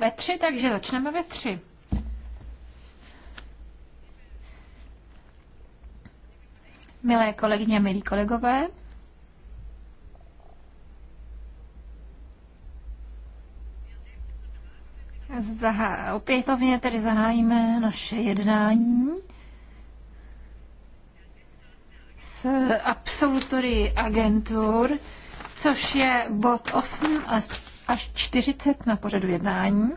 ve tři, takže začneme ve tři. Milé kolegyně, milí kolegové, Zahá... opětovně tedy zahájíme naše jednání s absolutory agentur, což je bod 8 a až 40 na pořadu jednání.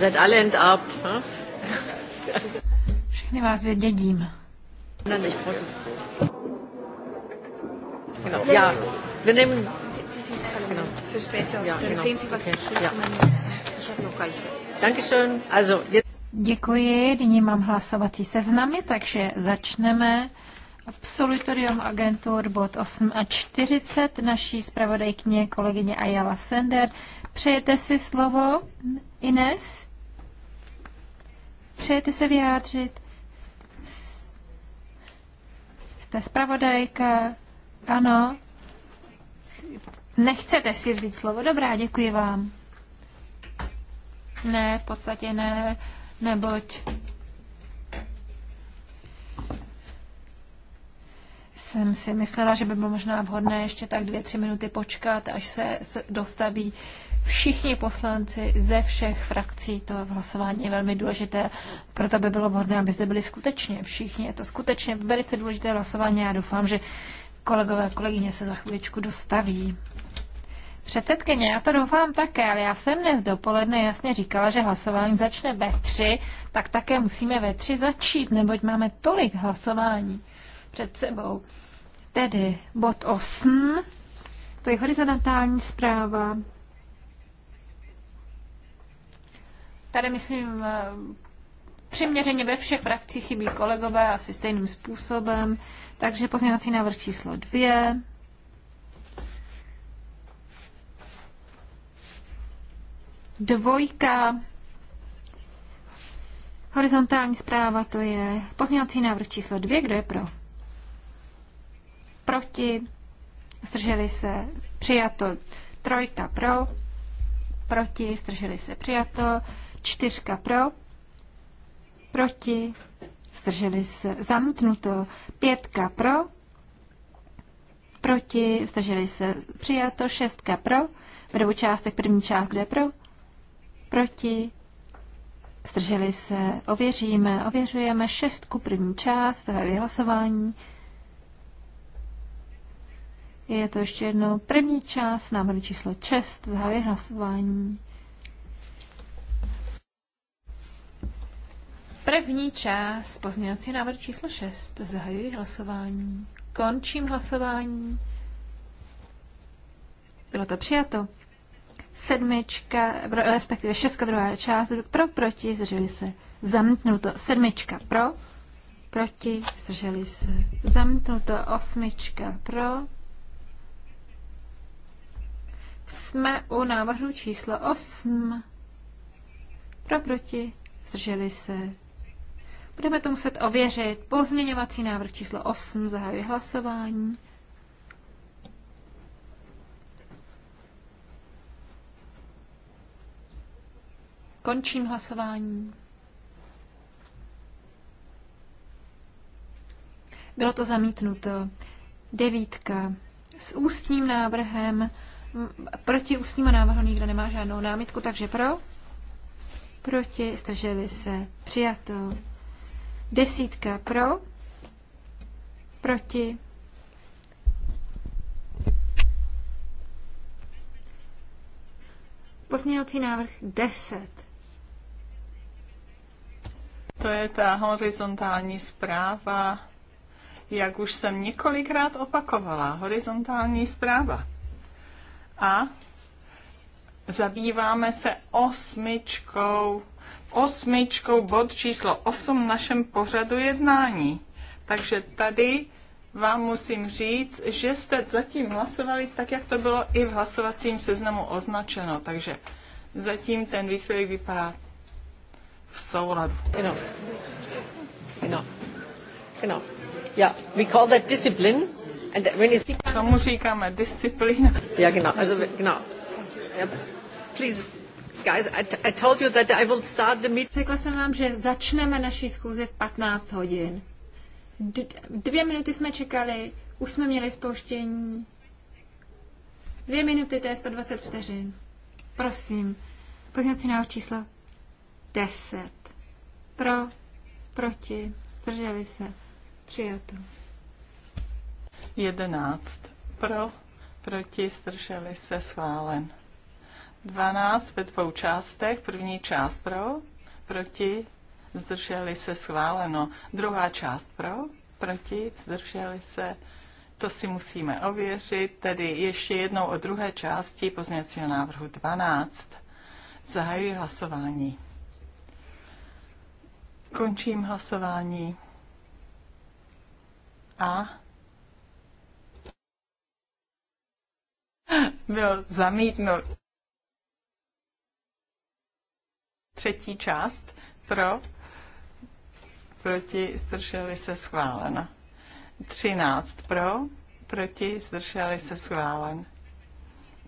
seid alle enterbt. Všechny vás vydědím. Genau. Ja, wir nehmen. Genau. Für später. Ja, genau. Okay. Ja. Ich habe noch Kalze. Dankeschön. Also, jetzt. Děkuji, nyní mám hlasovací seznamy, takže začneme. Absolutorium agentur bod 8 a 40, naší zpravodajkyně kolegyně Ayala Sender. Přejete si slovo, Ines? Přejete se vyjádřit? Jste zpravodajka? Ano. Nechcete si vzít slovo? Dobrá, děkuji vám. Ne, v podstatě ne, neboť jsem si myslela, že by bylo možná vhodné ještě tak dvě, tři minuty počkat, až se dostaví všichni poslanci ze všech frakcí. To hlasování je velmi důležité, proto by bylo vhodné, aby zde byli skutečně všichni. Je to skutečně velice důležité hlasování Já doufám, že kolegové a kolegyně se za chvíličku dostaví. Předsedkyně, já to doufám také, ale já jsem dnes dopoledne jasně říkala, že hlasování začne ve tři, tak také musíme ve tři začít, neboť máme tolik hlasování před sebou. Tedy bod 8, to je horizontální zpráva Tady, myslím, eh, přiměřeně ve všech frakcích chybí kolegové asi stejným způsobem. Takže pozměňovací návrh číslo dvě. Dvojka. Horizontální zpráva to je pozměňovací návrh číslo dvě. Kdo je pro? Proti. Zdrželi se. Přijato. Trojka pro. Proti. Zdrželi se. Přijato. Čtyřka pro, proti, zdrželi se, zamknuto Pětka pro, proti, zdrželi se, přijato. Šestka pro, v dvou částech první část, kde pro, proti, zdrželi se, ověříme, ověřujeme šestku první část, to je vyhlasování. Je to ještě jednou první část, návrh číslo 6, závěr hlasování. První část pozměňovací návrh číslo 6. Zahajuji hlasování. Končím hlasování. Bylo to přijato. Sedmička, respektive šestka druhá část, pro, proti, zdrželi se. Zamítnuto. Sedmička pro, proti, zdrželi se. Zamítnuto. Osmička pro. Jsme u návrhu číslo 8. Pro, proti, zdrželi se. Budeme to muset ověřit. Pozměňovací návrh číslo 8 zahajuje hlasování. Končím hlasování. Bylo to zamítnuto. Devítka. S ústním návrhem. Proti ústnímu návrhu nikdo nemá žádnou námitku, takže pro. Proti, zdrželi se. Přijato. Desítka pro, proti. Pozměňovací návrh 10. To je ta horizontální zpráva, jak už jsem několikrát opakovala, horizontální zpráva. A zabýváme se osmičkou osmičkou bod číslo 8 v našem pořadu jednání. Takže tady vám musím říct, že jste zatím hlasovali tak, jak to bylo i v hlasovacím seznamu označeno. Takže zatím ten výsledek vypadá v souladu. Genau. Genau. Genau. Ja, we call that discipline. And when it's... Tomu říkáme disciplína. Ja, genau. Also, genau. Ja, please. Řekla jsem vám, že začneme naší schůzi v 15 hodin. D- dvě minuty jsme čekali, už jsme měli spouštění. Dvě minuty, to je 120 vteřin. Prosím, pozměňovací návrh číslo 10. Pro, proti, zdrželi se, přijato. 11. Pro, proti, zdrželi se, schválen. 12 ve dvou částech. První část pro, proti, zdrželi se schváleno. Druhá část pro, proti, zdrželi se. To si musíme ověřit, tedy ještě jednou o druhé části pozměňovacího návrhu 12. Zahajuji hlasování. Končím hlasování. A byl zamítnut. Třetí část pro, proti, zdrželi se schválena. 13 pro, proti, zdrželi se schválen.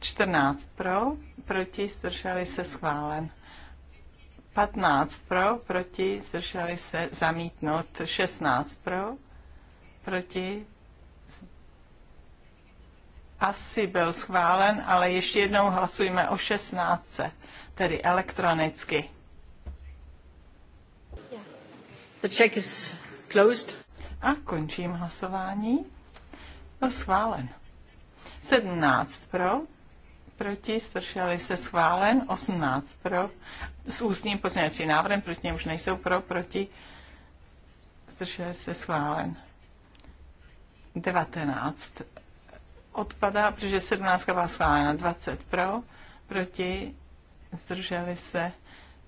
14 pro, proti, zdrželi se schválen. 15 pro, proti, zdrželi se zamítnout. 16 pro, proti, asi byl schválen, ale ještě jednou hlasujeme o 16, tedy elektronicky. The check is closed. A končím hlasování. Byl schválen. 17 pro, proti, stršeli se schválen, 18 pro, s ústním pozměňovacím návrhem, proti němuž nejsou pro, proti, stršeli se schválen. 19 odpadá, protože 17 byla schválena, 20 pro, proti, zdrželi se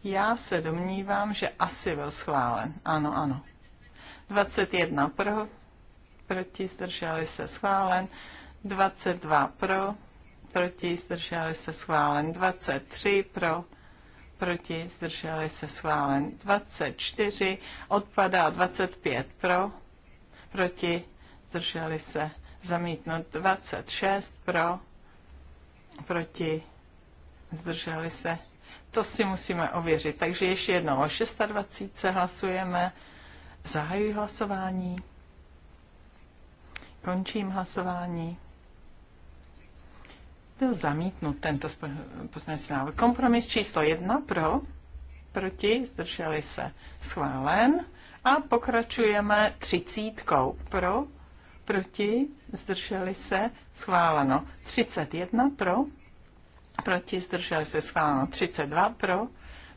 já se domnívám, že asi byl schválen. Ano, ano. 21 pro, proti, zdrželi se schválen. 22 pro, proti, zdrželi se schválen. 23 pro, proti, zdrželi se schválen. 24 odpadá 25 pro, proti, zdrželi se zamítnout 26 pro, proti, zdrželi se to si musíme ověřit. Takže ještě jednou o 26 hlasujeme. Zahajuji hlasování. Končím hlasování. Byl zamítnut tento poslanecký návrh. Kompromis číslo jedna pro, proti, zdrželi se schválen. A pokračujeme třicítkou pro, proti, zdrželi se schváleno. 31 pro, proti, zdrželi se schváleno 32 pro,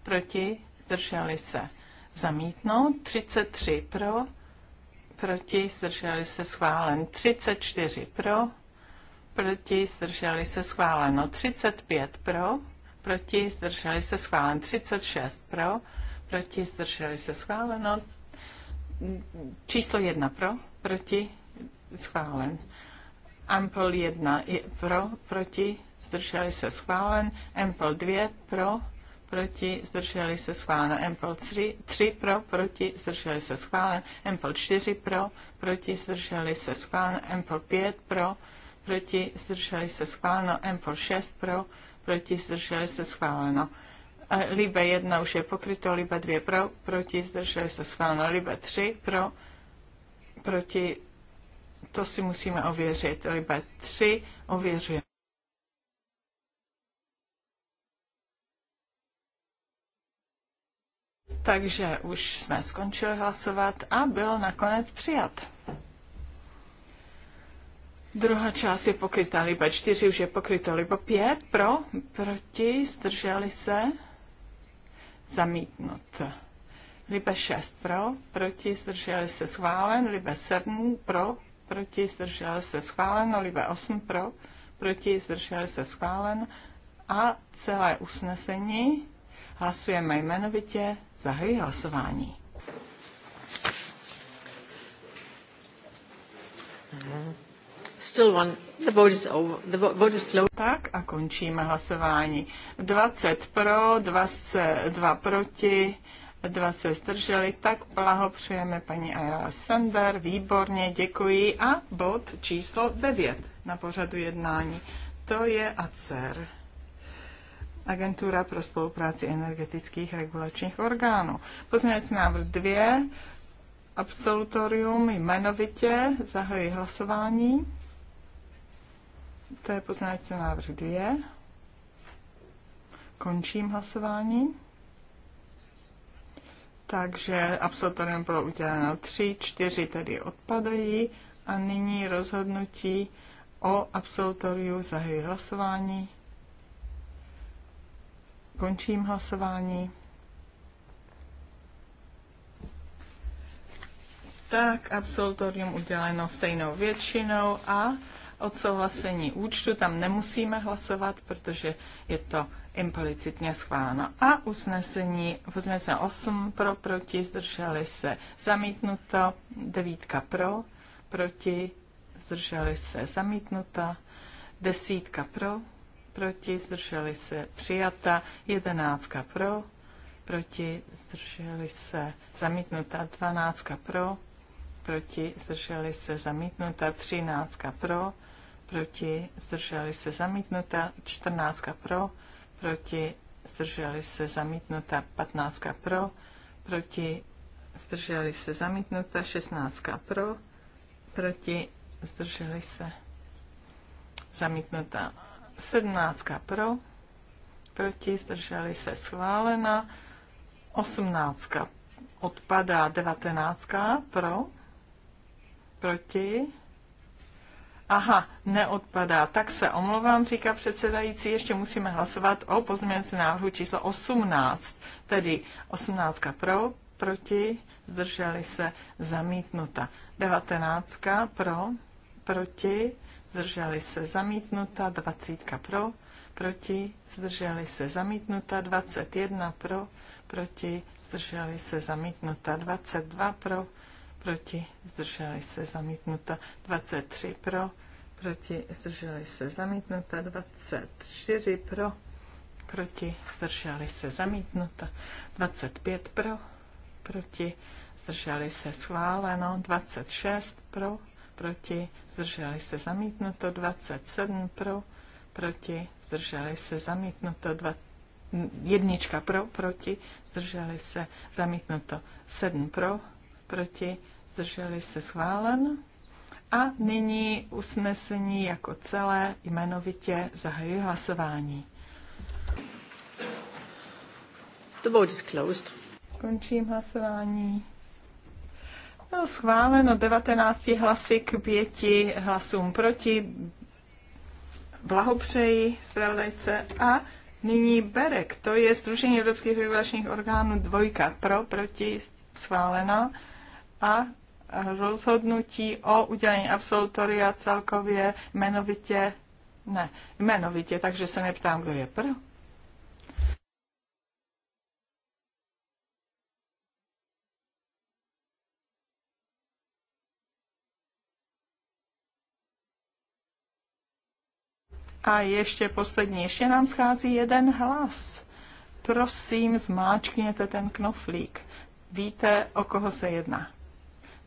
proti, zdrželi se zamítnout, 33 pro, proti, zdrželi se schválen 34 pro, proti, zdrželi se schváleno 35 pro, proti, zdrželi se schválen 36 pro, proti, zdrželi se schváleno číslo 1 pro, proti, schválen. Ampel 1 pro, proti, zdrželi se schválen, MPL 2 pro, proti, zdrželi se schválen, MPL 3, 3 pro, proti, zdrželi se schválen, MPL 4 pro, proti, zdrželi se schválen, MPL 5 pro, proti, zdrželi se schváleno, MPL 6 eh, pro, proti, zdrželi se schváleno. Libe 1 už je pokryto, Libe 2 pro, proti, zdrželi se schváleno, Libe 3 pro, proti, to si musíme ověřit, Libe 3 ověřuje. Takže už jsme skončili hlasovat a byl nakonec přijat. Druhá část je pokrytá liba 4, už je pokryto liba 5, pro, proti, zdrželi se, zamítnut. Libe 6 pro, proti, zdrželi se, schválen, libe 7 pro, proti, zdrželi se, schváleno, libe 8 pro, proti, zdrželi se, schválen a celé usnesení Hlasujeme jmenovitě. Zahajuji hlasování. Still one. The vote is over. The vote is closed. Tak a končíme hlasování. 20 pro, 22 proti, 20 zdrželi. Tak blahopřejeme paní Ayala Sender. Výborně, děkuji. A bod číslo 9 na pořadu jednání. To je ACER. Agentura pro spolupráci energetických regulačních orgánů. Pozměňovací návrh 2, absolutorium jmenovitě, zahajuji hlasování. To je pozměňovací návrh 2. Končím hlasování. Takže absolutorium bylo uděleno 3, 4 tedy odpadají a nyní rozhodnutí o absolutoriu zahajuji hlasování. Končím hlasování. Tak, absolutorium uděleno stejnou většinou a odsouhlasení účtu tam nemusíme hlasovat, protože je to implicitně schváleno. A usnesení, usnesení 8 pro, proti, zdrželi se zamítnuto, 9 pro, proti, zdrželi se zamítnuto, desítka pro, proti, zdrželi se přijata, jedenáctka pro, proti, zdrželi se zamítnuta, dvanáctka pro, proti, zdrželi se zamítnuta, třináctka pro, proti, zdrželi se zamítnuta, čtrnáctka pro, proti, zdrželi se zamítnuta, patnáctka pro, proti, zdrželi se zamítnuta, šestnáctka pro, proti, zdrželi se zamítnuta, 17 pro, proti, zdrželi se schválena, 18 odpadá, 19 pro, proti, Aha, neodpadá. Tak se omlouvám, říká předsedající, ještě musíme hlasovat o pozměnci návrhu číslo 18, tedy 18 pro, proti, zdrželi se, zamítnuta. 19 pro, proti, zdrželi se zamítnuta, 20 pro, proti, zdrželi se zamítnuta, 21 pro, proti, zdrželi se zamítnuta, 22 pro, proti, zdrželi se zamítnuta, 23 pro, proti, zdrželi se zamítnuta, 24 pro, proti, zdrželi se zamítnuta, 25 pro, proti, zdrželi se schváleno, 26 pro, proti, zdrželi se zamítnuto 27 pro, proti, zdrželi se zamítnuto 2, jednička pro, proti, zdrželi se zamítnuto 7 pro, proti, zdrželi se schválen. A nyní usnesení jako celé jmenovitě zahajuji hlasování. The vote is closed. Končím hlasování. Byl schváleno 19 hlasy k 5 hlasům proti. Blahopřeji zpravodajce a nyní Berek, to je Združení evropských regulačních orgánů dvojka pro, proti, schválena a rozhodnutí o udělení absolutoria celkově jmenovitě, ne, jmenovitě, takže se neptám, kdo je pro A ještě poslední, ještě nám schází jeden hlas. Prosím, zmáčkněte ten knoflík. Víte, o koho se jedná.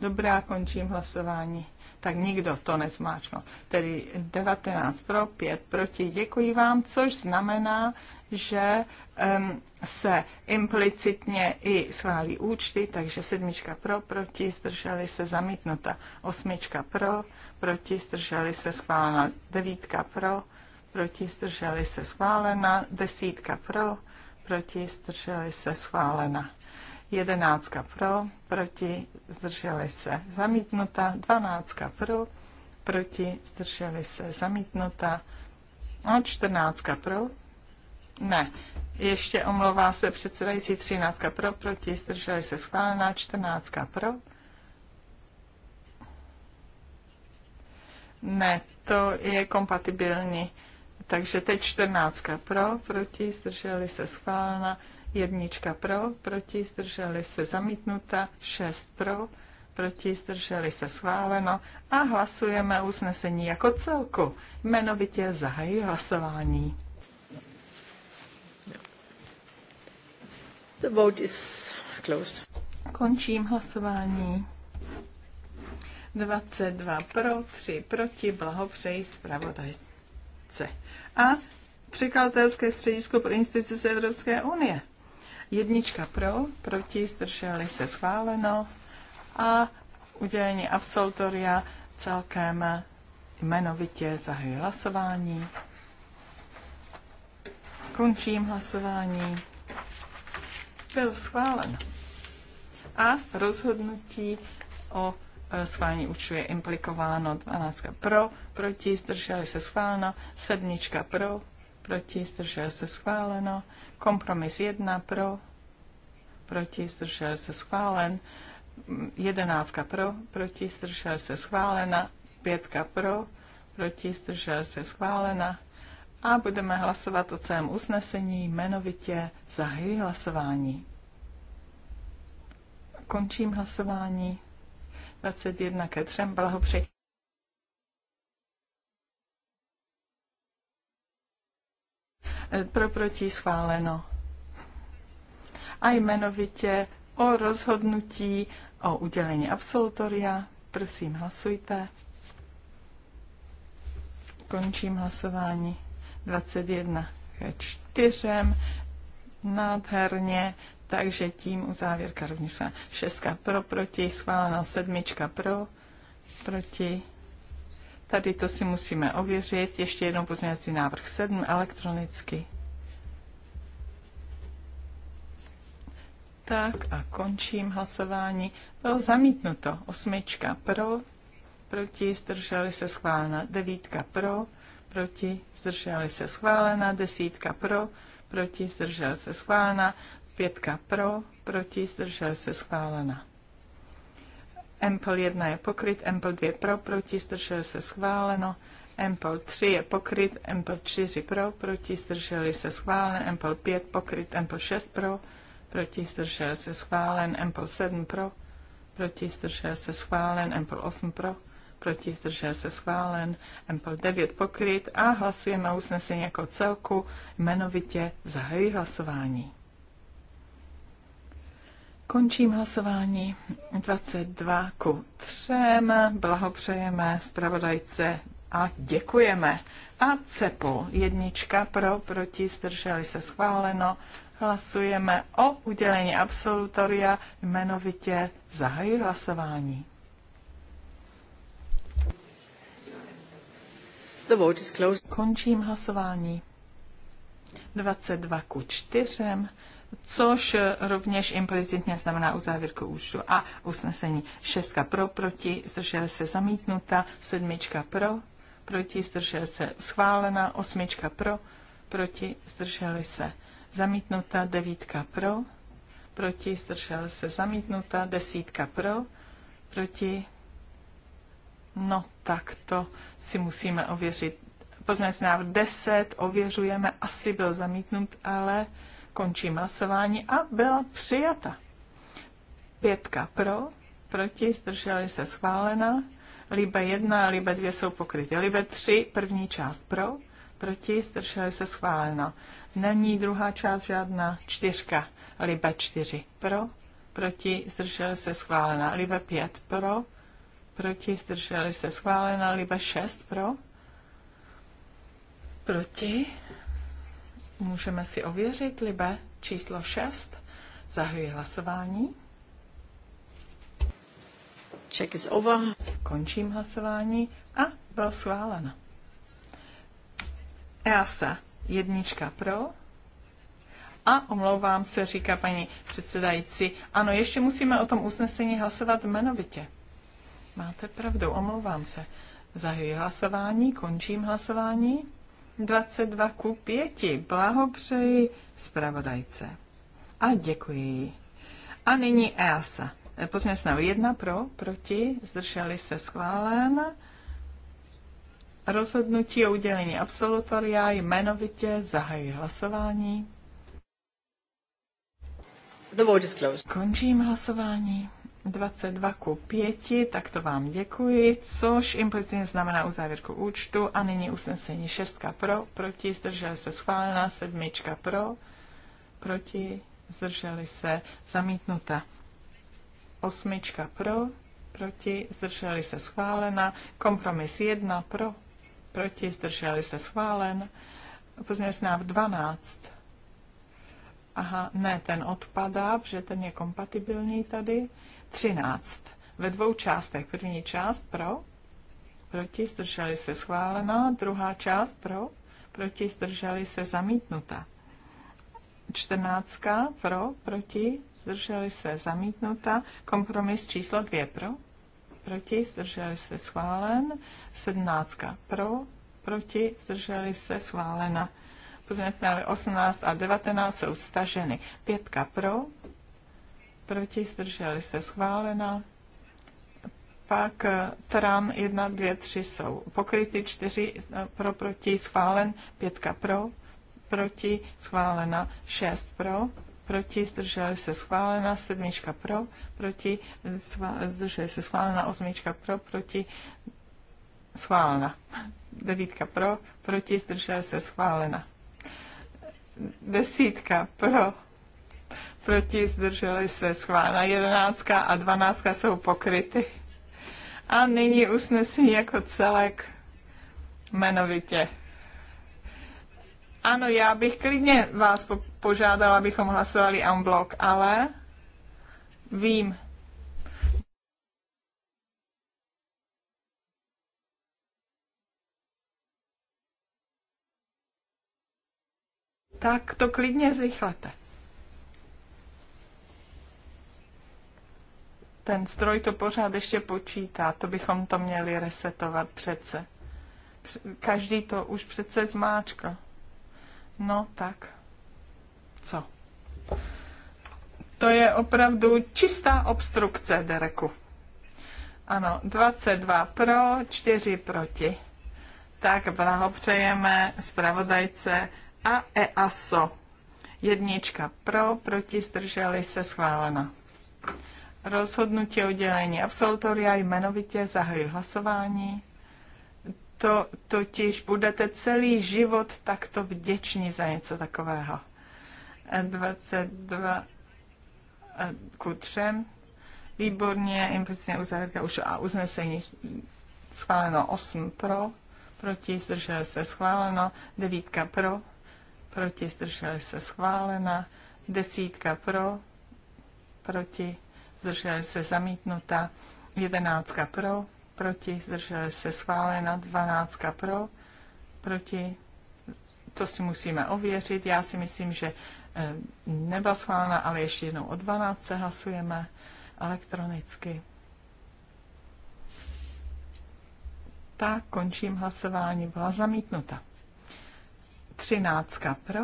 Dobrá, končím hlasování. Tak nikdo to nezmáčknul. Tedy 19 pro, 5 proti. Děkuji vám, což znamená, že um, se implicitně i schválí účty, takže sedmička pro, proti, zdrželi se zamítnuta. Osmička pro, proti, zdrželi se schválena. Devítka pro, proti zdrželi se schválena, desítka pro, proti zdrželi se schválena, jedenáctka pro, proti zdrželi se zamítnuta, dvanáctka pro, proti zdrželi se zamítnuta a čtrnáctka pro, ne, ještě omlouvá se předsedající 13 pro, proti, zdrželi se schválená 14 pro. Ne, to je kompatibilní. Takže teď 14 pro, proti, zdrželi se schválena, jednička pro, proti, zdrželi se zamítnuta, 6 pro, proti, zdrželi se schváleno a hlasujeme usnesení jako celku. Jmenovitě zahají hlasování. The vote is closed. Končím hlasování. 22 pro, 3 proti, blahopřeji zpravodajství. Krátce. A překladatelské středisko pro instituce Evropské unie. Jednička pro, proti, zdrželi se schváleno a udělení absolutoria celkem jmenovitě zahajuji hlasování. Končím hlasování. Byl schválen. A rozhodnutí o schválení účtu je implikováno 12 pro, proti, zdrželi se schváleno, sedmička pro, proti, zdrželi se schváleno, kompromis 1 pro, proti, zdrželi se schválen, 11 pro, proti, zdrželi se schválena, 5 pro, proti, zdrželi se schválena, a budeme hlasovat o celém usnesení jmenovitě zahajuji hlasování. Končím hlasování. 21 ke 3. blahopři. Pro proti schváleno. A jmenovitě o rozhodnutí o udělení absolutoria. Prosím, hlasujte. Končím hlasování 21 ke 4. Nádherně takže tím závěrka rovněž se šestka pro, proti, schválená sedmička pro, proti. Tady to si musíme ověřit. Ještě jednou pozměňovací návrh sedm elektronicky. Tak a končím hlasování. Bylo zamítnuto. Osmička pro, proti, zdrželi se schválena. Devítka pro, proti, zdrželi se schválena. Desítka pro, proti, zdržel se schválena. Pětka pro, proti, zdržel se schválena. Empl 1 je pokryt, Empl 2 pro, proti, zdržel se schváleno. Empl 3 je pokryt, Empl 4 pro, proti, zdrželi se schválen, Empl 5 pokryt, Empl 6 pro, proti, zdržel se schválen, Empl 7 pro, proti, zdržel se schválen, Empl 8 pro, proti, zdržel se schválen, Empl 9 pokryt a hlasujeme usnesení jako celku, jmenovitě zahají hlasování. Končím hlasování 22 ku 3. Blahopřejeme zpravodajce a děkujeme. A CEPu jednička pro, proti, zdrželi se schváleno. Hlasujeme o udělení absolutoria, jmenovitě zahají hlasování. The vote is closed. Končím hlasování. 22 ku 4 což rovněž implicitně znamená uzávěrku účtu a usnesení. Šestka pro, proti, zdržel se zamítnuta, sedmička pro, proti, zdržel se schválena, osmička pro, proti, zdrželi se zamítnuta, devítka pro, proti, zdržel se zamítnuta, desítka pro, proti, no tak to si musíme ověřit. Poznací návrh 10 ověřujeme, asi byl zamítnut, ale Končím hlasování a byla přijata. Pětka pro, proti, zdrželi se schválena. Libe 1 Libe 2 jsou pokryty. Libe 3, první část pro, proti, zdrželi se schválena. Není druhá část žádná, čtyřka. Libe 4 pro, proti, zdrželi se schválena. Libe 5 pro, proti, zdrželi se schválena. Libe 6 pro, proti, Můžeme si ověřit libe číslo 6. Zahajuji hlasování. Check is over. Končím hlasování a byl schválen. EASA, jednička pro. A omlouvám se, říká paní předsedající. Ano, ještě musíme o tom usnesení hlasovat jmenovitě. Máte pravdu, omlouvám se. Zahajuji hlasování, končím hlasování. 22 ku 5. Blahopřeji zpravodajce. A děkuji. A nyní EASA. Pozměnit snad jedna pro, proti, zdrželi se schválen. Rozhodnutí o udělení absolutoria jmenovitě zahají hlasování. The vote is closed. Končím hlasování. 22 ku 5, tak to vám děkuji, což implicitně znamená uzávěrku účtu a nyní usnesení 6 pro, proti, zdrželi se schválená, 7 pro, proti, zdrželi se zamítnuta. 8 pro, proti, zdrželi se schválena, kompromis 1 pro, proti, zdrželi se schválen, pozměnit návrh 12. Aha, ne, ten odpadá, protože ten je kompatibilní tady. 13 ve dvou částech. První část pro, proti, zdrželi se schválená, druhá část pro, proti, zdrželi se zamítnuta. 14 pro, proti, zdrželi se zamítnuta. Kompromis číslo 2 pro, proti, zdrželi se schválen. 17 pro, proti, zdrželi se schválena. Pozměňovací 18 a 19 jsou staženy. Pětka pro, proti, zdrželi se schválena. Pak eh, tram 1, 2, 3 jsou pokryty, 4 eh, pro, proti, schválen, 5 pro, proti, schválena, 6 pro, proti, zdrželi se schválena, 7 pro, proti, zdrželi se schválena, 8 pro, proti, schválena. 9 pro, proti, zdrželi se schválena. Desítka pro, proti, zdrželi se schválna. Jedenáctka a dvanáctka jsou pokryty. A nyní usnesení jako celek jmenovitě. Ano, já bych klidně vás po- požádala, abychom hlasovali en bloc, ale vím. Tak to klidně zrychlete. ten stroj to pořád ještě počítá, to bychom to měli resetovat přece. Každý to už přece zmáčka. No tak, co? To je opravdu čistá obstrukce, Dereku. Ano, 22 pro, 4 proti. Tak blahopřejeme zpravodajce a EASO. Jednička pro, proti, zdrželi se schválena rozhodnutí o udělení absolutoria jmenovitě zahají hlasování. To totiž budete celý život takto vděční za něco takového. 22 eh, ku 3. Výborně, implicitně uzavírka už a uznesení schváleno 8 pro, proti zdrželi se schváleno, 9 pro, proti zdrželi se schválena, desítka pro, proti zdrželi se zamítnuta, 11 pro, proti, zdrželi se schválena, 12 pro, proti, to si musíme ověřit, já si myslím, že eh, nebyla schválena, ale ještě jednou o 12 se hlasujeme elektronicky. Tak, končím hlasování, byla zamítnuta. 13 pro,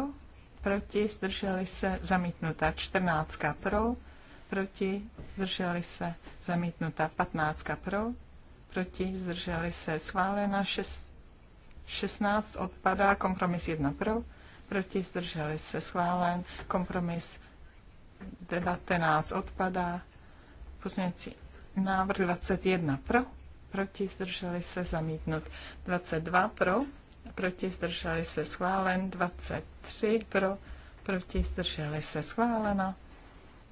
proti, zdrželi se, zamítnuta. 14 pro, proti, zdrželi se, zamítnuta 15 pro, proti, zdrželi se, schválena 16 odpadá, kompromis 1 pro, proti, zdrželi se, schválen, kompromis 19 odpadá, pozměňující návrh 21 pro, proti, zdrželi se, zamítnut 22 pro, proti, zdrželi se, schválen, 23 pro, proti, zdrželi se, schválena.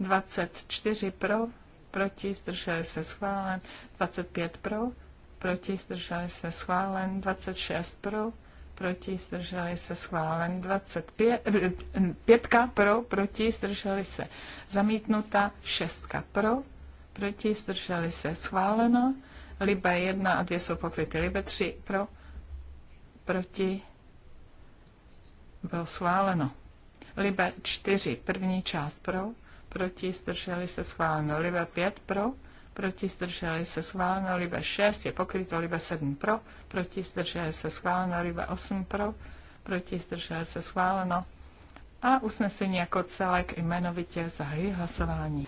24 pro, proti, zdrželi se schválen, 25 pro, proti, zdrželi se schválen, 26 pro, proti, zdrželi se schválen, 25, 5 eh, pro, proti, zdrželi se zamítnuta, 6 pro, proti, zdrželi se schváleno, Libe 1 a 2 jsou pokryty, Libe 3 pro, proti, bylo schváleno. Libe 4, první část pro, proti, zdrželi se schváleno. Libe 5 pro, proti, zdrželi se schváleno. Libe 6 je pokryto, Libe 7 pro, proti, zdrželi se schváleno. Libe 8 pro, proti, zdrželi se schváleno. A usnesení jako celek jmenovitě zahají hlasování.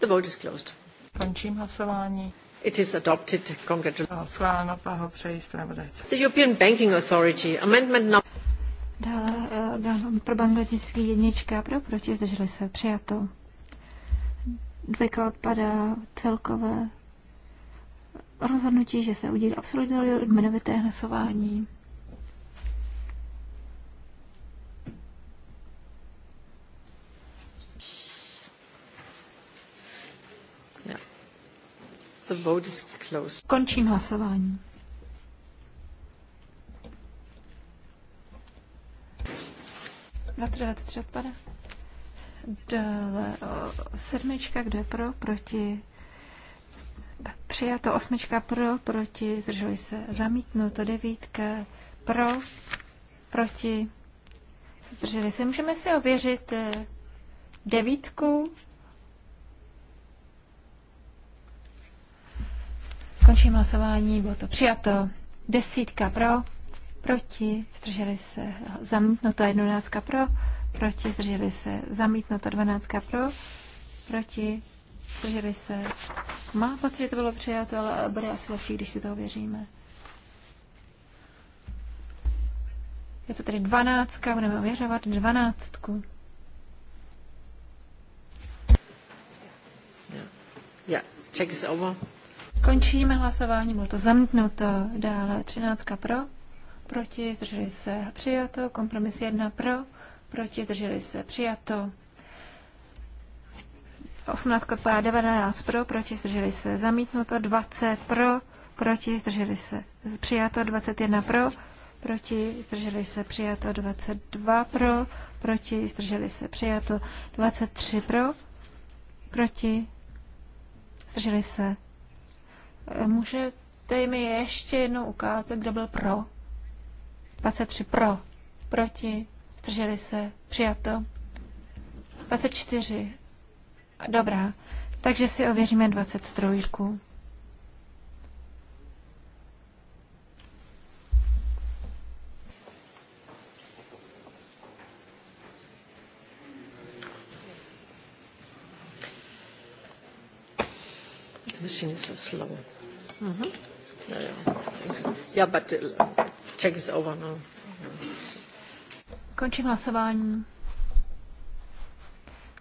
The vote is closed. Končím hlasování. It is adopted. Congratulations. Schváleno, blahopřeji zpravodajce. The European Banking Authority, amendment number... Dále eh, pro bangladeský jednička pro, proti, zdrželi se, přijato. Dvěka odpadá celkové rozhodnutí, že se udělí absolutně jmenovité hlasování. The vote is closed. Končím hlasování. 23, odpada. Dále sedmička, kdo je pro, proti. Přijato osmička pro, proti, zdrželi se. Zamítnuto devítka pro, proti, zdrželi se. Můžeme si ověřit e, devítku. Končím hlasování, bylo to přijato. Desítka pro, proti, zdrželi se, zamítnuto jednodnáctka pro, proti, zdrželi se, zamítnuto dvanáctka pro, proti, zdrželi se. Má pocit, že to bylo přijato, ale bude asi lepší, když si to uvěříme. Je to tedy dvanáctka, budeme ověřovat dvanáctku. Ja, check se oba. Končíme hlasování, bylo to zamknuto. Dále třináctka pro, proti, zdrželi se přijato, kompromis jedna pro, proti, zdrželi se přijato. 18 odpadá 19 pro, proti, zdrželi se zamítnuto, 20 pro, proti, zdrželi se přijato, 21 pro, proti, zdrželi se přijato, 22 pro, proti, zdrželi se přijato, 23 pro, proti, zdrželi se. Můžete mi ještě jednou ukázat, kdo byl pro? 23 pro, proti, zdrželi se, přijato. 24. Dobrá, takže si ověříme 23. Myslím, že so slow. Mm-hmm. Yeah, yeah. yeah check is over now. Končím hlasování.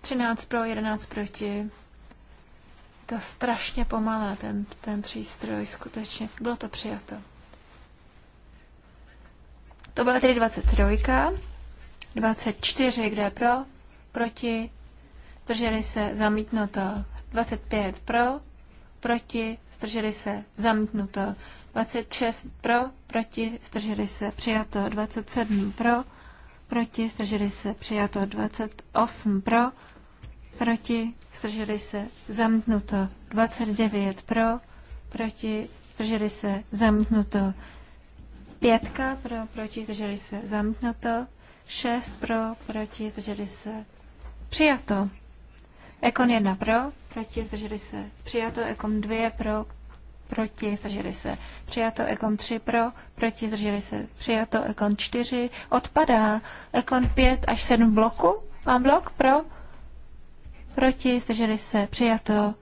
13 pro, 11 proti. To strašně pomalé, ten, ten přístroj, skutečně. Bylo to přijato. To byla tedy 23. 24, kde pro, proti, Drželi se, zamítnuto. 25 pro, proti, zdrželi se, zamítnuto. 26 pro, proti, zdrželi se, přijato. 27 pro, proti, zdrželi se, přijato. 28 pro, proti, zdrželi se, zamítnuto. 29 pro, proti, zdrželi se, zamítnuto. Pětka pro, proti, zdrželi se, zamítnuto. Šest pro, proti, zdrželi se, přijato. Ekon 1 pro, proti, zdrželi se přijato, Ekon 2 pro, proti, zdrželi se přijato, Ekon 3 pro, proti, zdrželi se přijato, Ekon 4 odpadá, Ekon 5 až 7 bloku, mám blok pro, proti, zdrželi se přijato,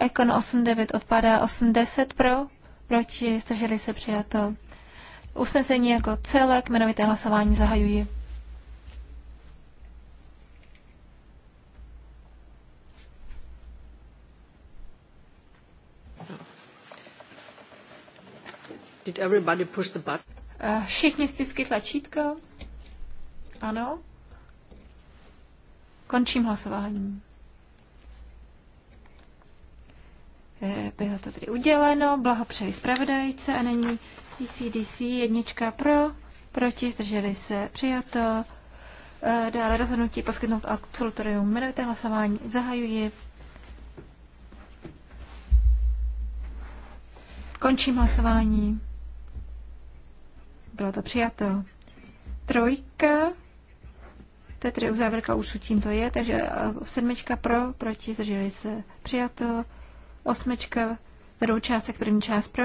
Ekon 8, 9 odpadá, 8, 10 pro, proti, zdrželi se přijato. Usnesení jako celek, jmenovité hlasování zahajuji. Did everybody push the button? Eh, všichni stiskli tlačítko? Ano? Končím hlasování. Eh, bylo to tedy uděleno, blahopřeji zpravodajce a není ECDC jednička pro, proti, zdrželi se, přijato. Eh, dále rozhodnutí poskytnout absolutorium Jmenujte hlasování zahajuji. Končím hlasování. Bylo to přijato. Trojka, to je tedy uzávěrka už to je, takže eh, sedmička pro, proti, zdrželi se přijato. Osmička vedou dvou částech, první část pro,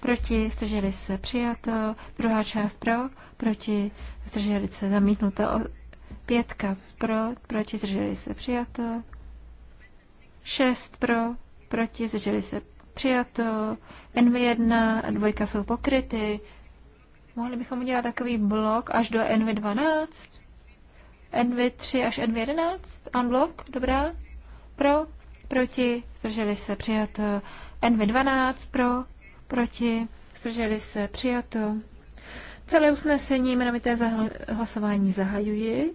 proti, zdrželi se přijato. Druhá část pro, proti, zdrželi se zamítnuto. Pětka pro, proti, zdrželi se přijato. Šest pro, proti, zdrželi se přijato. NV1 a dvojka jsou pokryty. Mohli bychom udělat takový blok až do NV12, NV3 až NV11, unblock, dobrá, pro, proti, zdrželi se, přijato, NV12, pro, proti, zdrželi se, přijato. Celé usnesení jmenovité zahla- hlasování zahajuji.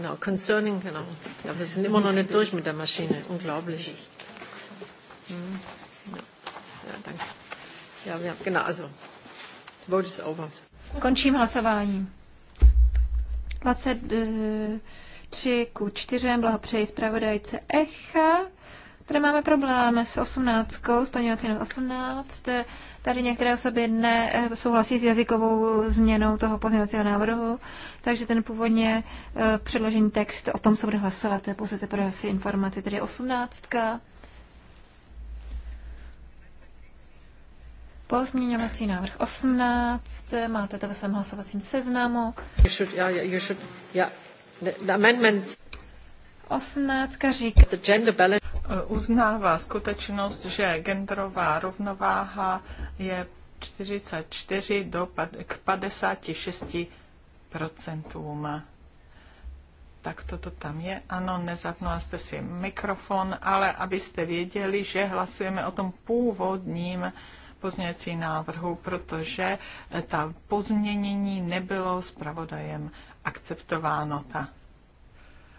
Genau, concerning, genau. Ja, wir sind immer noch nicht durch mit der Maschine. Unglaublich. Hm, ja. danke. Ja, wir, haben, genau, also, vote is over. Končím hlasování. 23 eh, ku 4, blahopřeji zpravodajce Echa. Tady máme problém s osmnáctkou, s paní 18. Tady některé osoby nesouhlasí eh, s jazykovou změnou toho pozměňovacího návrhu, takže ten původně eh, předložený text, o tom se bude hlasovat, to je pouze teprve asi informace, tedy osmnáctka. Pozměňovací návrh 18, máte to ve svém hlasovacím seznamu. You should, yeah, you should, yeah. The, the amendment. 18 říká, Eh, uznává skutečnost, že genderová rovnováha je 44 do, k 56 procentům. Tak toto tam je. Ano, nezapnula jste si mikrofon, ale abyste věděli, že hlasujeme o tom původním pozměňovací návrhu, protože eh, ta pozměnění nebylo zpravodajem akceptováno, ta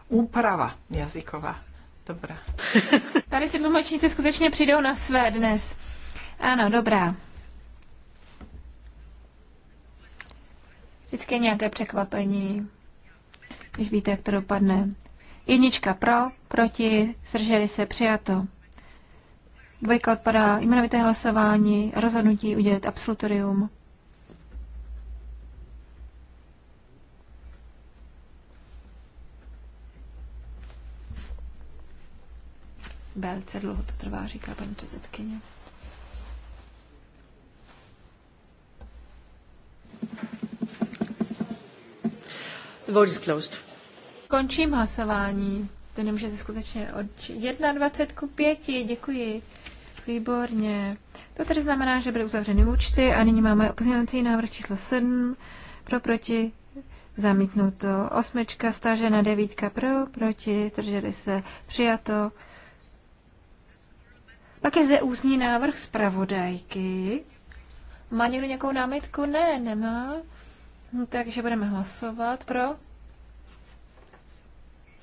úprava jazyková. Dobrá. Tady si tlumočníci skutečně přijdou na své dnes. Ano, dobrá. Vždycky je nějaké překvapení, když víte, jak to dopadne. Jednička pro, proti, srželi se, přijato. Dvojka odpadá, jmenovité hlasování, rozhodnutí udělit absolutorium. Velice dlouho to trvá, říká paní předsedkyně. The vote is closed. Končím hlasování. To nemůžete skutečně od 21 k 5. Děkuji. Výborně. To tedy znamená, že byly uzavřeny účty a nyní máme pozměňovací návrh číslo 7 pro proti zamítnuto. Osmička stažena, devítka pro, proti, zdrželi se, přijato. Pak je zde ústní návrh zpravodajky. Má někdo nějakou námitku? Ne, nemá. No, takže budeme hlasovat pro.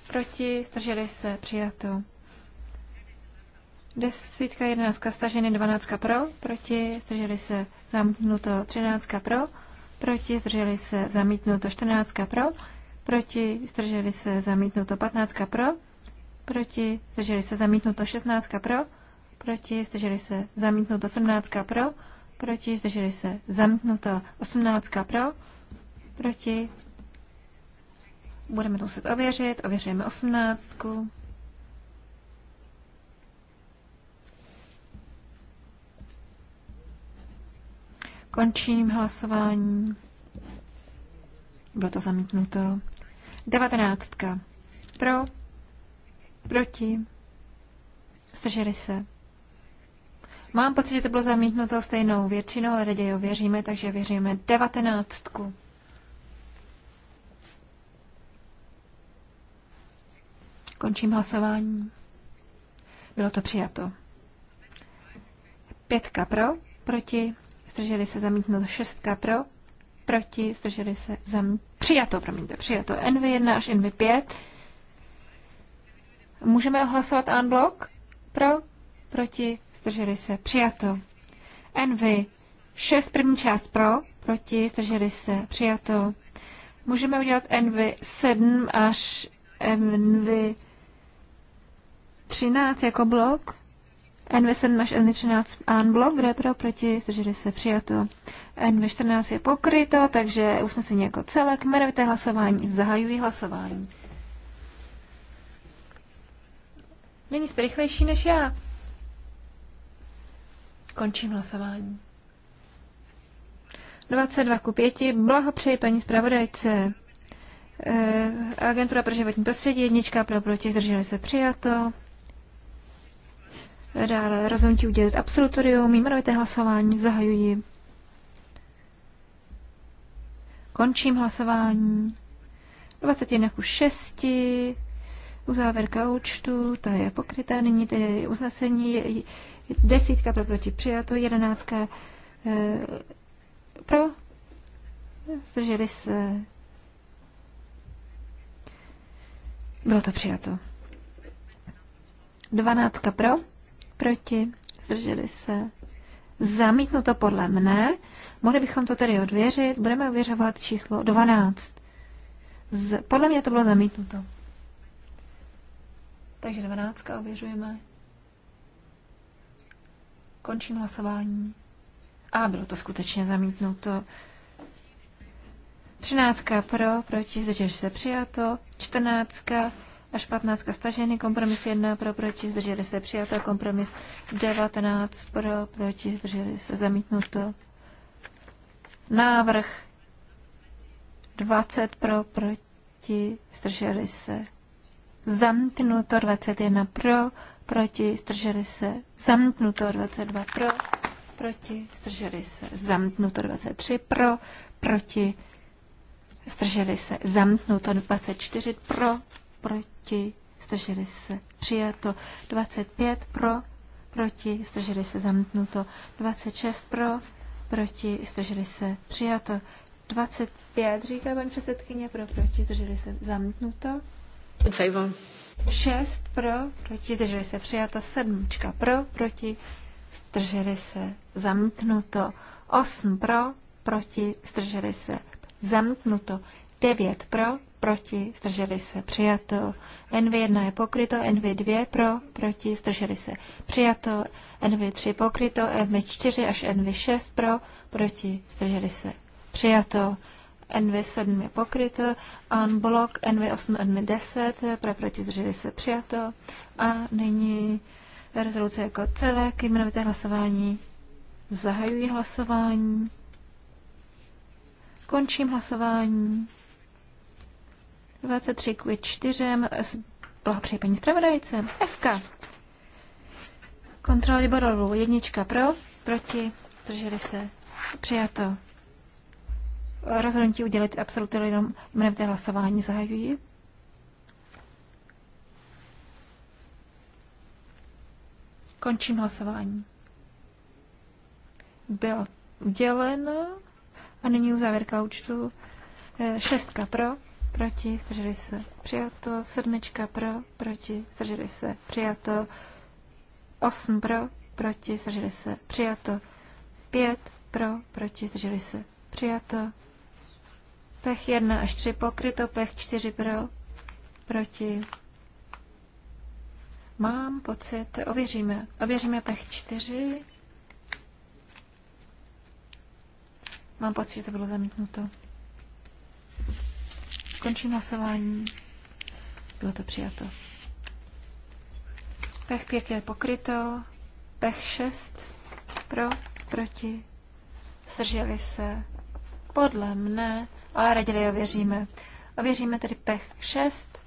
Proti, strželi se, přijato. Desítka, jedenáctka, staženy, dvanáctka pro, proti, zdrželi se, zamítnuto, třináctka pro, proti, zdrželi se, zamítnuto, čtrnáctka pro, proti, zdrželi se, zamítnuto, patnáctka pro, proti, zdrželi se, zamítnuto, šestnáctka pro, proti, zdrželi se zamítnuto 17 pro, proti, zdrželi se zamítnuto 18 pro, proti, budeme to muset ověřit, ověřujeme 18. Končím hlasování. Bylo to zamítnuto. 19. Pro. Proti. Zdrželi se. Mám pocit, že to bylo zamítnuto stejnou většinou, ale raději věříme, takže věříme devatenáctku. Končím hlasování. Bylo to přijato. Pětka pro, proti, zdrželi se zamítnuto. Šestka pro, proti, zdrželi se zamítnuto. Přijato, promiňte, přijato. NV1 až NV5. Můžeme hlasovat unblock? Pro, proti, zdrželi se, přijato. Envy, 6, první část pro, proti, zdrželi se, přijato. Můžeme udělat Envy 7 až Envy 13 jako blok. NV7 až NV13 unblock, kde pro, proti, zdrželi se, přijato. NV14 je pokryto, takže usnesení jako celek, jmenujte hlasování, zahajují hlasování. Není jste rychlejší než já. Končím hlasování. 22 ku 5. Blahopřeji paní zpravodajce. Eh, agentura pro životní prostředí, jednička pro proti, zdrželi se přijato. Dále rozhodnutí udělit absolutorium, jmenovité hlasování, zahajuji. Končím hlasování. 21 ku 6. Uzávěrka účtu, ta je pokryté. Nyní tedy usnesení desítka pro proti přijato, jedenáctka eh, pro, zdrželi se, bylo to přijato. Dvanáctka pro, proti, zdrželi se, zamítnuto podle mne, mohli bychom to tedy odvěřit, budeme ověřovat číslo 12. Z, podle mě to bylo zamítnuto. Takže 12 ověřujeme. Končím hlasování. A bylo to skutečně zamítnuto. 13 pro, proti, zdrželi se přijato. 14 až 15 staženy, kompromis 1 pro, proti, zdrželi se přijato. Kompromis 19 pro, proti, zdrželi se zamítnuto. Návrh 20 pro, proti, zdrželi se zamítnuto. 21 pro, proti, zdrželi se, zamknuto 22 pro, proti, zdrželi se, zamknuto 23 pro, proti, zdrželi se, zamknuto 24 pro, proti, zdrželi se, přijato 25 pro, proti, zdrželi se, zamknuto 26 pro, proti, zdrželi se, přijato 25, říká pan předsedkyně, pro, proti, zdrželi se, zamknuto. In favor. 6 pro, proti, zdrželi se přijato, 7 pro, proti, zdrželi se zamítnuto, 8 pro, proti, zdrželi se zamítnuto, 9 pro, proti, zdrželi se přijato, NV1 je pokryto, NV2 pro, proti, zdrželi se přijato, NV3 pokryto, NV4 až NV6 pro, proti, zdrželi se přijato, NV7 je pokryto, unblock NV8, NV10, pro proti zdrželi se přijato a nyní rezoluce jako celek, jmenovité hlasování, zahajuji hlasování, končím hlasování, 23 k 4, blahopřeji paní zpravodajce, FK. Kontroly Borolu, jednička pro, proti, zdrželi se, přijato rozhodnutí udělit absolutorium jmenovité hlasování zahajují. Končím hlasování. Bylo uděleno a nyní závěrka účtu. Eh, šestka pro, proti, zdrželi se, přijato. Sedmička pro, proti, zdrželi se, přijato. Osm pro, proti, zdrželi se, přijato. Pět pro, proti, zdrželi se, přijato. Pech 1 až 3 pokryto, pech 4 pro, proti. Mám pocit, ověříme, ověříme pech 4. Mám pocit, že to bylo zamítnuto. Končím hlasování. Bylo to přijato. Pech 5 je pokryto. Pech 6 pro, proti. Srželi se. Podle mne ale raději ověříme. Ověříme tedy pech 6.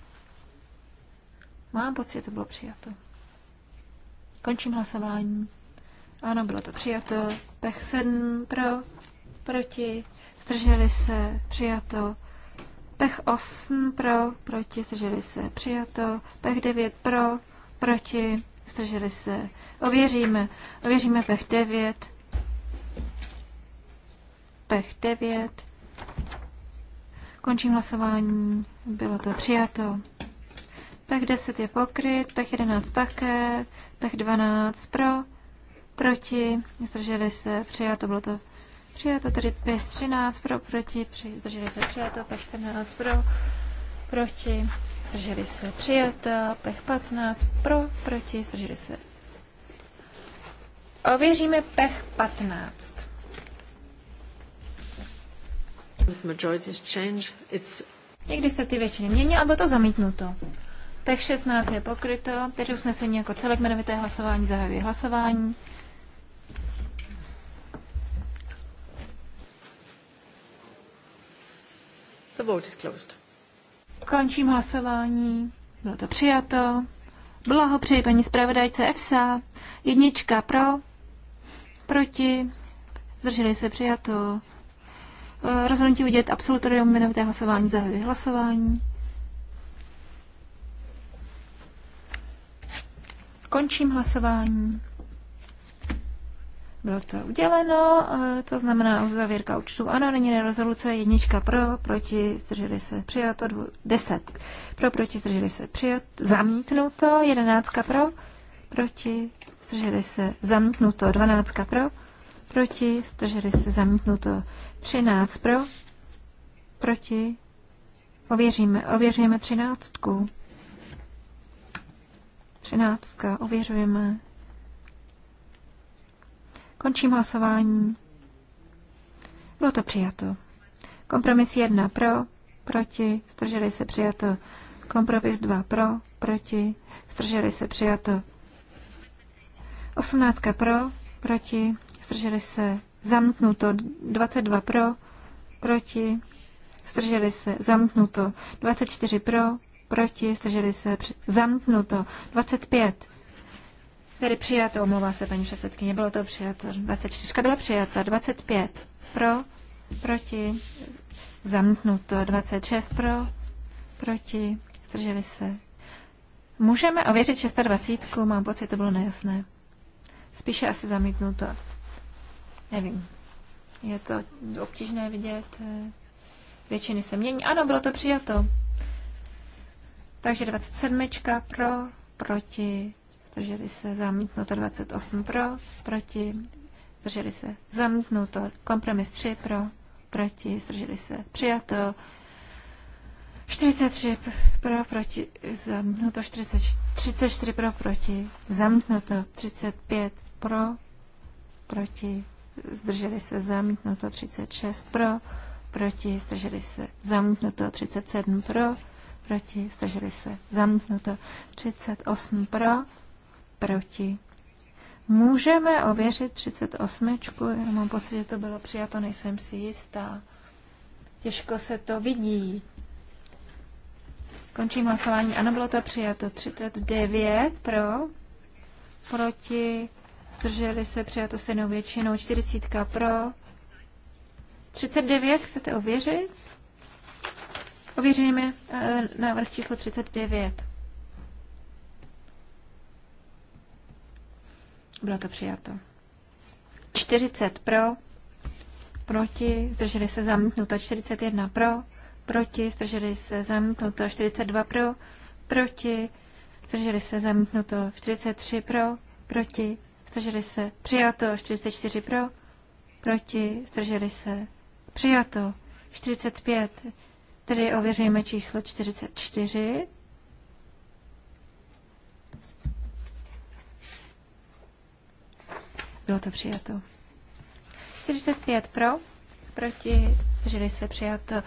Mám pocit, že to bylo přijato. Končím hlasování. Ano, bylo to přijato. Pech 7 pro, proti, zdrželi se, přijato. Pech 8 pro, proti, zdrželi se, přijato. Pech 9 pro, proti, zdrželi se. Ověříme, ověříme pech 9. Pech 9. Končím hlasování. Bylo to přijato. Pech 10 je pokryt, pech 11 také, pech 12 pro, proti, zdrželi se, přijato, bylo to přijato, tedy pech 13 pro, proti, při, zdrželi se, přijato, pech 14 pro, proti, zdrželi se, přijato, pech 15 pro, proti, zdrželi se. Ověříme pech 15. Někdy se ty většiny mění, a bylo to zamítnuto. Pech 16 je pokryto, tedy usnesení jako celek jmenovité hlasování zahajuje hlasování. The vote is closed. Končím hlasování. Bylo to přijato. Blahopřeji paní zpravodajce EFSA. Jednička pro, proti, zdrželi se přijato. Eh, rozhodnutí udělat absolutorium minovité hlasování zahajuje hlasování. Končím hlasování. Bylo to uděleno, eh, to znamená uzavírka účtu. Ano, není rezoluce, jednička pro, proti, zdrželi se přijato, dvů, deset pro, proti, zdrželi se přijato, zamítnuto, jedenáctka pro, proti, zdrželi se zamítnuto, dvanáctka pro, proti, zdrželi se zamítnuto, 13 pro, proti, ověříme, ověřujeme třináctku. Třináctka, ověřujeme. Končím hlasování. Bylo to přijato. Kompromis 1 pro, proti, zdrželi se přijato. Kompromis 2 pro, proti, zdrželi se přijato. 18 pro, proti, zdrželi se zamknuto, 22 pro, proti, strželi se, zamknuto, 24 pro, proti, strželi se, zamknuto, 25. Tedy přijato, omlouvá se paní předsedkyně, bylo to přijato, 24 byla přijata, 25 pro, proti, zamknuto, 26 pro, proti, strželi se. Můžeme ověřit 26, mám pocit, to bylo nejasné. Spíše asi zamítnuto. Nevím. Je to obtížné vidět. Eh, většiny se mění. Ano, bylo to přijato. Takže 27 pro, proti, zdrželi se, zamítnuto 28 pro, proti, zdrželi se, zamítnuto, kompromis 3 pro, proti, zdrželi se, přijato, 43 pro, proti, zamítnuto, 40, 34 pro, proti, zamítnuto, 35 pro, proti, zdrželi se zamítnuto 36 pro, proti, zdrželi se zamítnuto 37 pro, proti, zdrželi se zamítnuto 38 pro, proti. Můžeme ověřit 38, já mám pocit, že to bylo přijato, nejsem si jistá. Těžko se to vidí. Končím hlasování. Ano, bylo to přijato. 39 pro, proti, zdrželi se, přijato se jenom většinou, 40 pro, 39, chcete ověřit? Ověříme eh, návrh číslo 39. Bylo to přijato. 40 pro, proti, zdrželi se zamítnuto, 41 pro, proti, zdrželi se zamítnuto, 42 pro, proti, zdrželi se zamítnuto, 43 pro, proti, zdrželi se, přijato, 44 pro, proti, zdrželi se, přijato, 45, tedy ověřujeme číslo 44. Bylo to přijato. 45 pro, proti, zdrželi se, přijato,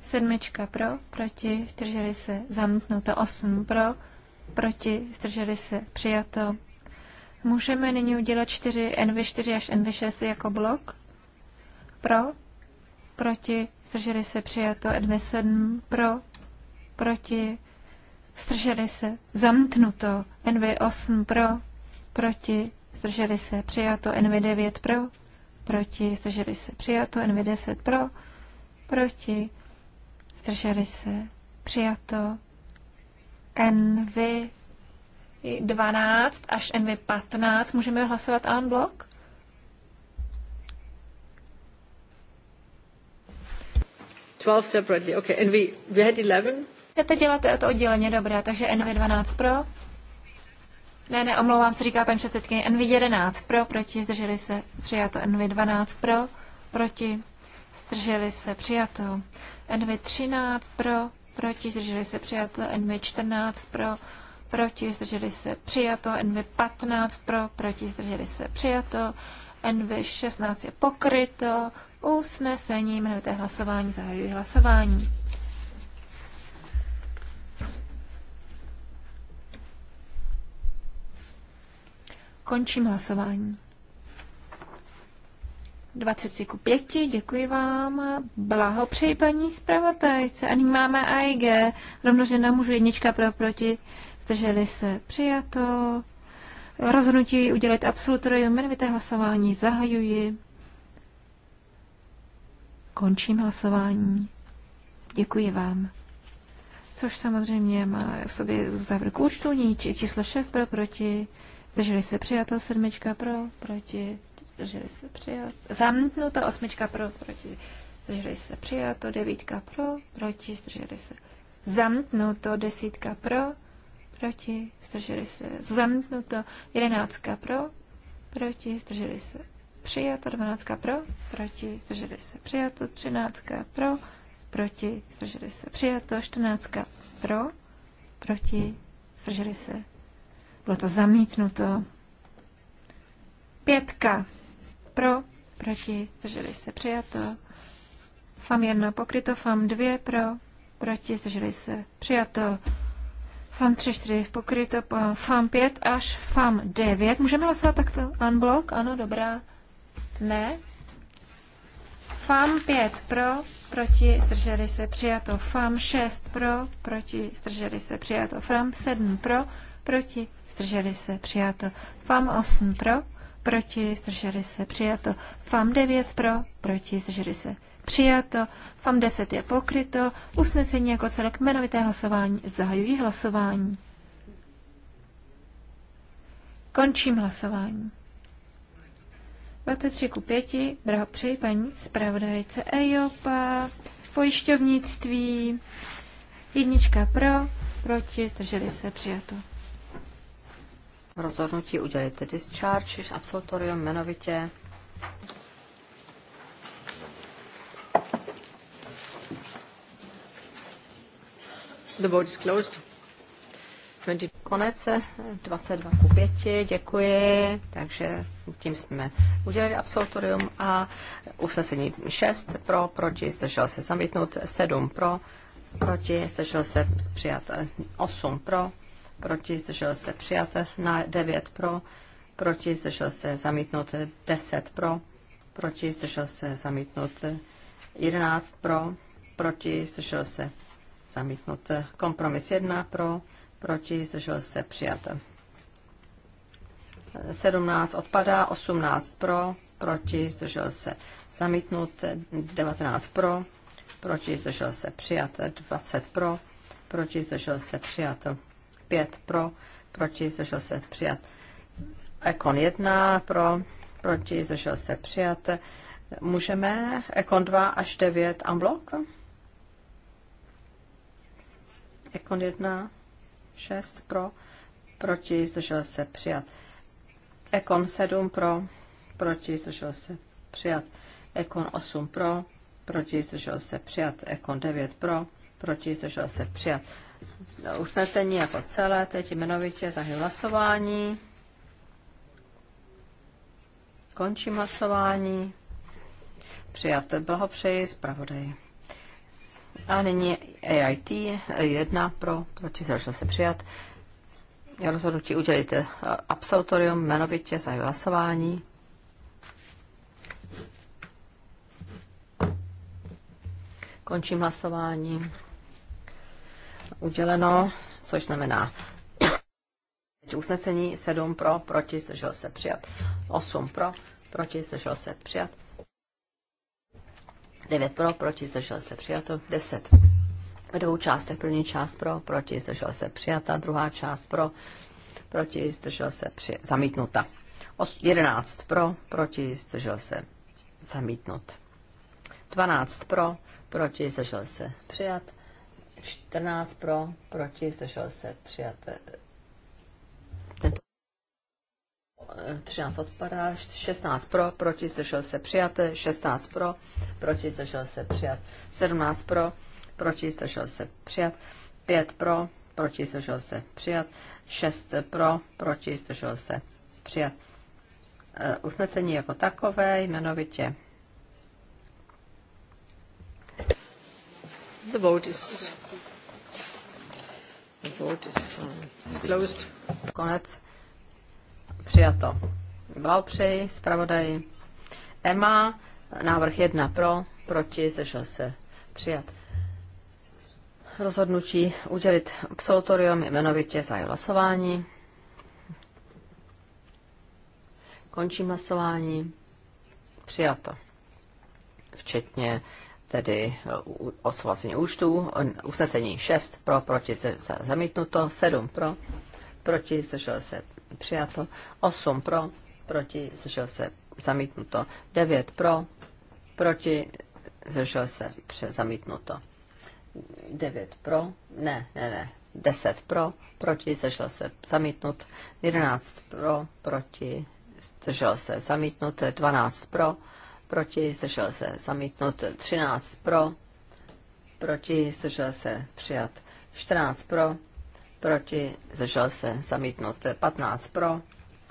sedmička pro, proti, zdrželi se, zamítnuto, 8 pro, proti, zdrželi se, přijato, Můžeme nyní udělat 4 NV4 až NV6 jako blok? Pro? Proti? Zdrželi se přijato NV7? Pro? Proti? Zdrželi se zamknuto NV8 pro? Proti? Zdrželi se přijato NV9 pro? Proti? Zdrželi se přijato NV10 pro? Proti? Zdrželi se přijato NV 12 až NV 15 můžeme hlasovat en blok? separately. Okay, and we, we had 11. Chcete dělat to odděleně, dobrá, takže NV12 pro? Ne, ne, omlouvám se, říká paní předsedkyně. NV11 pro, proti, zdrželi se, přijato. NV12 pro, proti, zdrželi se, přijato. NV13 pro, proti, zdrželi se, přijato. NV14 pro, proti, zdrželi se přijato, NV15 pro, proti, zdrželi se přijato, NV16 je pokryto, usnesení, jmenujete hlasování, zahajuji hlasování. Končím hlasování. 25. ku 5, děkuji vám. Blahopřeji paní zpravodajce. A nyní máme AIG, rovnožená mužu jednička pro proti zdrželi se přijato. Rozhodnutí udělat absolutorium jmenovité hlasování zahajuji. Končím hlasování. Děkuji vám. Což samozřejmě má v sobě závěrku účtu číslo 6 pro proti, zdrželi se přijato, sedmička pro proti, zdrželi se přijato, zamítnuto, osmička pro proti, zdrželi se přijato, devítka pro proti, zdrželi se zamítnuto, desítka pro proti, zdrželi se, zamítnuto, jedenáctka pro, proti, zdrželi se, přijato, dvanáctka pro, proti, zdrželi se, přijato, třináctka pro, proti, zdrželi se, přijato, čtrnáctka pro, proti, zdrželi se, bylo to zamítnuto, pětka pro, proti, zdrželi se, přijato, fam jedna pokryto, fam dvě pro, proti, zdrželi se, přijato, FAM 3, 4 pokryto, eh, FAM 5 až FAM 9. Můžeme hlasovat takto unblock? Ano, dobrá. Ne. FAM 5 pro, proti, zdrželi se, přijato. FAM 6 pro, proti, zdrželi se, přijato. FAM 7 pro, proti, zdrželi se, přijato. FAM 8 pro, proti, zdrželi se, přijato. FAM 9 pro, proti, zdrželi se, přijato. FAM 10 je pokryto. Usnesení jako celek jmenovité hlasování. zahajují hlasování. Končím hlasování. 23 ku 5. přeji paní zpravodajce EIOPA. Pojišťovnictví. Jednička pro, proti, zdrželi se, přijato. Rozhodnutí udělit discharge, absolutorium jmenovitě. The vote is closed. 20. Konec 22 eh, ku 5, děkuji. Takže tím jsme udělali absolutorium a usnesení 6 pro, proti, zdržel se zamítnout, 7 pro, proti, zdržel se přijat 8 eh, pro, proti, zdržel se přijat, na 9 pro, proti, zdržel se zamítnout 10 pro, proti, zdržel se zamítnout 11 pro, proti, zdržel se zamítnout kompromis 1 pro, proti, zdržel se přijat. 17 odpadá, 18 pro, proti, zdržel se zamítnout, 19 pro, proti, zdržel se přijat, 20 pro, proti, zdržel se přijat. 5 pro, proti, zdržel se přijat. Ekon 1 pro, proti, zdržel se přijat. Můžeme Ekon 2 až 9 unblock? Ekon 1, 6 pro, proti, zdržel se přijat. Ekon 7 pro, proti, zdržel se přijat. Ekon 8 pro, proti, zdržel se přijat. Ekon 9 pro, proti, zdržel se přijat usnesení jako celé, teď jmenovitě zahy hlasování. Končím hlasování. Přijat blahopřeji zpravodaji. A nyní AIT 1 pro, proti zdržel se přijat. Rozhodnutí udělit eh, absolutorium jmenovitě za hlasování. Končím hlasování uděleno, což znamená usnesení 7 pro, proti, zdržel se přijat. 8 pro, proti, zdržel se přijat. 9 pro, proti, zdržel se přijat 10 ve dvou částech. První část pro, proti, zdržel se přijata. Druhá část pro, proti, zdržel se při, zamítnuta. 11 pro, proti, zdržel se zamítnut. 12 pro, proti, zdržel se přijat. 14 pro, proti, zdržel se, přijaté. Tento 13 odpadá, 16 pro, proti, zdržel se, přijaté, 16 pro, proti, zdržel se, přijat, 17 pro, proti, zdržel se, přijat, 5 pro, proti, zdržel se, přijat, 6 pro, proti, zdržel se, přijat. E, usnesení jako takové, jmenovitě. The vote is The vote is, um, is closed. Konec. Přijato. Blahopřeji zpravodaji. Emma, návrh jedna pro, proti, zdržel se. Přijat. Rozhodnutí udělit absolutorium jmenovitě za hlasování. Končím hlasování. Přijato. Včetně tedy eh, odsouhlasení účtů, usnesení 6 pro, proti se zamítnuto, 7 pro, proti zdržel se přijato, 8 pro, proti zdržel se zamítnuto, 9 pro, proti zdržel se pře, zamítnuto, 9 pro, ne, ne, ne, 10 pro, proti zdržel se zamítnut, 11 pro, proti zdržel se zamítnut, 12 pro, proti, zdržel se, zamítnut 13 pro, proti, zdržel se, přijat 14 pro, proti, zdržel se, zamítnut 15 pro,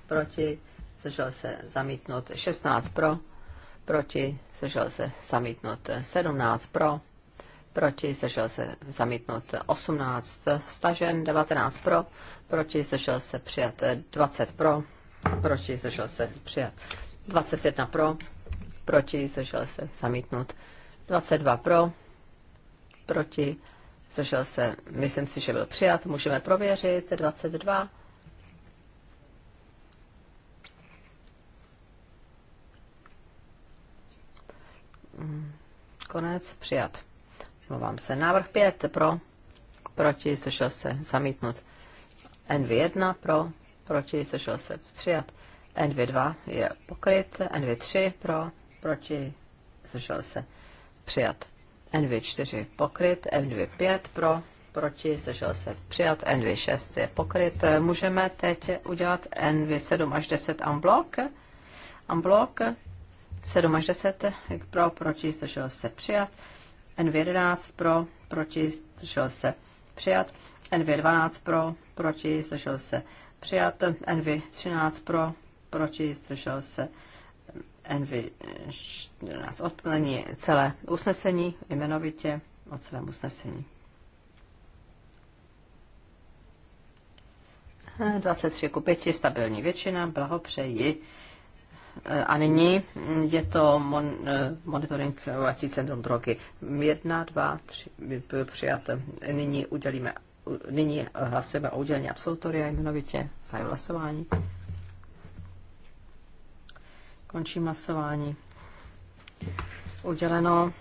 proti, zdržel se, zamítnut 16 pro, proti, zdržel se, zamítnut 17 pro, proti, zdržel se, zamítnut 18, stažen 19 pro, proti, zdržel se, přijat 20 pro, proti, zdržel se, přijat 21 pro, proti, zdržel se, zamítnut. 22 pro, proti, zdržel se, myslím si, že byl přijat, můžeme prověřit, 22. Konec, přijat. Mluvám se. Návrh 5 pro, proti, zdržel se, zamítnut. NV1 pro, proti, zdržel se, přijat. NV2 je pokryt, NV3 pro, proti, zdržel se přijat. NV4 pokryt, NV5 pro, proti, zdržel se přijat, NV6 je pokryt. Můžeme teď udělat NV7 až 10 unblock, unblock 7 až 10 pro, proti, zdržel se přijat, NV11 pro, proti, zdržel se přijat, NV12 pro, proti, zdržel se přijat, NV13 pro, proti, zdržel se Envy 14 odplnění celé usnesení, jmenovitě o celém usnesení. 23 ku 5, stabilní většina, blahopřeji. A nyní je to mon, eh, monitoring ovací centrum drogy. 1, 2, 3 byl přijat. Nyní udělíme, nyní hlasujeme o udělení absolutoria jmenovitě za hlasování. Končím hlasování. Uděleno,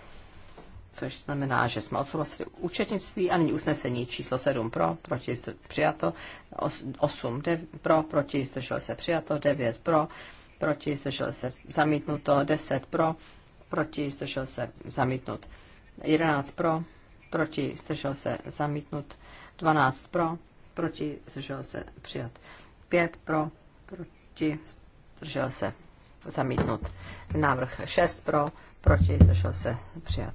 což znamená, že jsme odsouhlasili účetnictví a nyní usnesení číslo 7 pro, proti přijato, 8 dev, pro, proti zdrželo se přijato, 9 pro, proti zdrželo se zamítnuto, 10 pro, proti zdrželo se zamítnut, 11 pro, proti zdrželo se zamítnut, 12 pro, proti zdrželo se přijat, 5 pro, proti zdrželo se zamítnut. Návrh 6 pro, proti, zašel se přijat.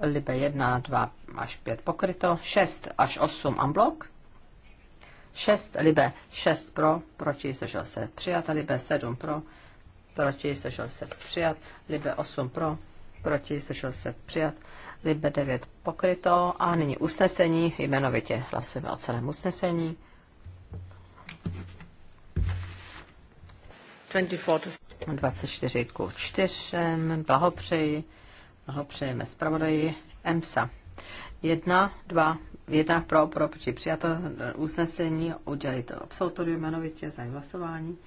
Libe 1, 2 až 5 pokryto, 6 až 8 amblok, 6 Libe 6 pro, proti, zdržel se přijat, Libe 7 pro, proti, zdržel se přijat, Libe 8 pro, proti, zdržel se přijat, Libe 9 pokryto a nyní usnesení, jmenovitě hlasujeme o celém usnesení. 24. 24 ku 4. Blahopřeji. Blahopřejeme zpravodaji EMSA. 1, 2, 1 pro, pro, proti přijato usnesení, udělit absolutorium jmenovitě, za hlasování.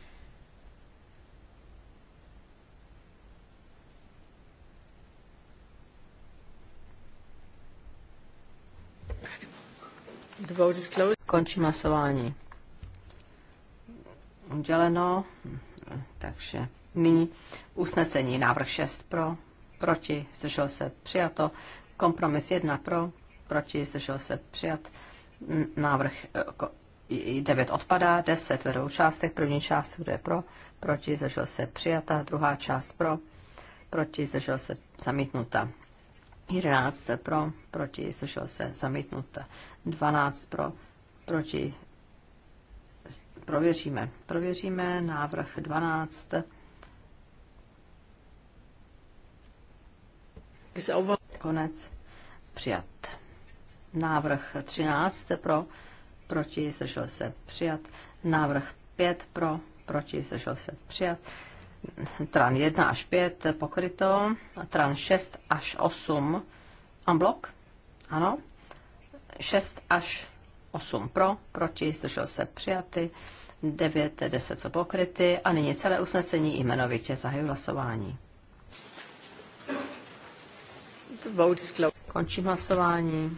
The vote is closed. Končím hlasování. Uděleno, hm, takže Nyní usnesení návrh 6 pro, proti, zdržel se přijato. Kompromis 1 pro, proti, zdržel se přijat. Návrh 9 e, odpadá, 10 vedou částek, první část, bude pro, proti, zdržel se přijata, druhá část pro, proti, zdržel se zamítnuta. 11 pro, proti, zdržel se zamítnuta. 12 pro, proti, prověříme. Prověříme návrh 12. Konec. Přijat. Návrh 13 pro, proti, zdržel se přijat. Návrh 5 pro, proti, zdržel se přijat. Tran 1 až 5 pokryto, tran 6 až 8 unblock, ano, 6 až 8 pro, proti, zdržel se přijaty, 9, 10 jsou pokryty a nyní celé usnesení jmenovitě zahajuji hlasování. The vote Končím hlasování.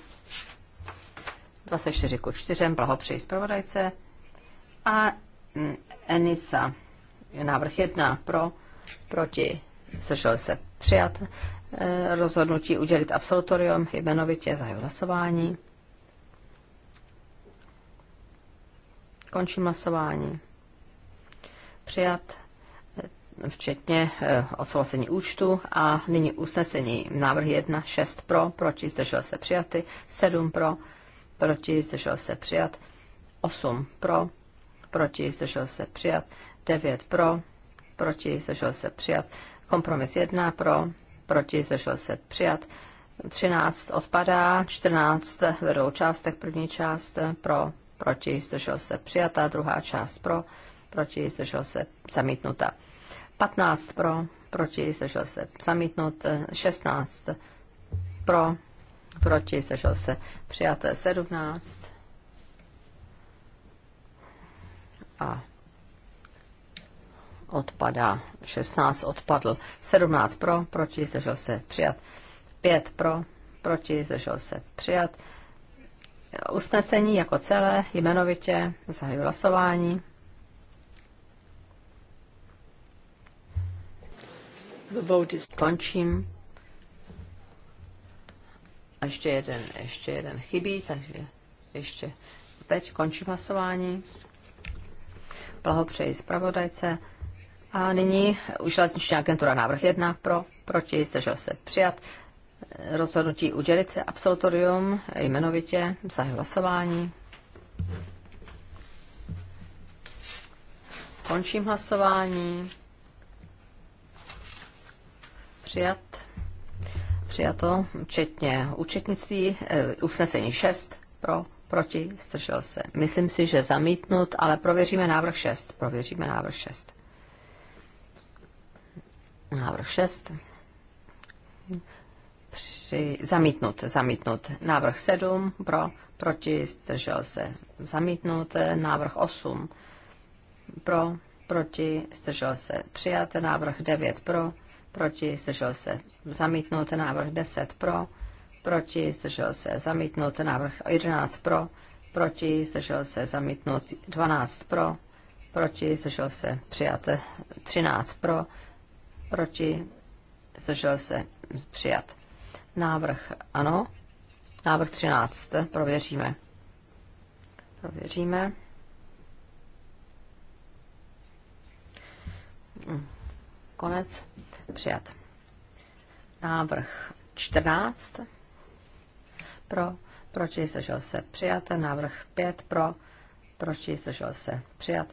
24 ku 4, blahopřeji zpravodajce. A mm, Enisa, návrh 1 pro, proti, zdržel se přijat e, rozhodnutí udělit absolutorium jmenovitě za hlasování. Končím hlasování. Přijat včetně eh, odsouhlasení účtu a nyní usnesení návrh 1, 6 pro, proti zdržel se přijaty, 7 pro, proti zdržel se přijat, 8 pro, proti zdržel se přijat, 9 pro, proti zdržel se přijat, kompromis 1 pro, proti zdržel se přijat, 13 odpadá, 14 vedou částek, první část pro, proti zdržel se přijata, druhá část pro, proti zdržel se zamítnuta. 15 pro, proti, zdržel se. Zamítnut 16 eh, pro, proti, zdržel se. Přijat 17 a odpadá. 16 odpadl. 17 pro, proti, zdržel se. Přijat 5 pro, proti, zdržel se. Přijat usnesení jako celé, jmenovitě, zahajuji hlasování. The vote is... Končím. A ještě jeden, ještě jeden chybí, takže ještě teď končím hlasování. Blahopřeji zpravodajce. A nyní už železniční agentura návrh 1 pro, proti, zdržel se přijat. Rozhodnutí udělit absolutorium jmenovitě, za hlasování. Končím hlasování přijat. Přijato, včetně účetnictví, eh, usnesení 6 pro, proti, stržel se. Myslím si, že zamítnut, ale prověříme návrh 6. Prověříme návrh 6. Návrh 6. Při, zamítnut, zamítnut. Návrh 7 pro, proti, stržel se. Zamítnut. Návrh 8 pro, proti, stržel se. Přijat. Návrh 9 pro, proti, zdržel se zamítnout, návrh 10 pro, proti, zdržel se zamítnout, návrh 11 pro, proti, zdržel se zamítnout, 12 pro, proti, zdržel se přijat 13 pro, proti, zdržel se přijat. Návrh ano, návrh 13, prověříme. Prověříme konec, přijat. Návrh 14 pro, proti zdržel se přijat, návrh 5 pro, proti zdržel se přijat.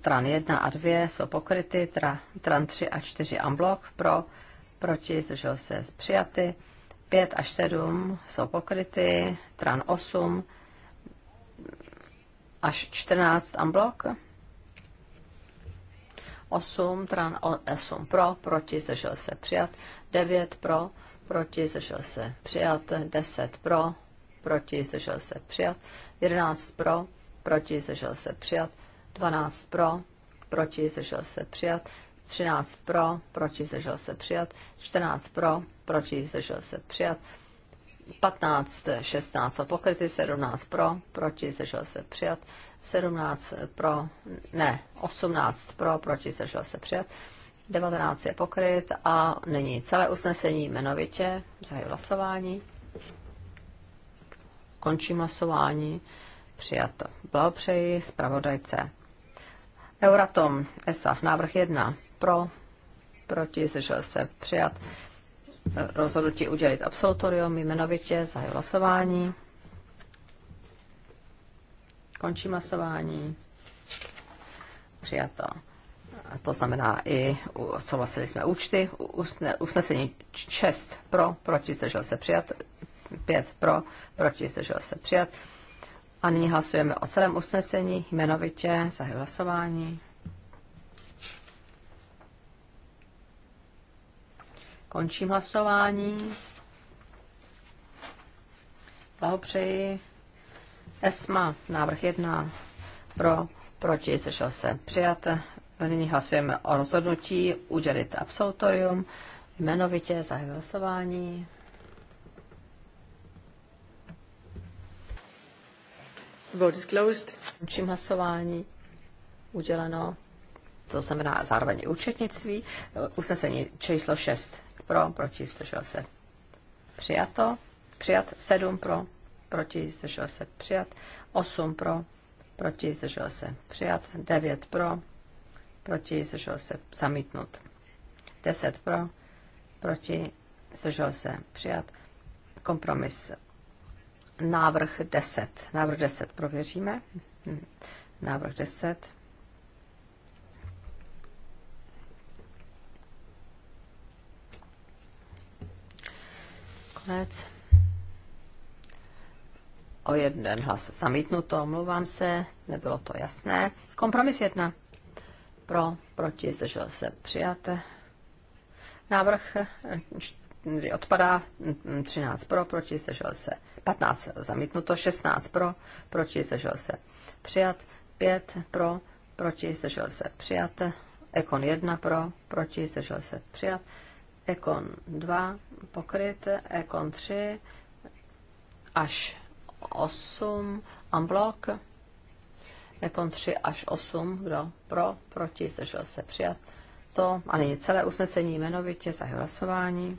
Tran 1 a 2 jsou pokryty, tra, tran 3 a 4 amblok pro, proti zdržel se přijaty, 5 až 7 jsou pokryty, tran 8 až 14 amblok 8, tran 8 pro, proti, zdržel se přijat, 9 pro, proti, zdržel se přijat, 10 pro, proti, zdržel se přijat, 11 pro, proti, zdržel se přijat, 12 pro, proti, zdržel se přijat, 13 pro, proti, zdržel se přijat, 14 pro, proti, zdržel se přijat, 15, 16 pokryty, 17 pro, proti, zdržel se přijat, 17 pro, ne, 18 pro, proti, zdržel se přijat, 19 je pokryt a není celé usnesení jmenovitě, zahajuji hlasování, končím hlasování, přijato. Blahopřeji zpravodajce. Euratom, ESA, návrh 1, pro, proti, zdržel se přijat, rozhodnutí udělit absolutorium, jmenovitě zahajuji hlasování. Končím hlasování. Přijato. A to znamená i, souhlasili jsme účty, usnesení 6 pro, proti zdržel se přijat, 5 pro, proti zdržel se přijat. A nyní hlasujeme o celém usnesení, jmenovitě za hlasování. Končím hlasování. Blahopřeji. ESMA, návrh 1, pro, proti, zdržel se, přijat. Nyní hlasujeme o rozhodnutí udělit absolutorium. Jmenovitě zahajuji hlasování. Vote is closed. Končím hlasování. Uděleno. To znamená zároveň účetnictví. Usnesení číslo 6 pro, proti, zdržel se přijato, přijat 7 pro, proti, zdržel se přijat 8 pro, proti, zdržel se přijat 9 pro, proti, zdržel se zamítnut 10 pro, proti, zdržel se přijat kompromis návrh 10. Návrh 10 prověříme. Hm. Návrh 10. Nakonec o jeden hlas zamítnuto, omlouvám se, nebylo to jasné. Kompromis jedna. Pro, proti, zdržel se, přijate. Návrh eh, odpadá, 13 hm, pro, proti, zdržel se, 15 zamítnuto, 16 pro, proti, zdržel se, přijat, 5 pro, proti, zdržel se, přijat, Ekon 1 pro, proti, zdržel se, přijat, Ekon 2 pokryt Econ 3 až 8 unblock. Econ 3 až 8, kdo pro, proti, zdržel se přijat. To a nyní celé usnesení jmenovitě za hlasování.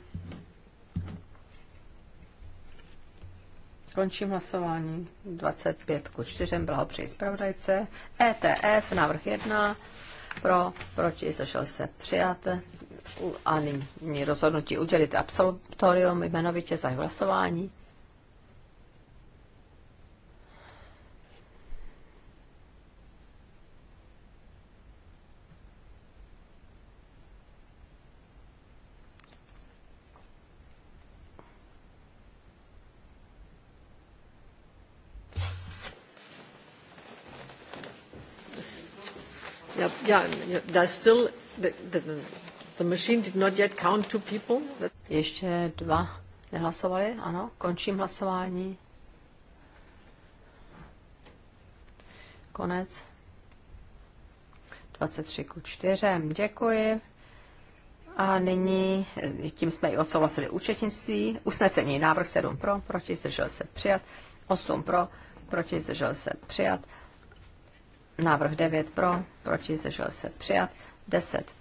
Končím hlasování. 25 ku 4 byla při zpravodajce. ETF, návrh 1, pro, proti, zdržel se přijat a nyní rozhodnutí udělit absolutorium jmenovitě za hlasování. Yeah, yeah, já still the, the, The machine did not yet count two people. Ještě dva nehlasovali, ano. Končím hlasování. Konec. 23 ku 4. Děkuji. A nyní, tím jsme i odsouhlasili účetnictví, usnesení návrh 7 pro, proti zdržel se přijat, 8 pro, proti zdržel se přijat, návrh 9 pro, proti zdržel se přijat, 10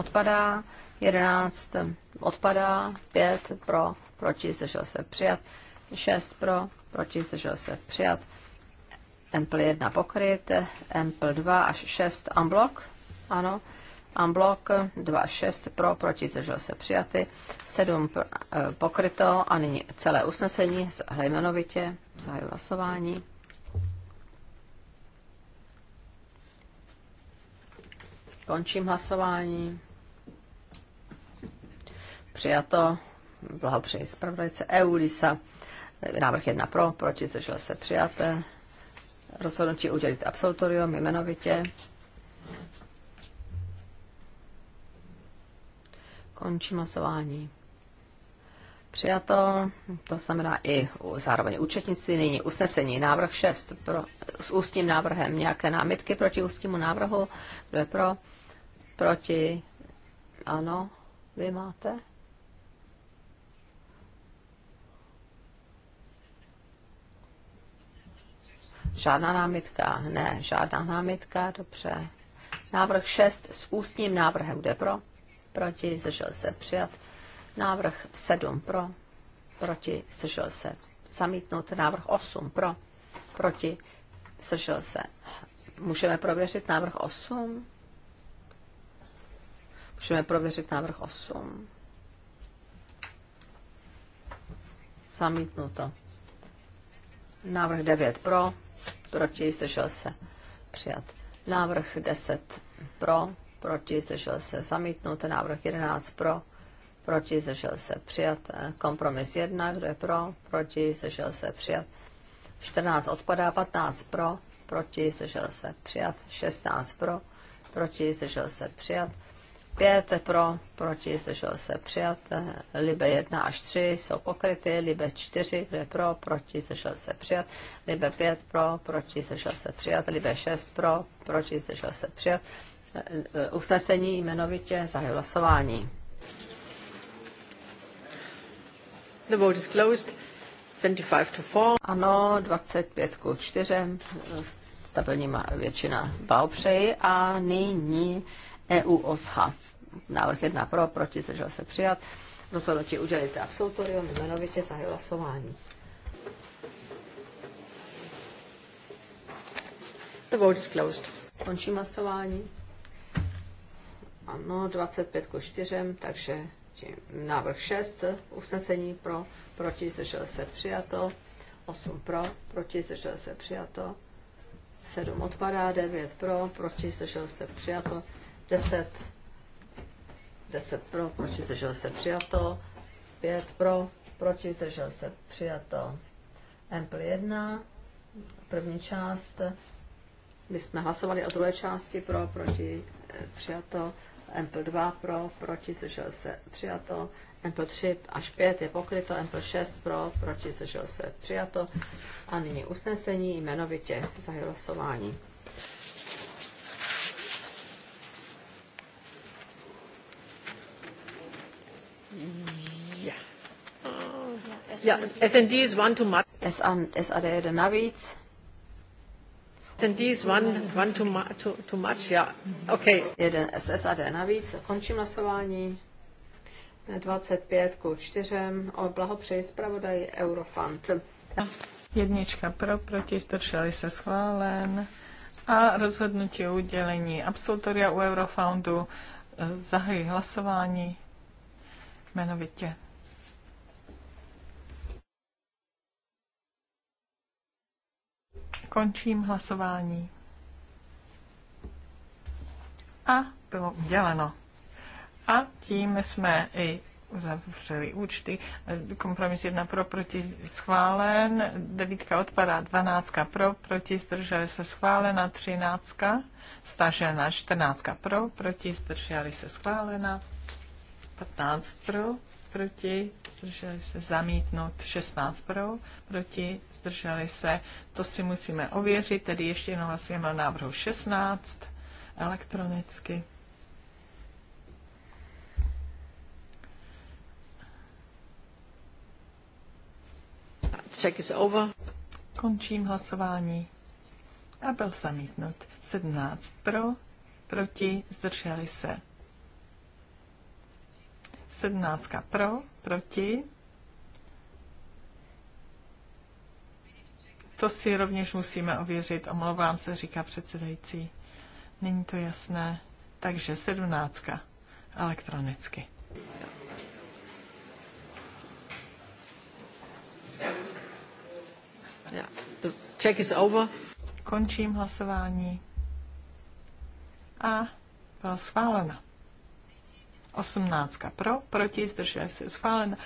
odpadá, 11 odpadá, 5 pro, proti, zdržel se přijat, 6 pro, proti, zdržel se přijat, Ample 1 pokryt, Ample 2 až 6 unblock, ano, unblock 2 6 pro, proti, zdržel se přijaty, 7 pro, e, pokryto a nyní celé usnesení, hlejmenovitě, zahajuji hlasování. Končím hlasování přijato. Blahopřeji zpravodajce Eulisa. Návrh jedna pro, proti zdržel se přijaté. Rozhodnutí udělit absolutorium jmenovitě. Končí masování. Přijato, to znamená i zároveň účetnictví, nyní usnesení, návrh 6 pro, s ústním návrhem, nějaké námitky proti ústnímu návrhu, kdo je pro, proti, ano, vy máte? Žádná námitka? Ne, žádná námitka, dobře. Návrh 6 s ústním návrhem, kde pro? Proti, zdržel se přijat. Návrh 7 pro, proti, zdržel se zamítnout. Návrh 8 pro, proti, zdržel se. Můžeme prověřit návrh 8? Můžeme prověřit návrh 8. Zamítnuto. Návrh 9 pro, proti, zdržel se přijat. Návrh 10 pro, proti, zdržel se zamítnout, návrh 11 pro, proti, zdržel se přijat, kompromis 1, kdo je pro, proti, zdržel se přijat, 14 odpadá, 15 pro, proti, zdržel se přijat, 16 pro, proti, zdržel se přijat, 5 pro, proti, zdržel se přijat. Libe 1 až 3 jsou pokryty, Libe 4, kdo je pro, proti, zdržel se přijat. Libe 5 pro, proti, zdržel se přijat. Libe 6 pro, proti, zdržel se přijat. Usnesení jmenovitě za hlasování. The vote is closed. 25 to 4. Ano, 25 ku 4. Stabilní většina. Blahopřeji a nyní EU OSHA. Návrh jedna pro, proti, zdržel se přijat. Rozhodnutí udělíte absolutorium jmenovitě za hlasování. The vote is closed. Končím hlasování. Ano, 25 k 4, takže tím návrh 6, usnesení pro, proti, zdržel se přijato. 8 pro, proti, zdržel se přijato. 7 odpadá, 9 pro, proti, zdržel se přijato. 10, 10 pro, proti zdržel se přijato, 5 pro, proti zdržel se přijato, Ample 1, první část, my jsme hlasovali o druhé části pro, proti eh, přijato, Ample 2 pro, proti zdržel se přijato, Ample 3 až 5 je pokryto, Ample 6 pro, proti zdržel se přijato a nyní usnesení jmenovitě za hlasování. Yeah. S&D is one too much. SAD je jeden navíc. S&D is one, one too, mu, too, too much, yeah. Okay. Jeden SSAD navíc. Končím hlasování. 25 ku 4. O blahopřeji zpravodaj Eurofund. Jednička pro, proti, zdrželi se schválen. A rozhodnutí o udělení absolutoria u Eurofoundu zahají hlasování jmenovitě. Končím hlasování. A bylo uděleno. A tím jsme i uzavřeli účty. Kompromis 1 pro, proti schválen, 9 odpadá, 12 pro, proti zdrželi se schválena, 13 stažena, 14 pro, proti zdrželi se schválena, 15 pro, proti, zdrželi se zamítnout 16 pro, proti, zdrželi se, to si musíme ověřit, tedy ještě jednou hlasujeme o návrhu 16 elektronicky. Check is over. Končím hlasování. A byl zamítnut. 17 pro, proti, zdrželi se 17 pro, proti. To si rovněž musíme ověřit, omlouvám se, říká předsedající. Není to jasné. Takže 17 elektronicky. Yeah. The check is over. Končím hlasování. A byla schválena. 18 pro, proti, zdržel se schválen,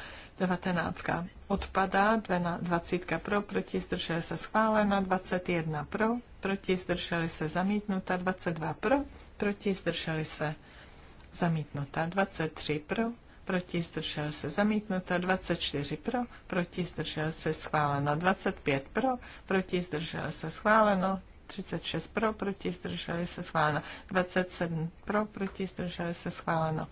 19 odpadá, 20 pro, proti, zdržel se schválena. 21 pro, proti, zdrželi se zamítnuta. 22 pro, proti, zdrželi se zamítnuta. 23 pro, proti, zdržel se zamítnuta, 24 pro, proti, zdržel se schváleno, 25 pro, proti, zdržel se schváleno, 36 pro, proti, zdrželi se schváleno. 27 pro, proti, zdrželi se schváleno.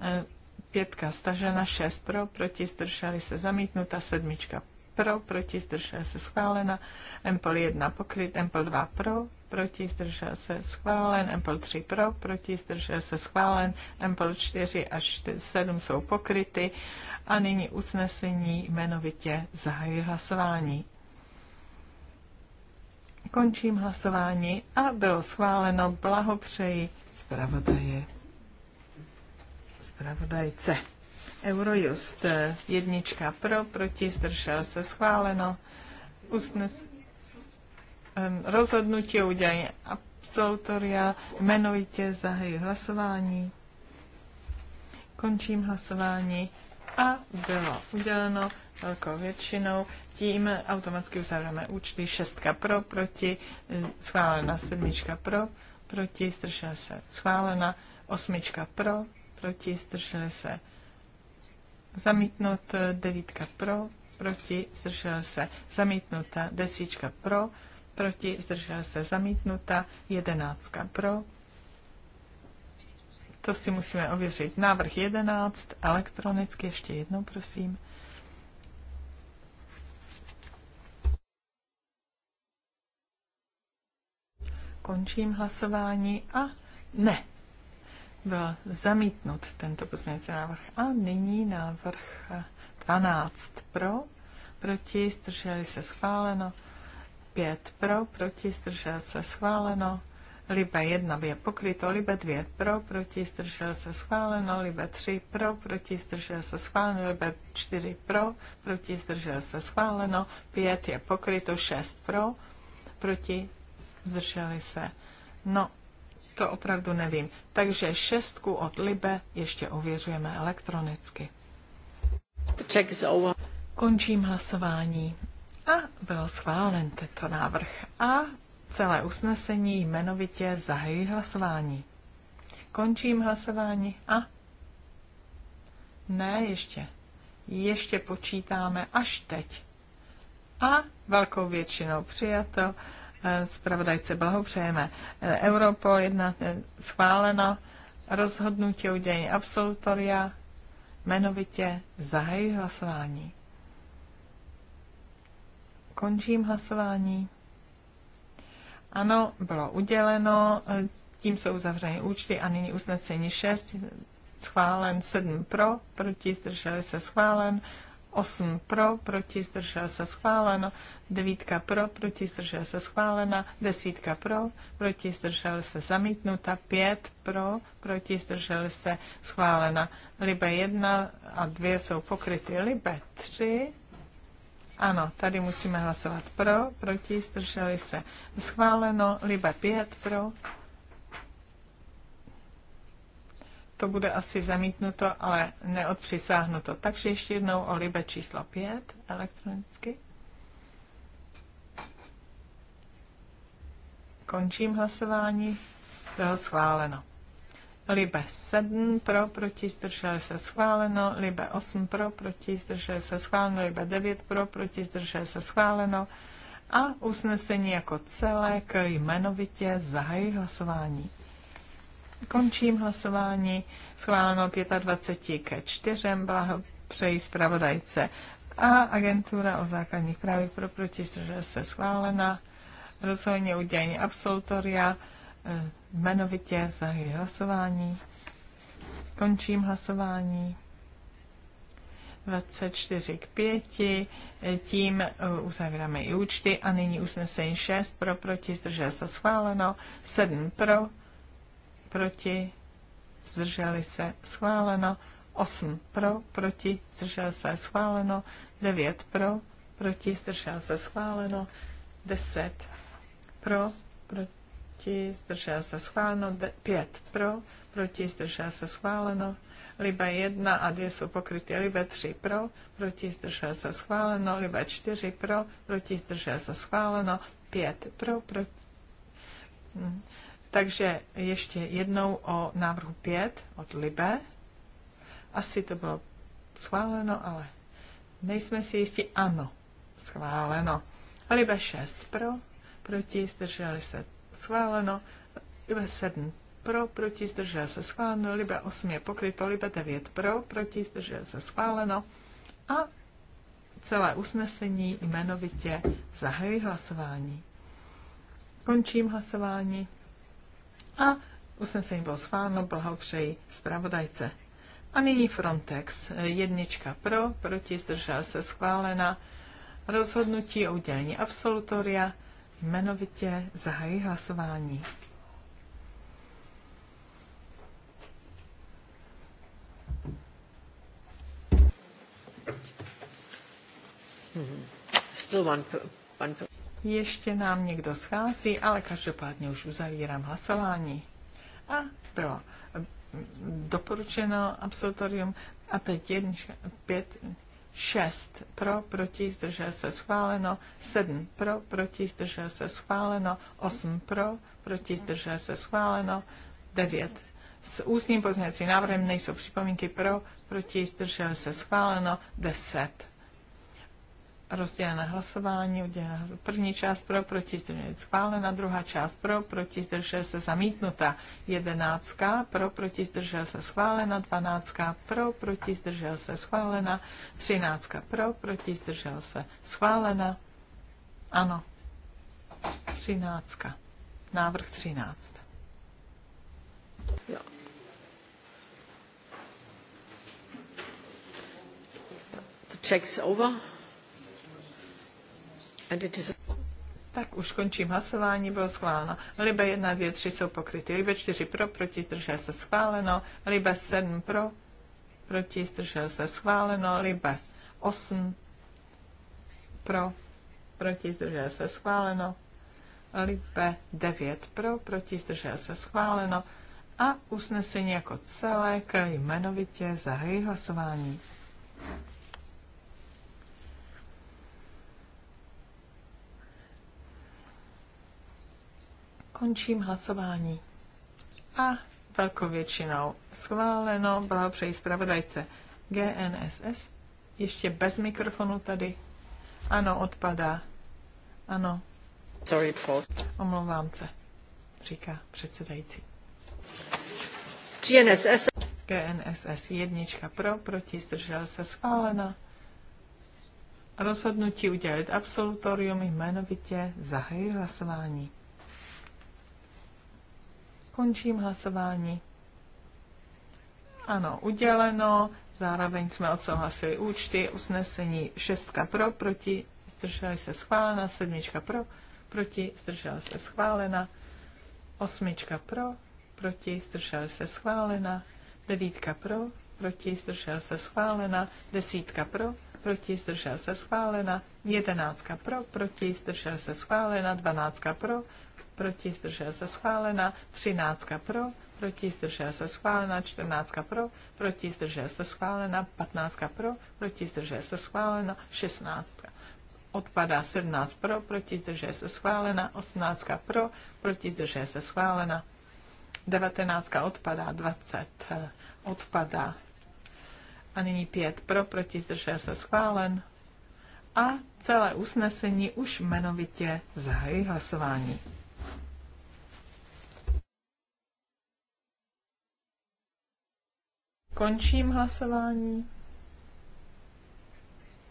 E, pětka stažena, 6 pro, proti, zdrželi se zamítnuta, sedmička pro, proti, zdržel se schválena, Empol 1 pokryt, Empol 2 pro, proti, zdržel se schválen, Empol 3 pro, proti, zdržel se schválen, Empol 4 až 7 jsou pokryty a nyní usnesení jmenovitě zahají hlasování. Končím hlasování a bylo schváleno. Blahopřeji zpravodaje. Zpravodajce. Eurojust eh, jednička pro, proti, zdržel se schváleno. Usnes, rozhodnutí o udělení absolutoria, Jmenujte zahají hlasování. Končím hlasování a bylo uděleno velkou většinou. Tím automaticky uzavřeme účty. Šestka pro, proti, eh, schválena. Sedmička pro, proti, zdržela se. Schválena. Osmička pro, proti, zdržela se. Zamítnut. Eh, devítka pro, proti, zdržela se. Zamítnuta. Desíčka pro, proti, zdržela se. Zamítnuta. Jedenáctka pro, to si musíme ověřit. Návrh 11, elektronicky ještě jednou, prosím. Končím hlasování a ne. Byl zamítnut tento pozměňovací návrh. A nyní návrh 12 pro, proti, strželi se schváleno. 5 pro, proti, strželi se schváleno. Libe 1 je pokryto, Libe 2 pro, proti, zdržel se schváleno, Libe 3 pro, proti, zdržel se schváleno, Libe 4 pro, proti, zdržel se schváleno, 5 je pokryto, 6 pro, proti, zdrželi se. No, to opravdu nevím. Takže šestku od Libe ještě ověřujeme elektronicky. Končím hlasování. A byl schválen tento návrh. A celé usnesení jmenovitě zahají hlasování. Končím hlasování. A? Ne, ještě. Ještě počítáme až teď. A velkou většinou přijato. Spravodajce blahopřejeme. Europol jedna eh, schválena, rozhodnutí o udělení absolutoria, jmenovitě zahají hlasování. Končím hlasování. Ano, bylo uděleno, tím jsou uzavřeny účty a nyní usnesení 6, schválen 7 pro, proti zdrželi se schválen, 8 pro, proti, zdržel se schváleno, 9 pro, proti, zdržel se schválena, 10 pro, proti, zdržel se zamítnuta, 5 pro, proti, zdržel se schválena. Libe 1 a 2 jsou pokryty. Libe 3, ano, tady musíme hlasovat pro, proti, zdrželi se schváleno, Libe 5 pro, to bude asi zamítnuto, ale neodpřisáhnuto. Takže ještě jednou o Libe číslo 5 elektronicky. Končím hlasování. Bylo schváleno. Libe 7 pro, proti, zdržel se schváleno. Libe 8 pro, proti, zdržel se schváleno. Libe 9 pro, proti, zdržel se schváleno. A usnesení jako celek jmenovitě zahají hlasování. Končím hlasování. Schváleno 25 ke 4. Blaho přeji zpravodajce. A agentura o základních právech pro protistraže se schválena. Rozhodně udělení absolutoria. E, jmenovitě zahajuji hlasování. Končím hlasování. 24 k 5. E, tím e, uzavíráme i účty a nyní usnesení 6 pro, proti, zdržel se schváleno, 7 pro, proti, zdrželi se, schváleno. 8 pro, proti, zdržel se, schváleno. 9 pro, proti, zdržel se, schváleno. 10 pro, proti, zdržel se, schváleno. 5 pro, proti, zdržel se, schváleno. Libe 1 a 2 jsou pokryty. Libe 3 pro, proti zdržel se schváleno. Libe 4 pro, proti zdržel se schváleno. 5 pro, proti takže ještě jednou o návrhu 5 od Libe. Asi to bylo schváleno, ale nejsme si jistí. Ano, schváleno. Libe 6 pro, proti, zdrželi se schváleno. Libe 7 pro, proti, zdržel se schváleno. Libe 8 je pokryto, Libe 9 pro, proti, zdržel se schváleno. A celé usnesení jmenovitě zahají hlasování. Končím hlasování a usnesení bylo schváleno, blahopřeji zpravodajce. A nyní Frontex. Jednička pro, proti zdržel se schválena. Rozhodnutí o udělení absolutoria jmenovitě zahají hlasování. Mhm. Still one, one. Ještě nám někdo schází, ale každopádně už uzavírám hlasování. A bylo mm, doporučeno absolutorium a teď 1, pět šest pro, proti, zdržel se schváleno, sedm pro, proti, zdržel se schváleno, osm pro, proti, zdržel se schváleno, devět S ústním pozměcí návrhem nejsou připomínky pro, proti, zdržel se schváleno, deset rozdělené hlasování, oddělené první část pro, proti zdržení schválena, druhá část pro, proti zdržel se zamítnuta, jedenáctka pro, proti zdržel se schválena, dvanáctka pro, proti zdržel se schválena, třináctka pro, proti zdržel se schválena, ano, třináctka, návrh třináct. check's over. Tak už končím hlasování, bylo schváleno. Libe 1, 2, 3 jsou pokryty. Libe 4 pro, proti, zdržel se schváleno. Libe 7 pro, proti, zdržel se schváleno. Libe 8 pro, proti, zdržel se schváleno. Libe 9 pro, proti, zdržel se schváleno. A usnesení jako celé, jmenovitě zahají hlasování. Končím hlasování. A velkou většinou schváleno, blahopřeji zpravodajce GNSS. Ještě bez mikrofonu tady. Ano, odpadá. Ano. Sorry, post. Omlouvám se, říká předsedající. GNSS. GNSS jednička pro, proti, zdržel se schválena. Rozhodnutí udělit absolutorium jmenovitě zahají hlasování. Končím hlasování. Ano, uděleno. Zároveň jsme odsouhlasili účty. Usnesení šestka pro, proti, zdržela se schválena. Sedmička pro, proti, zdržela se schválena. Osmička pro, proti, zdržela se schválena. devítka pro, proti, zdržela se schválena. Desítka pro, proti, zdržela se schválena. jedenáctka pro, proti, zdržela se schválena. dvanáctka pro, proti, zdržel se schválena, 13 pro, proti, zdržel se schválena, 14 pro, proti, zdržel se schválena, 15 pro, proti, zdržel se schválena, 16 odpadá 17 pro, proti, zdržel se schválena, 18 pro, proti, zdržel se schválena, 19 odpadá, 20 eh, odpadá. A nyní 5 pro, proti, zdržel se schválen. A celé usnesení už jmenovitě zahají hlasování. Končím hlasování.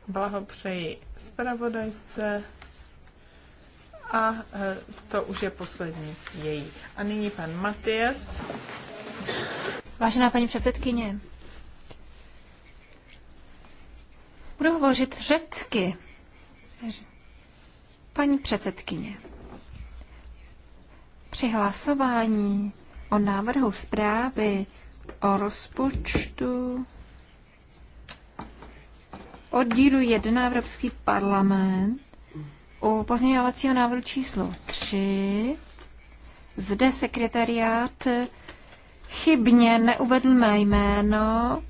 Blahopřeji zpravodajce. A eh, to už je poslední její. A nyní pan Matias. Vážená paní předsedkyně, budu hovořit řecky. Paní předsedkyně, při hlasování o návrhu zprávy o rozpočtu oddílu 1 Evropský parlament u pozměňovacího návrhu číslo 3. Zde sekretariát chybně neuvedl mé jméno.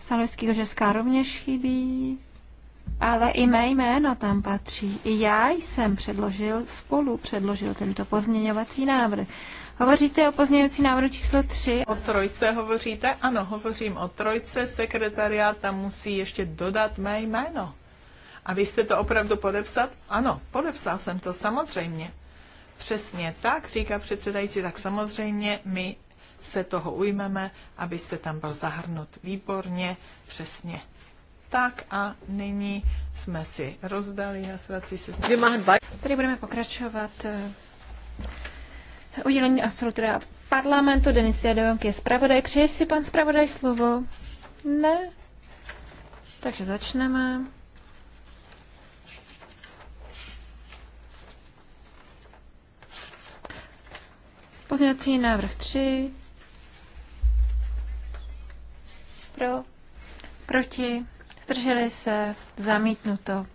Sanovský Kožeská rovněž chybí, ale i mé jméno tam patří. I já jsem předložil, spolu předložil tento pozměňovací návrh. Hovoříte o pozměňovací návrhu číslo 3? O trojce hovoříte? Ano, hovořím o trojce. Sekretariát tam musí ještě dodat mé jméno. A vy jste to opravdu podepsat? Ano, podepsal jsem to, samozřejmě. Přesně tak, říká předsedající, tak samozřejmě my se toho ujmeme, abyste tam byl zahrnut. Výborně, přesně. Tak a nyní jsme si rozdali hlasovací seznam. Tady budeme pokračovat eh, udělení absolutoria parlamentu. Denis Jadonk je zpravodaj. Přeje si pan zpravodaj slovo? Ne? Takže začneme. Pozměňovací návrh 3. Pro. Proti. Zdrželi se. Zamítnuto.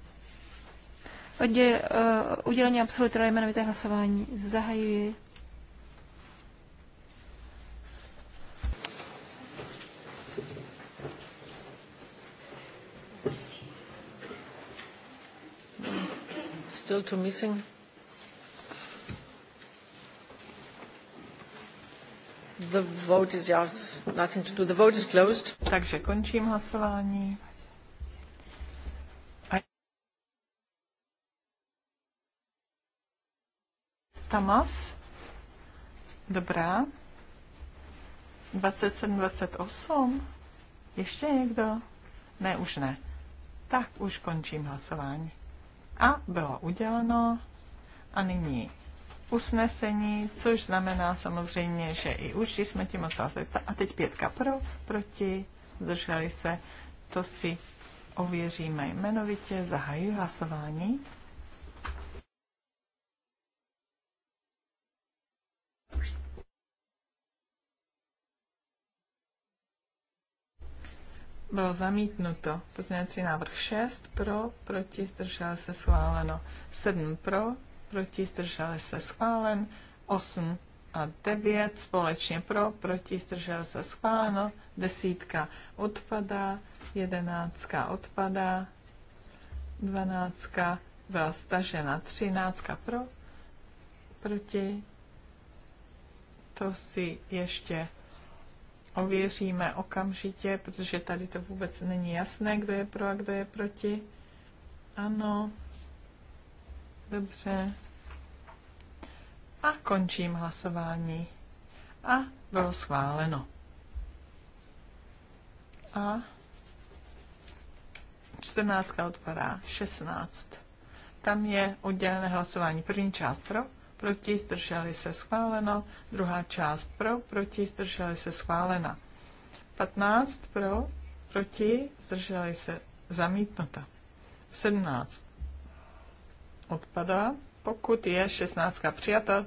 Odděl, uh, eh, udělení absolutoria jmenovité hlasování zahajuji. still two missing. The vote is out. Nothing to do. The vote is closed. Takže končím hlasování. Tamas. Dobrá. 27, 28. Ještě někdo? Ne, už ne. Tak už končím hlasování. A bylo uděleno. A nyní usnesení, což znamená samozřejmě, že i uši jsme tím osázeli. A teď pětka pro, proti, zdrželi se, to si ověříme jmenovitě, zahajuji hlasování. bylo zamítnuto. Pozměňovací návrh 6 pro, proti, zdržel se schváleno. 7 pro, proti, zdržel se schválen. 8 a 9 společně pro, proti, zdržel se schváleno. Desítka odpadá, jedenáctka odpadá, dvanáctka byla stažena, třináctka pro, proti. To si ještě ověříme okamžitě, protože tady to vůbec není jasné, kdo je pro a kdo je proti. Ano, dobře. A končím hlasování. A bylo schváleno. A 14 odpadá, 16. Tam je oddělené hlasování. První část pro proti, zdrželi se schváleno. Druhá část pro, proti, zdrželi se schválena. 15 pro, proti, zdrželi se zamítnuta. 17 odpadá, pokud je 16 přijata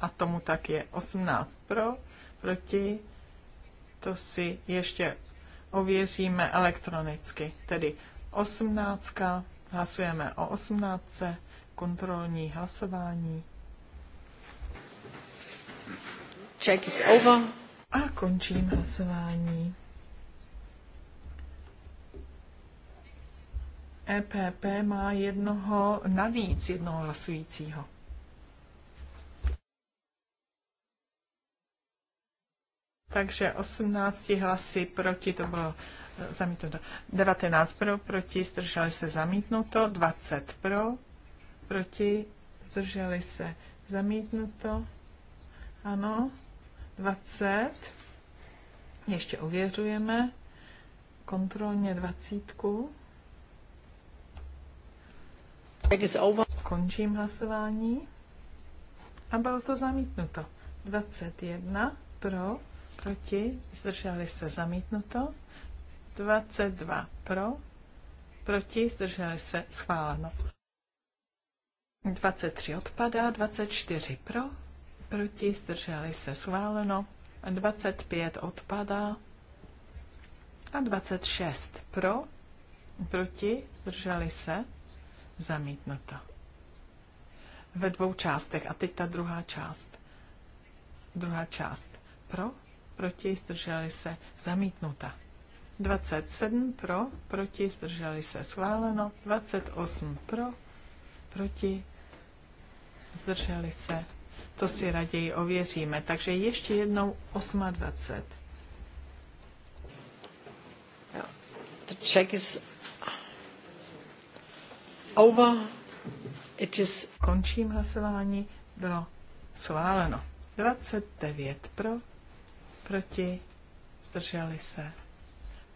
a tomu tak je 18 pro, proti, to si ještě ověříme elektronicky. Tedy 18, hlasujeme o 18, kontrolní hlasování. Check is over. A končím hlasování. EPP má jednoho navíc, jednoho hlasujícího. Takže 18 hlasy proti, to bylo eh, zamítnuto. 19 pro, proti, zdrželi se zamítnuto. 20 pro, proti, zdrželi se zamítnuto. Ano, 20. Ještě ověřujeme kontrolně 20. Končím hlasování. A bylo to zamítnuto. 21 pro, proti, zdrželi se zamítnuto. 22 pro, proti, zdrželi se schváleno. 23 odpadá, 24 pro, proti, zdrželi se schváleno, 25 odpadá a 26 pro, proti, zdrželi se, zamítnuto. Ve dvou částech a teď ta druhá část. Druhá část pro, proti, zdrželi se, zamítnuta. 27 pro, proti, zdrželi se, schváleno. 28 pro, proti, zdrželi se, to si raději ověříme. Takže ještě jednou 28. The check is over. It is... Končím hlasování. Bylo schváleno. 29 pro, proti, zdrželi se.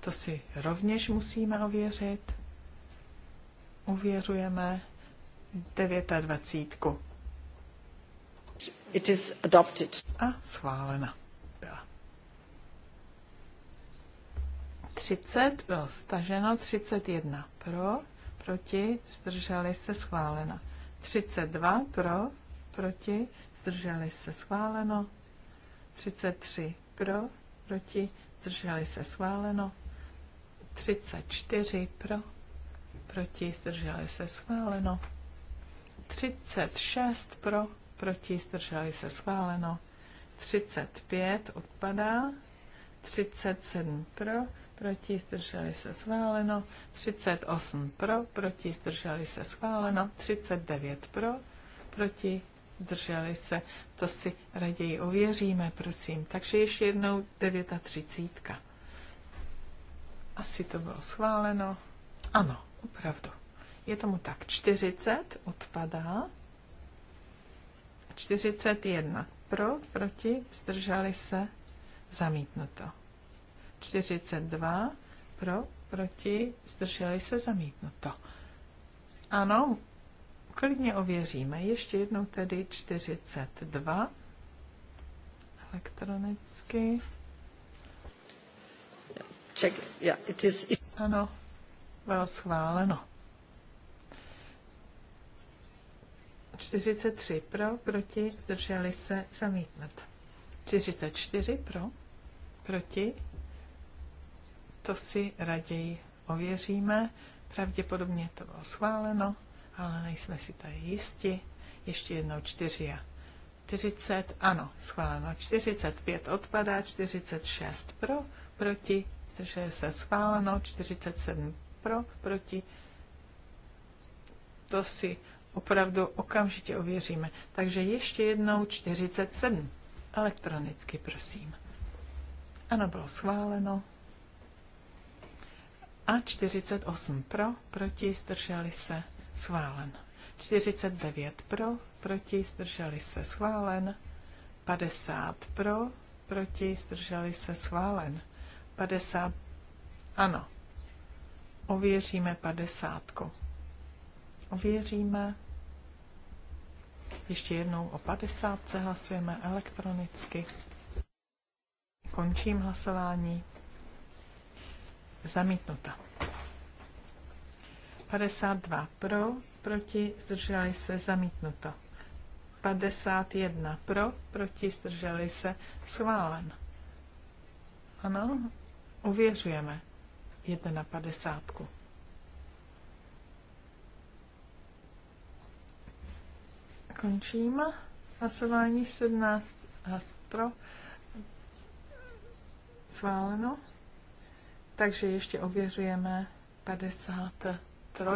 To si rovněž musíme ověřit. Uvěřujeme 29. It is adopted. A schválena byla. 30 bylo staženo, 31 pro, proti, zdrželi se schválena. 32 pro, proti, zdrželi se schváleno. 33 pro, proti, zdrželi se schváleno. 34 pro, proti, zdrželi se schváleno. 36 pro, proti, zdrželi se schváleno. 35 odpadá, 37 pro, proti, zdrželi se schváleno, 38 pro, proti, zdrželi se schváleno, 39 pro, proti, zdrželi se. To si raději ověříme, prosím. Takže ještě jednou 39. Asi to bylo schváleno. Ano, opravdu. Je tomu tak. 40 odpadá. 41 pro, proti, zdrželi se, zamítnuto. 42 pro, proti, zdrželi se, zamítnuto. Ano, klidně ověříme. Ještě jednou tedy 42 elektronicky. Check, yeah, it is... Ano, bylo schváleno. 43 pro, proti, zdrželi se, zamítnout. 44 pro, proti, to si raději ověříme. Pravděpodobně to bylo schváleno, ale nejsme si tady jisti. Ještě jednou 4 a 40, ano, schváleno. 45 odpadá, 46 pro, proti, zdrželi se, schváleno. 47 pro, proti, to si opravdu okamžitě ověříme. Takže ještě jednou 47. Elektronicky, prosím. Ano, bylo schváleno. A 48 pro, proti, zdrželi se, schválen. 49 pro, proti, zdrželi se, schválen. 50 pro, proti, zdrželi se, schválen. 50, ano. Ověříme padesátku. Ověříme. Ještě jednou o 50 se hlasujeme elektronicky. Končím hlasování. Zamítnuta. 52 pro, proti, zdrželi se, zamítnuto. 51 pro, proti, zdrželi se, schválen. Ano, uvěřujeme. jedna na končím. Hlasování 17 hlas pro. Sváleno. Takže ještě ověřujeme 53.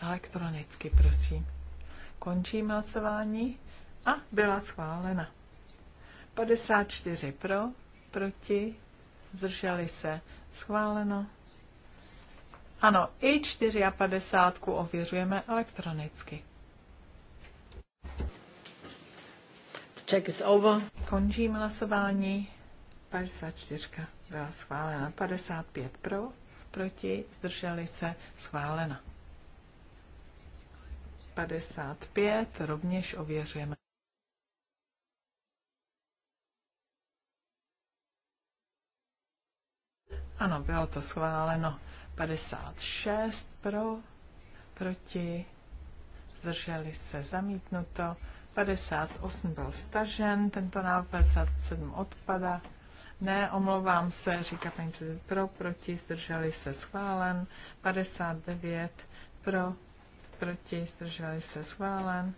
Elektronicky, prosím. Končím hlasování a byla schválena. 54 pro, proti, zdrželi se, schváleno. Ano, i 54 ověřujeme elektronicky. Check is over. Končím hlasování. 54 byla schválena. 55 pro, proti, zdrželi se, schválena. 55 rovněž ověřujeme. Ano, bylo to schváleno. 56 pro, proti, zdrželi se zamítnuto, 58 byl stažen, tento návrh 57 odpada, ne, omlouvám se, říká paní předsedkyně, pro, proti, zdrželi se schválen, 59 pro, proti, zdrželi se schválen,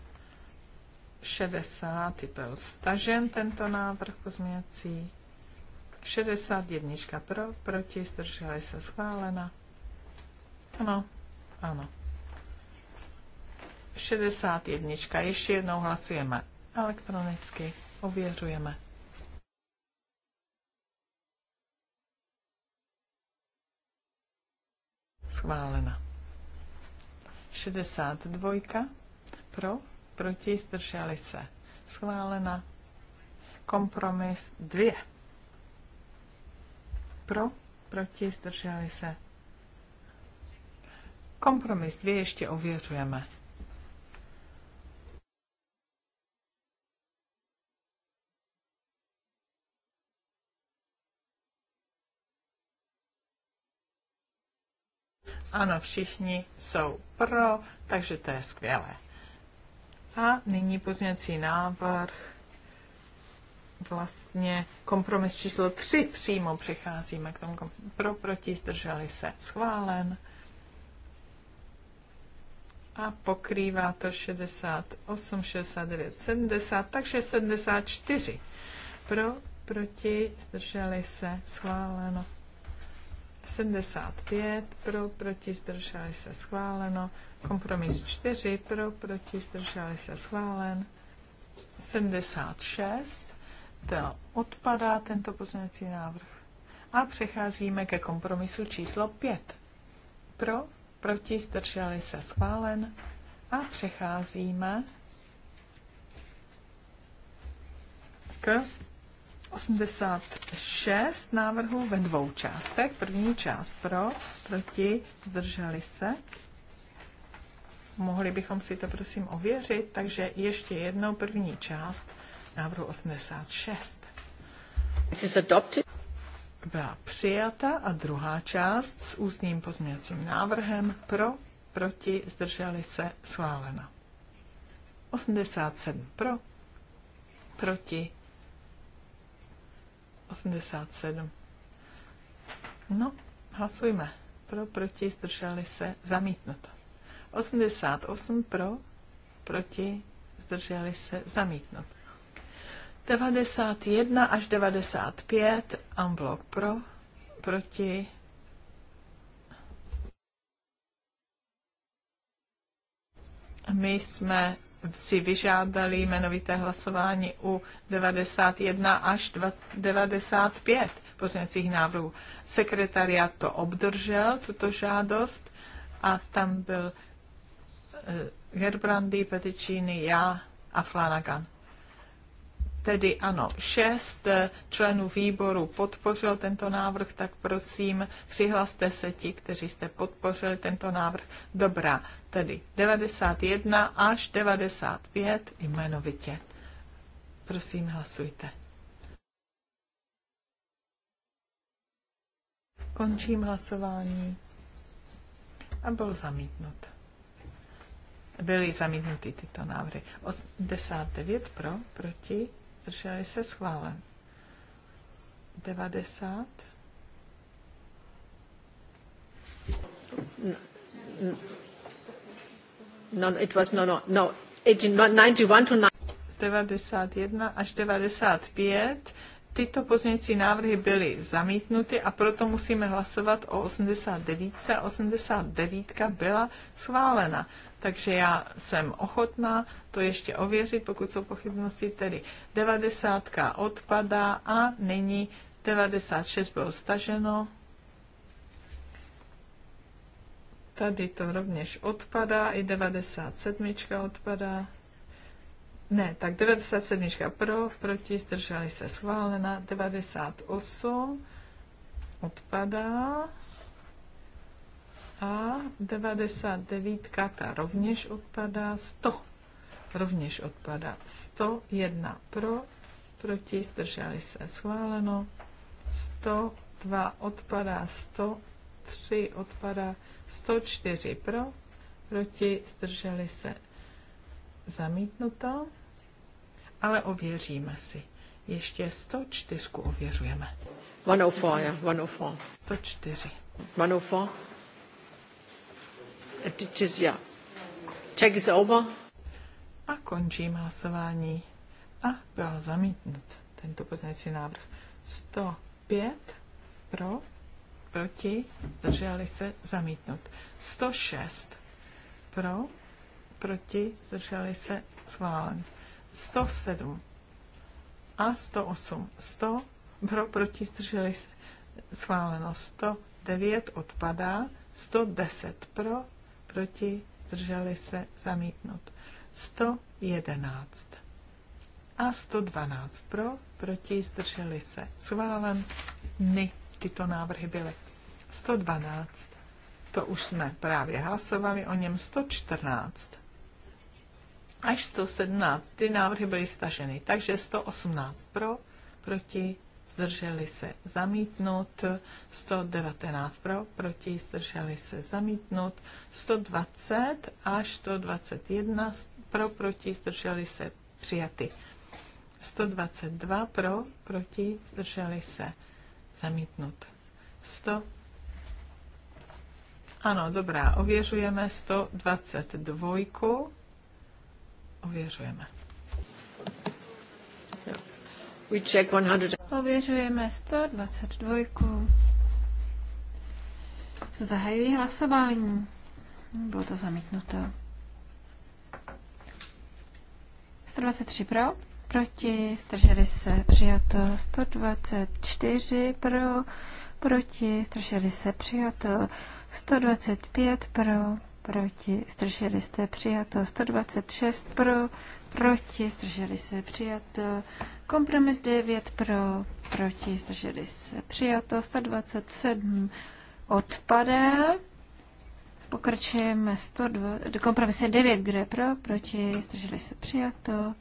60 byl stažen tento návrh pozměňovací, 61 pro, proti, zdrželi se schválena. Ano, ano. 61. Ještě jednou hlasujeme elektronicky, ověřujeme. Schválena. 62. Pro, proti, zdrželi se. Schválena. Kompromis 2. Pro, proti, zdrželi se. Kompromis 2 ještě ověřujeme. Ano, všichni jsou pro, takže to je skvělé. A nyní pozněcí návrh. Vlastně kompromis číslo 3 přímo přicházíme k tomu pro, proti, zdrželi se, schválen. A pokrývá to 68, 69, 70, takže 74. Pro, proti, zdrželi se, schváleno. 75 pro, proti, zdrželi se schváleno. Kompromis 4 pro, proti, zdrželi se schválen. 76, to odpadá tento pozměňovací návrh. A přecházíme ke kompromisu číslo 5. Pro, proti, zdrželi se schválen. A přecházíme k 86 návrhů ve dvou částech. První část pro, proti, zdrželi se. Mohli bychom si to prosím ověřit, takže ještě jednou první část návrhu 86. Byla přijata a druhá část s ústním pozměňovacím návrhem pro, proti, zdrželi se, schválena. 87 pro, proti, 87. No, hlasujme. Pro, proti, zdrželi se, zamítnuto. 88 pro, proti, zdrželi se, zamítnut. 91 až 95, unblock pro, proti, my jsme si vyžádali jmenovité hlasování u 91 až 95 pozměňovacích návrhů. Sekretariat to obdržel, tuto žádost, a tam byl eh, Gerbrandy, Peticini, já a Flanagan. Tedy ano, šest eh, členů výboru podpořil tento návrh, tak prosím, přihlaste se ti, kteří jste podpořili tento návrh. Dobrá, tedy 91 až 95 jmenovitě. Prosím, hlasujte. Končím hlasování a byl zamítnut. Byly zamítnuty tyto návrhy. 89 pro, proti, drželi se schválen. 90. No, no no, it was no, no, no, 91 no, to 91 až 95. Tyto pozměňující návrhy byly zamítnuty a proto musíme hlasovat o 89. 89 byla schválena. Takže já jsem ochotná to ještě ověřit, pokud jsou pochybnosti, tedy 90 odpadá a nyní 96 bylo staženo, Tady to rovněž odpadá, i 97 odpadá. Ne, tak 97 pro, proti, zdrželi se schválena, 98 odpadá a 99 ta rovněž odpadá, 100 rovněž odpadá, 101 pro, proti, zdrželi se schváleno, 102 odpadá, 103 odpadá, 104 pro, proti, zdrželi se zamítnuto, ale ověříme si. Ještě 104 ověřujeme. 104, ja, 104. 104. 104. It is, yeah. Check is over. A končím hlasování. A byl zamítnut tento pozměňovací návrh. 105 pro, proti, zdrželi se, zamítnut. 106 pro, proti, zdrželi se, schválen. 107 a 108. 100 pro, proti, zdrželi se, schváleno. 109 odpadá, 110 pro, proti, zdrželi se, zamítnut. 111 a 112 pro, proti, zdrželi se, schválen. My tyto návrhy byly. 112, to už jsme právě hlasovali, o něm 114 až 117, ty návrhy byly staženy. Takže 118 pro, proti, zdrželi se zamítnout, 119 pro, proti, zdrželi se zamítnout, 120 až 121 pro, proti, zdrželi se přijaty. 122 pro, proti, zdrželi se Zamítnut. 100. Ano, dobrá, ověřujeme 122. Ověřujeme. We check 100. Ověřujeme 122. Zahajují hlasování. Bylo to zamítnuto. 123 pro proti, zdrželi se přijato 124 pro, proti, zdrželi se přijato 125 pro, proti, zdrželi se přijato 126 pro, proti, zdrželi se přijato kompromis 9 pro, proti, zdrželi se přijato 127 odpadá. Pokračujeme 102, kompromis 9, kde pro, proti, zdrželi se přijato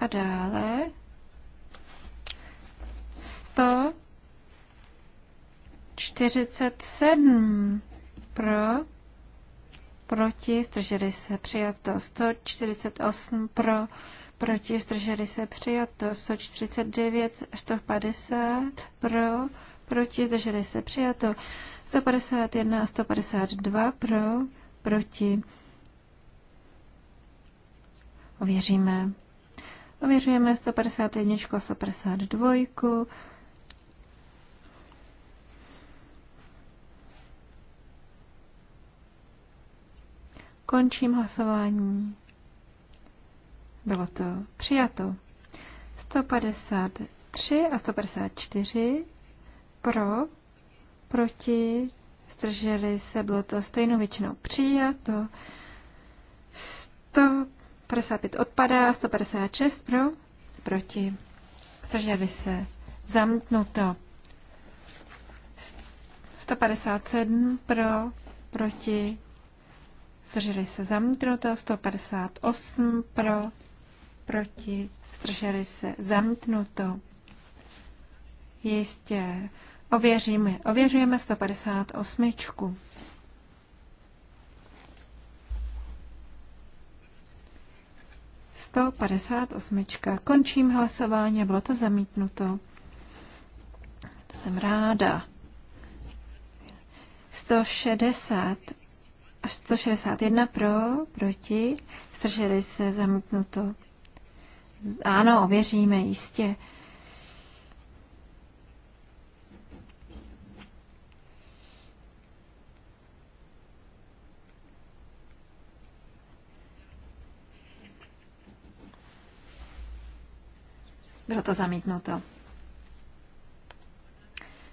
a dále 147 pro, proti, zdrželi se přijato. 148 pro, proti, zdrželi se přijato. 149, 150 pro, proti, zdrželi se přijato. 151 a 152 pro, proti. Ověříme. Ověřujeme 151, 152. Končím hlasování. Bylo to přijato. 153 a 154 pro, proti, zdrželi se, bylo to stejnou většinou přijato. 100 55 odpadá, 156 pro, proti, zdrželi se, zamítnuto. 157 pro, proti, zdrželi se, zamítnuto. 158 pro, proti, zdrželi se, zamítnuto. Jistě, ověříme, ověřujeme 158. 158. Končím hlasování, bylo to zamítnuto. To jsem ráda. 160 až 161 pro, proti, strželi se zamítnuto. Ano, ověříme jistě. Bylo to zamítnuto.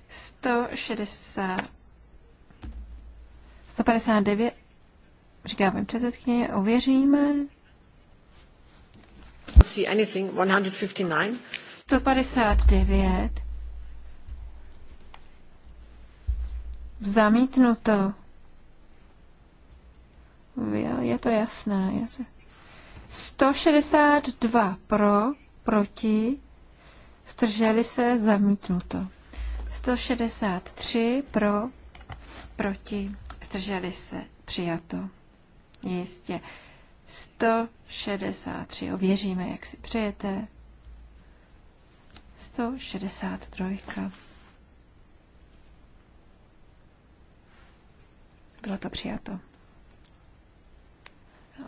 160, 159, říká paní předsedkyně, ověříme. See anything, 159. 159. Zamítnuto. Jo, je to jasné. Je to... 162 pro, proti, strželi se, zamítnuto. 163 pro, proti, strželi se, přijato. Jistě. 163, ověříme, jak si přejete. 163. Bylo to přijato.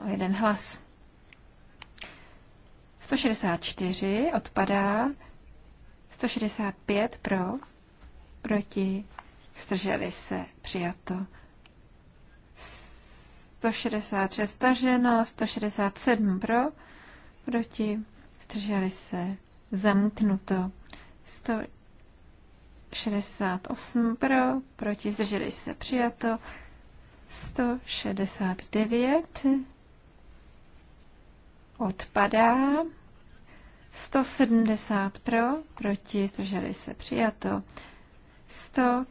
O jeden hlas. 164 odpadá, 165 pro, proti, strželi se, přijato. 166 staženo, 167 pro, proti, strželi se, zamítnuto. 168 pro, proti, zdrželi se, přijato. 169 odpadá. 170 pro, proti, zdrželi se přijato. 100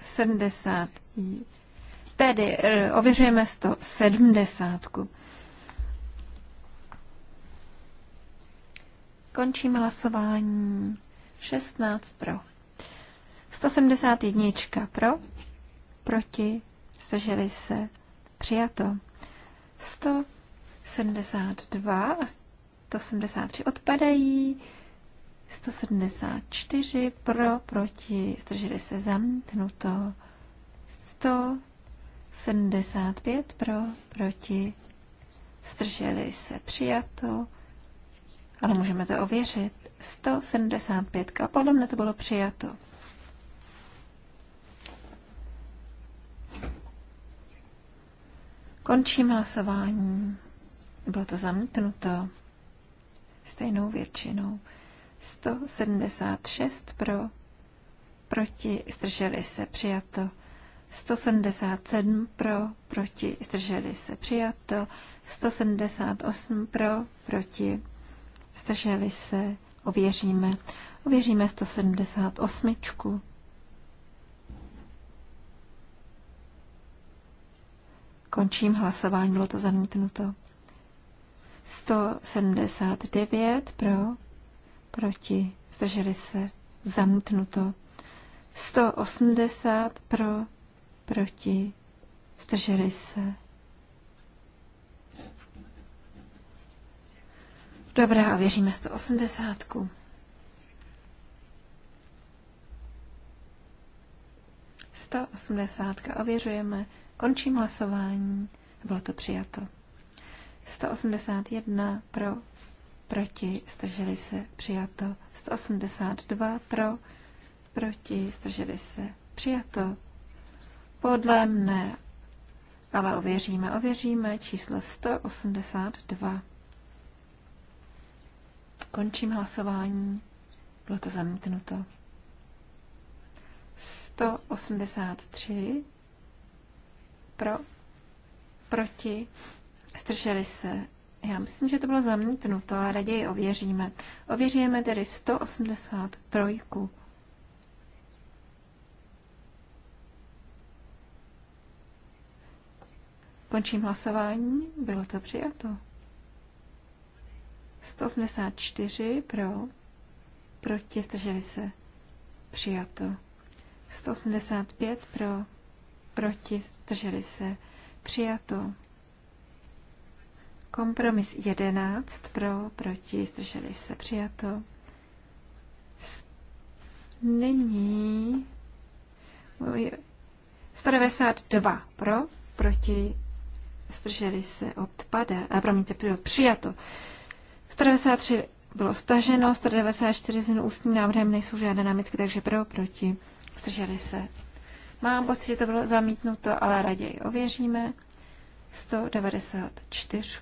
70. Tedy eh, ověřujeme 170. Končím hlasování. 16 pro. 171 pro, proti, zdrželi se, přijato. 172 a 173 odpadají, 174 pro, proti, zdrželi se zamknuto, 175 pro, proti, zdrželi se přijato, ale můžeme to ověřit, 175, podle ne to bylo přijato. Končím hlasování. Bylo to zamítnuto stejnou většinou. 176 pro, proti, zdrželi se, přijato. 177 pro, proti, zdrželi se, přijato. 178 pro, proti, zdrželi se, ověříme. Ověříme 178. Končím hlasování, bylo to zamítnuto. 179 pro, proti, zdrželi se, zamítnuto. 180 pro, proti, zdrželi se. Dobrá, věříme 180. Sto osmdesátka ověřujeme. Končím hlasování. Bylo to přijato. 181 pro, proti, strželi se, přijato. 182 pro, proti, strželi se, přijato. Podle mne, ale ověříme, ověříme číslo 182. Končím hlasování. Bylo to zamítnuto. 183 pro, proti, strželi se. Já myslím, že to bylo zamítnuto a raději ověříme. Ověříme tedy 183. Končím hlasování. Bylo to přijato. 184 pro, proti, strželi se. Přijato. 185 pro, proti, drželi se, přijato. Kompromis 11 pro, proti, zdrželi se, přijato. Nyní 192 pro, proti, zdrželi se, odpada, a promiňte, bylo přijato. 193 bylo staženo, 194 s ústním návrhem nejsou žádné námitky, takže pro, proti, zdrželi se, Mám pocit, že to bylo zamítnuto, ale raději ověříme. 194.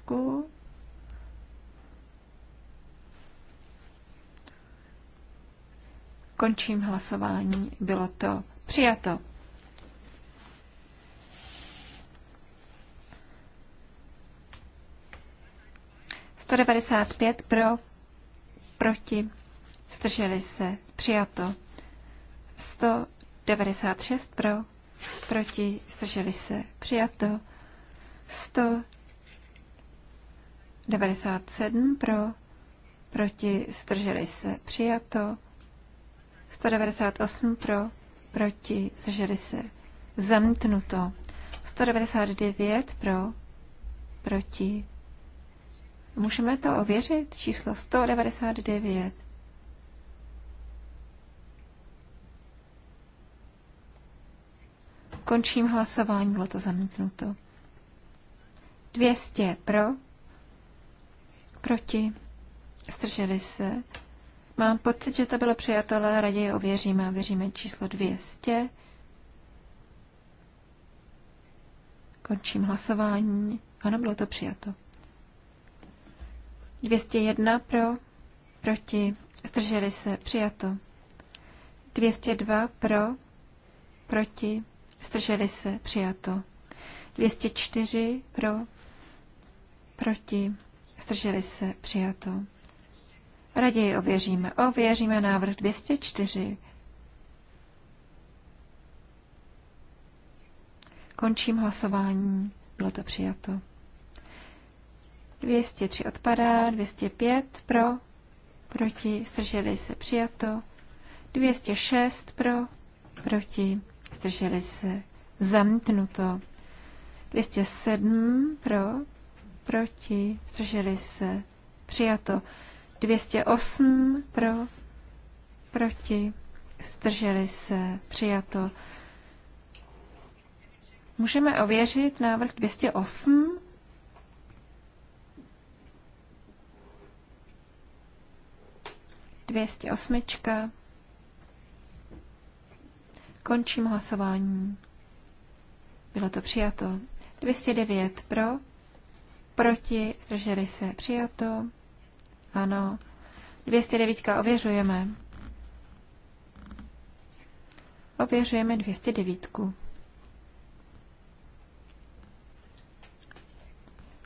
Končím hlasování. Bylo to přijato. devadesát pět pro, proti, zdrželi se, přijato. 96 pro, proti, zdrželi se, přijato. 197 pro, proti, zdrželi se, přijato. 198 pro, proti, zdrželi se, zamítnuto. 199 pro, proti. Můžeme to ověřit? Číslo 199. Končím hlasování, bylo to zamítnuto. 200 pro, proti, strželi se. Mám pocit, že to bylo přijato, ale raději ověříme. Ověříme číslo 200. Končím hlasování. Ano, bylo to přijato. 201 pro, proti, strželi se, přijato. 202 pro, proti, Zdrželi se. Přijato. 204 pro. Proti. Zdrželi se. Přijato. Raději ověříme. Ověříme návrh 204. Končím hlasování. Bylo to přijato. 203 odpadá, 205 pro, proti, zdrželi se přijato, 206 pro, proti, zdrželi se, zamítnuto. 207 pro, proti, zdrželi se, přijato. 208 pro, proti, zdrželi se, přijato. Můžeme ověřit návrh 208. Dvěstě osmička. Končím hlasování. Bylo to přijato. 209 pro, proti, zdrželi se, přijato. Ano. 209 ověřujeme. Ověřujeme 209.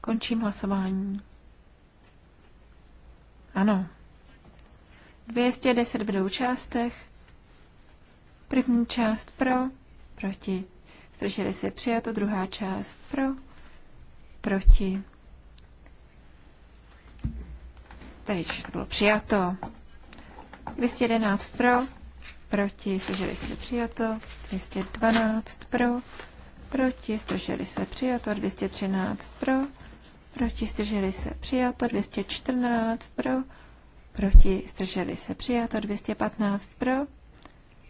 Končím hlasování. Ano. 210 v dvou částech. První část pro, proti. Zdrželi se přijato, druhá část pro, proti. Tady to bylo přijato. 211 pro, proti, zdrželi se přijato. 212 pro, proti, zdrželi se přijato. 213 pro, proti, zdrželi se přijato. 214 pro, proti, zdrželi se přijato. 215 pro,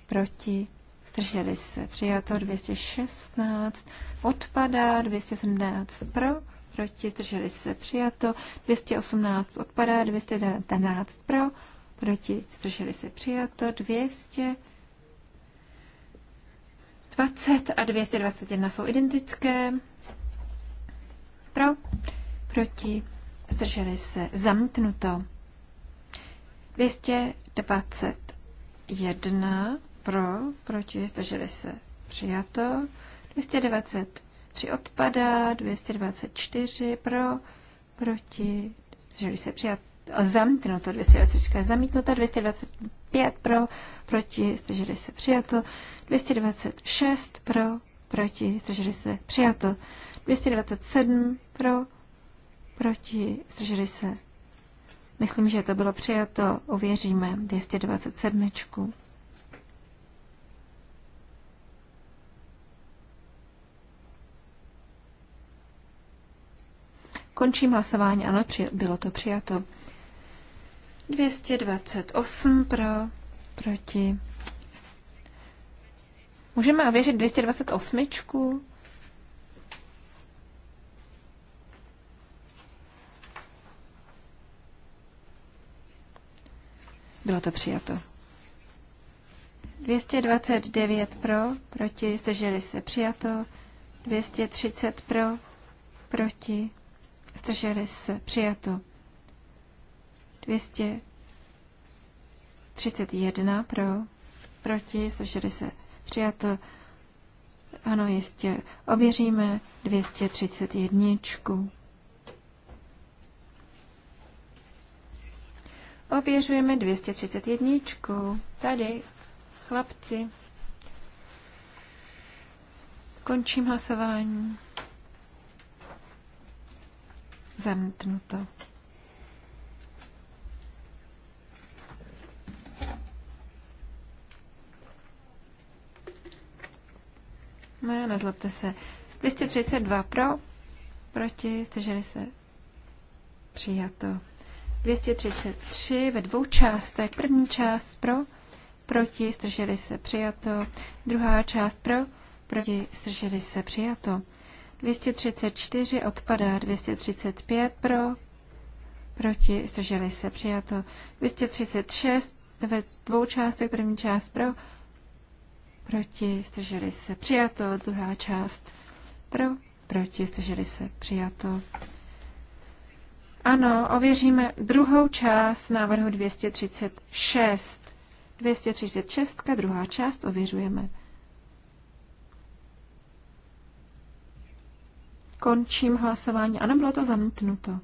proti, zdrželi se. Přijato 216, odpadá 217 pro, proti, zdrželi se. Přijato 218, odpadá 219 pro, proti, zdrželi se. Přijato 200. 20 a 221 jsou identické. Pro, proti, zdrželi se, zamítnuto. 221 pro, proti, zdrželi se, přijato. 223 odpadá, 224 pro, proti, zdrželi se, přijato. Zamítnuto 224, zamítnuto 225 pro, proti, zdrželi se, přijato. 226 pro, proti, zdrželi se, přijato. 227 pro, proti, zdrželi se. Myslím, že to bylo přijato, ověříme 227. Končím hlasování. Ano, při, bylo to přijato. 228 pro, proti. Můžeme ověřit 228. Bylo to přijato. 229 pro, proti, zdrželi se přijato. 230 pro, proti, zdrželi se, přijato. 231 pro, proti, zdrželi se, přijato. Ano, jistě, ověříme 231. Ověřujeme 231. Tady, chlapci. Končím hlasování. Zamítnuto. No, nezlobte se. 232 pro, proti, zdrželi se. Přijato. 233 ve dvou částech. První část pro, proti, zdrželi se. Přijato. Druhá část pro, proti, zdrželi se. Přijato. 234 odpadá, 235 pro, proti, zdrželi se, přijato. 236 ve dvou částech, první část pro, proti, zdrželi se, přijato, druhá část pro, proti, zdrželi se, přijato. Ano, ověříme druhou část návrhu 236. 236, druhá část, ověřujeme. Končím hlasování. Ano, bylo to zamítnuto.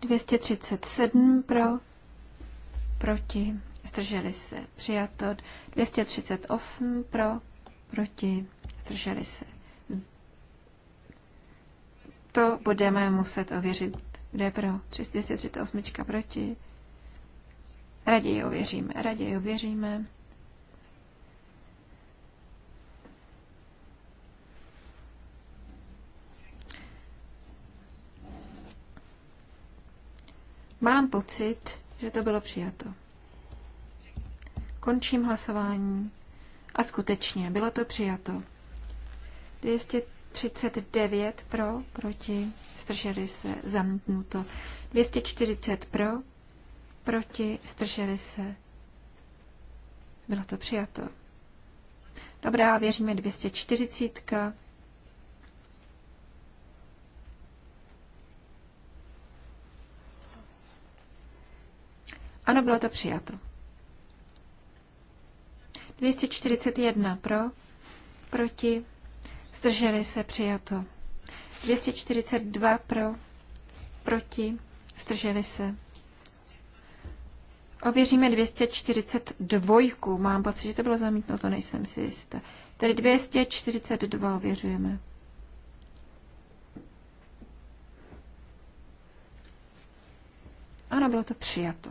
Dvěstě třicet sedm pro, proti, zdrželi se, přijato. 238 pro, proti, zdrželi se. To budeme muset ověřit. Kde je pro? osmička proti. Raději ověříme, raději ověříme. Mám pocit, že to bylo přijato. Končím hlasování. A skutečně, bylo to přijato. 239 pro, proti, strželi se, zamítnuto. 240 pro, proti, strželi se. Bylo to přijato. Dobrá, věříme 240. Ano, bylo to přijato. 241 pro, proti, zdrželi se přijato. 242 pro, proti, zdrželi se. Ověříme 242. Mám pocit, že to bylo zamítnuto, nejsem si jistá. Tedy 242 ověřujeme. Ano, bylo to přijato.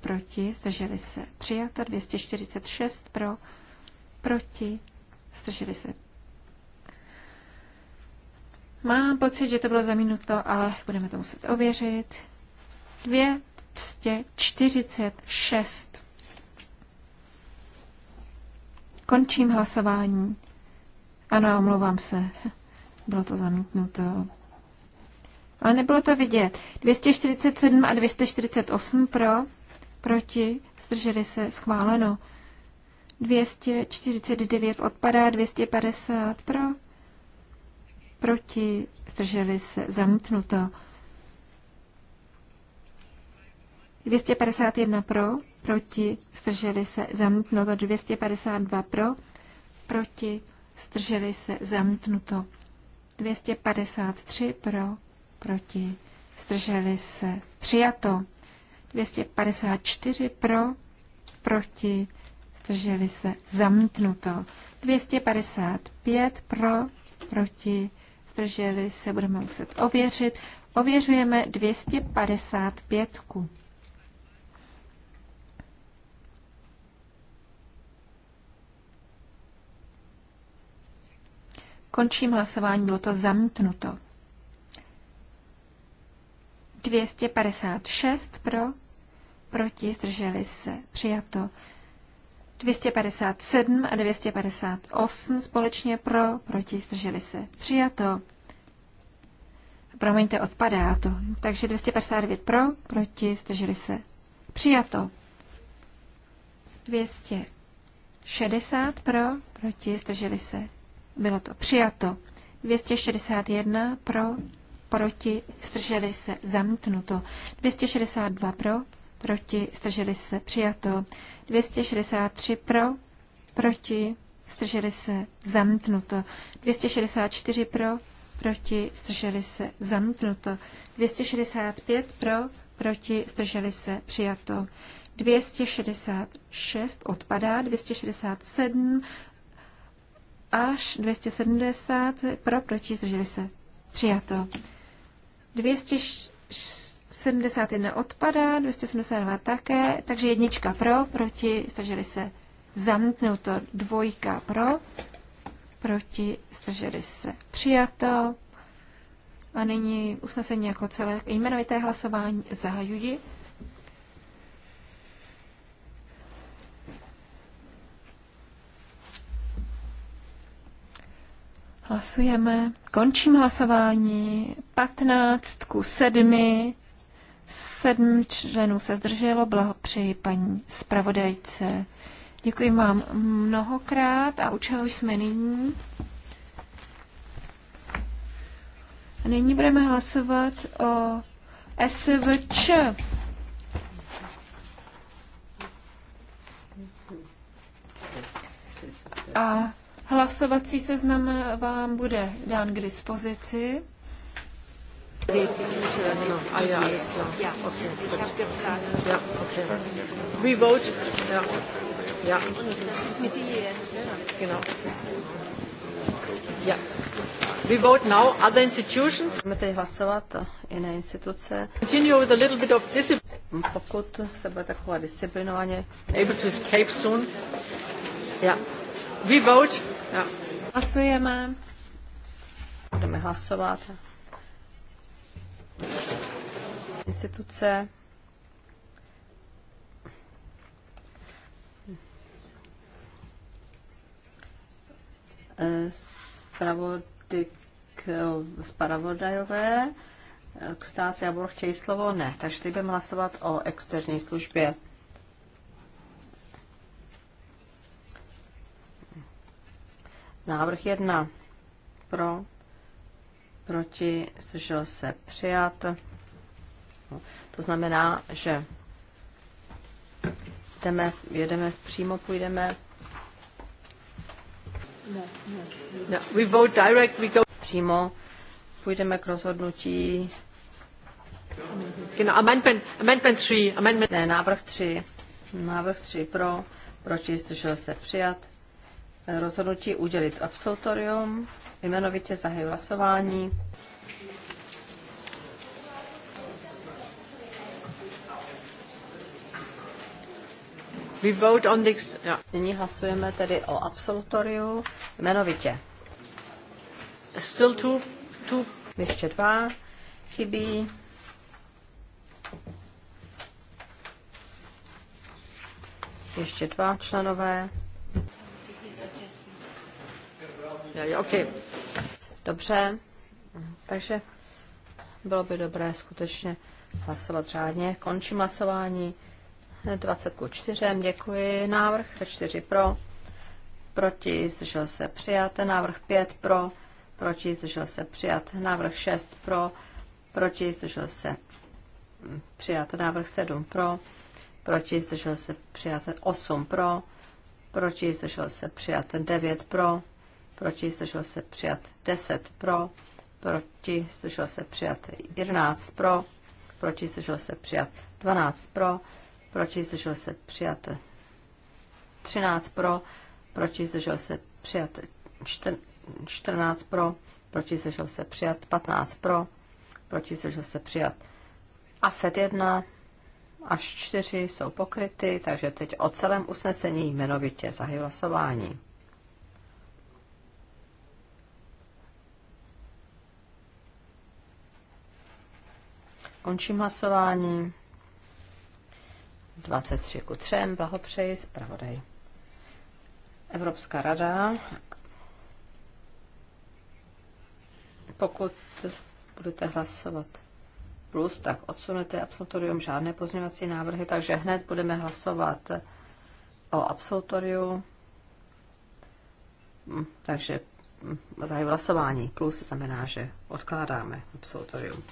proti, zdrželi se přijato, 246 pro, proti, zdrželi se. Mám pocit, že to bylo zaminuto, ale budeme to muset ověřit. 246. Končím hlasování. Ano, omlouvám se. Bylo to zamítnuto. Ale nebylo to vidět. 247 a 248 pro, proti, zdrželi se, schváleno. 249 odpadá, 250 pro, proti, zdrželi se, zamknuto. 251 pro, proti, zdrželi se, zamknuto 252 pro, proti, zdrželi se, zamknuto 253 pro, proti, zdrželi se, přijato 254 pro, proti, zdrželi se, zamítnuto. 255 pro, proti, zdrželi se, budeme muset ověřit. Ověřujeme 255. -ku. Končím hlasování, bylo to zamítnuto. 256 pro, proti, zdrželi se, přijato. 257 a 258 společně pro, proti, zdrželi se, přijato. Promiňte, odpadá to. Takže 259 pro, proti, zdrželi se, přijato. 260 pro, proti, zdrželi se, bylo to přijato. 261 pro, proti, zdrželi se, zamítnuto. 262 pro, proti, strželi se, přijato. 263 pro, proti, strželi se, zamítnuto. 264 pro, proti, strželi se, zamítnuto. 265 pro, proti, strželi se, přijato. 266 odpadá, 267 až 270 pro, proti, zdrželi se, přijato. 260 71 odpadá, 272 také, takže jednička pro, proti, staželi se zamítnuto, dvojka pro, proti, staželi se přijato. A nyní usnesení jako celé jmenovité hlasování zahajuji. Hlasujeme. Končím hlasování. 15 ku 7. Sedm členů se zdrželo, blahopřeji paní zpravodajce. Děkuji vám mnohokrát a u čeho jsme nyní? A nyní budeme hlasovat o SVČ. A hlasovací seznam vám bude dán k dispozici. Der ist die Future, ja, We We vote now other institutions. Budeme teď hlasovat jiné instituce. Continue with a little bit of discipline. Mm, pokud se bude takové disciplinovaně. Able to escape soon. Yeah. We vote. Yeah. Hlasujeme. Budeme hlasovat instituce spravodajové k stási a budou chtějí slovo? Ne. Takže teď budeme hlasovat o externí službě. Návrh jedna Pro proti, zdržel se přijat. To znamená, že jdeme, jedeme přímo, půjdeme. No, we vote direct, we go. Přímo půjdeme k rozhodnutí. Genau, no, amendment, amendment 3, amendment. Ne, návrh 3. Návrh 3 pro, proti, zdržel se přijat rozhodnutí udělit absolutorium. Jmenovitě zahajuji hlasování. We vote on this, yeah. Nyní hlasujeme tedy o absolutoriu jmenovitě. Still two, two. Ještě dva chybí. Ještě dva členové. měli. Dobře, takže bylo by dobré skutečně hlasovat řádně. Končím hlasování. 20 ku 4, děkuji. Návrh 4 pro, proti, zdržel se přijat. Návrh 5 pro, proti, zdržel se přijat. Návrh 6 pro, proti, zdržel se přijat. Návrh 7 pro, proti, zdržel se přijat. 8 pro, proti, zdržel se přijat. 9 pro, proti, zdržel se přijat 10 pro, proti, zdržel se přijat 11 pro, proti, zdržel se přijat 12 pro, proti, zdržel se přijat 13 pro, proti, zdržel se přijat 14 pro, proti, zdržel se přijat 15 pro, proti, zdržel se přijat a FED 1 až 4 jsou pokryty, takže teď o celém usnesení jmenovitě zahy hlasování. Končím hlasování. 23 ku 3, blahopřeji, zpravodaj. Evropská rada, pokud budete hlasovat plus, tak odsunete absolutorium žádné pozměňovací návrhy, takže hned budeme hlasovat o absolutoriu. Takže zahajuji hlasování. Plus znamená, že odkládáme absolutorium.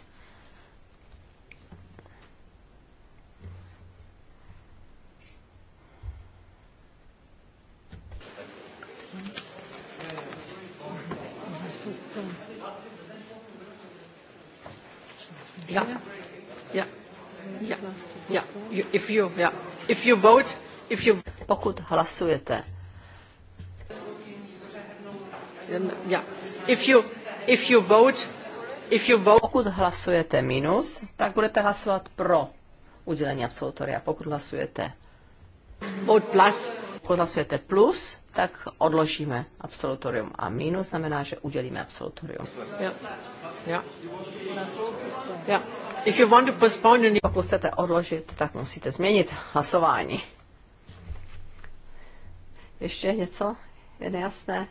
Yeah. Yeah. Yeah. Yeah. You, if you, yeah. If you vote, if you... Pokud hlasujete. Yeah. If you, if you vote, if you vote... Pokud hlasujete minus, tak budete hlasovat pro udělení absolutoria. Pokud hlasujete... Vote plus pokud hlasujete plus, tak odložíme absolutorium. A minus znamená, že udělíme absolutorium. Yeah. Yeah. Yeah. If you want to postpone... Pokud chcete odložit, tak musíte změnit hlasování. Ještě něco? Je nejasné?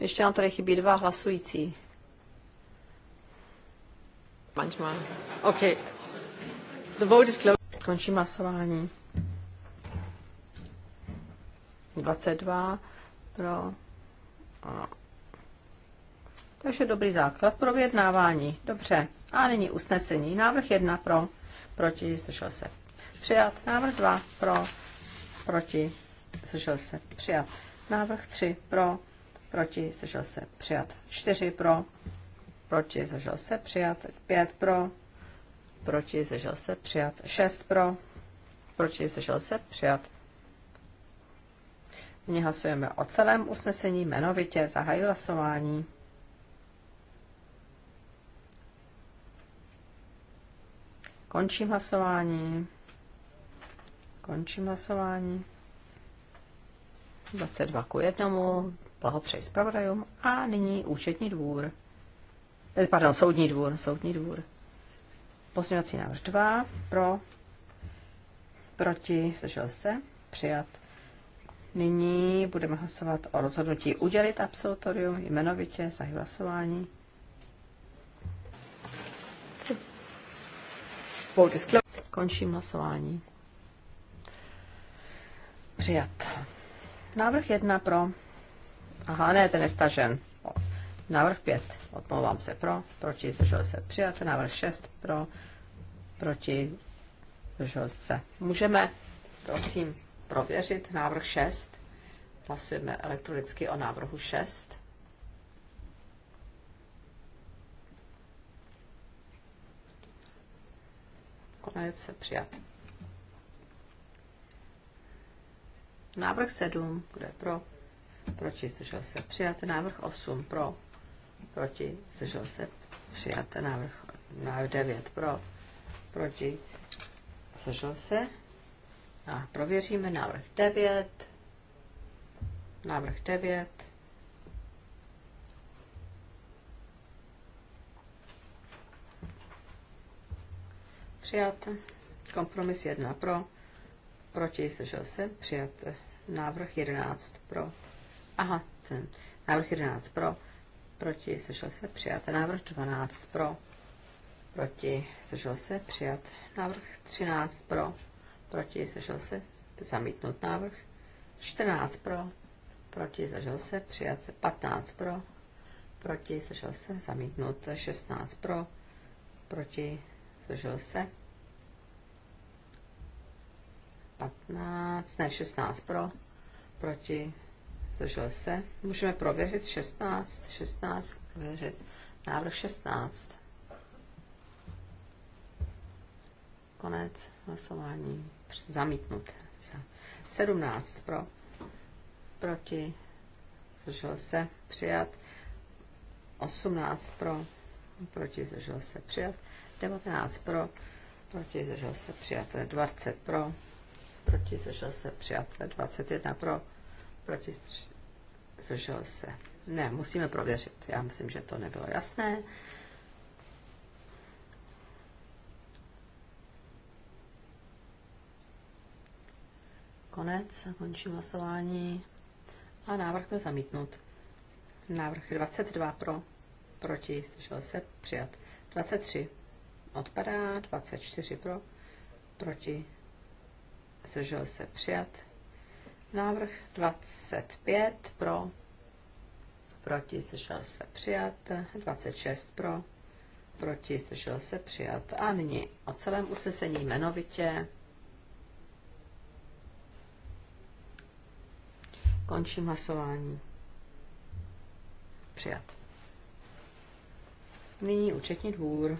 Ještě nám tady chybí dva hlasující. Manchmal. Okay. The vote is closed. Končím hlasování. 22 pro. Ano. Takže dobrý základ pro vyjednávání. Dobře. A nyní usnesení. Návrh 1 pro, proti, zdržel se. Přijat. Návrh 2 pro, proti, zdržel se. Přijat. Návrh 3 pro, proti, zdržel se. Přijat. 4 pro, proti, zdržel se. Přijat. 5 pro, proti, zdržel se. Přijat. 6 pro, proti, zdržel se. Přijat. Nyní hlasujeme o celém usnesení jmenovitě. zahají hlasování. Končím hlasování. Končím hlasování. 22 ku 1. Blahopřeji zpravodajům. A nyní účetní dvůr. Eh, pardon, soudní dvůr. Soudní dvůr. Pozměňovací návrh 2. Pro. Proti. Zdržel se. Přijat. Nyní budeme hlasovat o rozhodnutí udělit absolutorium jmenovitě za hlasování. Končím hlasování. Přijat. Návrh jedna pro. Aha, ne, ten je stažen. Návrh 5. Odmlouvám se pro. Proti zdržel se. Přijat. Návrh 6 pro. Proti zdržel se. Můžeme. Prosím prověřit návrh 6. Hlasujeme elektronicky o návrhu 6. Konec se přijat. Návrh 7, kdo pro? Proti, zdržel se přijat. Návrh 8, pro? Proti, zdržel se přijat. Návrh, návrh 9, pro? Proti, zdržel se a prověříme návrh 9. Návrh 9. Přijat. Kompromis 1 pro. Proti zdržel se. Přijat. Návrh 11 pro. Aha, ten návrh 11 pro. Proti zdržel se. Přijat. Návrh 12 pro. Proti zdržel se. Přijat. Návrh 13 pro proti, zdržel se, zamítnout návrh. 14 pro, proti, zdržel se, přijat 15 pro, proti, zdržel se, zamítnout 16 pro, proti, zdržel se, 15, ne, 16 pro, proti, zdržel se. Můžeme prověřit 16, 16, prověřit návrh 16. Konec hlasování. Zamítnut. 17 pro. Proti. Zdržel se. Přijat. 18 pro. Proti. Zdržel se. Přijat. 19 pro. Proti. Zdržel se. Přijat. 20 pro. Proti. Zdržel se. Přijat. 21 pro. Proti. Zdržel se. Ne, musíme prověřit. Já myslím, že to nebylo jasné. Konec, končím hlasování. A návrh byl zamítnut. Návrh 22 pro, proti, slyšel se, přijat. 23 odpadá, 24 pro, proti, zdržel se, přijat. Návrh 25 pro, proti, slyšel se, přijat. 26 pro, proti, zdržel se, přijat. A nyní o celém usnesení jmenovitě. Končím hlasování. Přijat. Nyní účetní dvůr.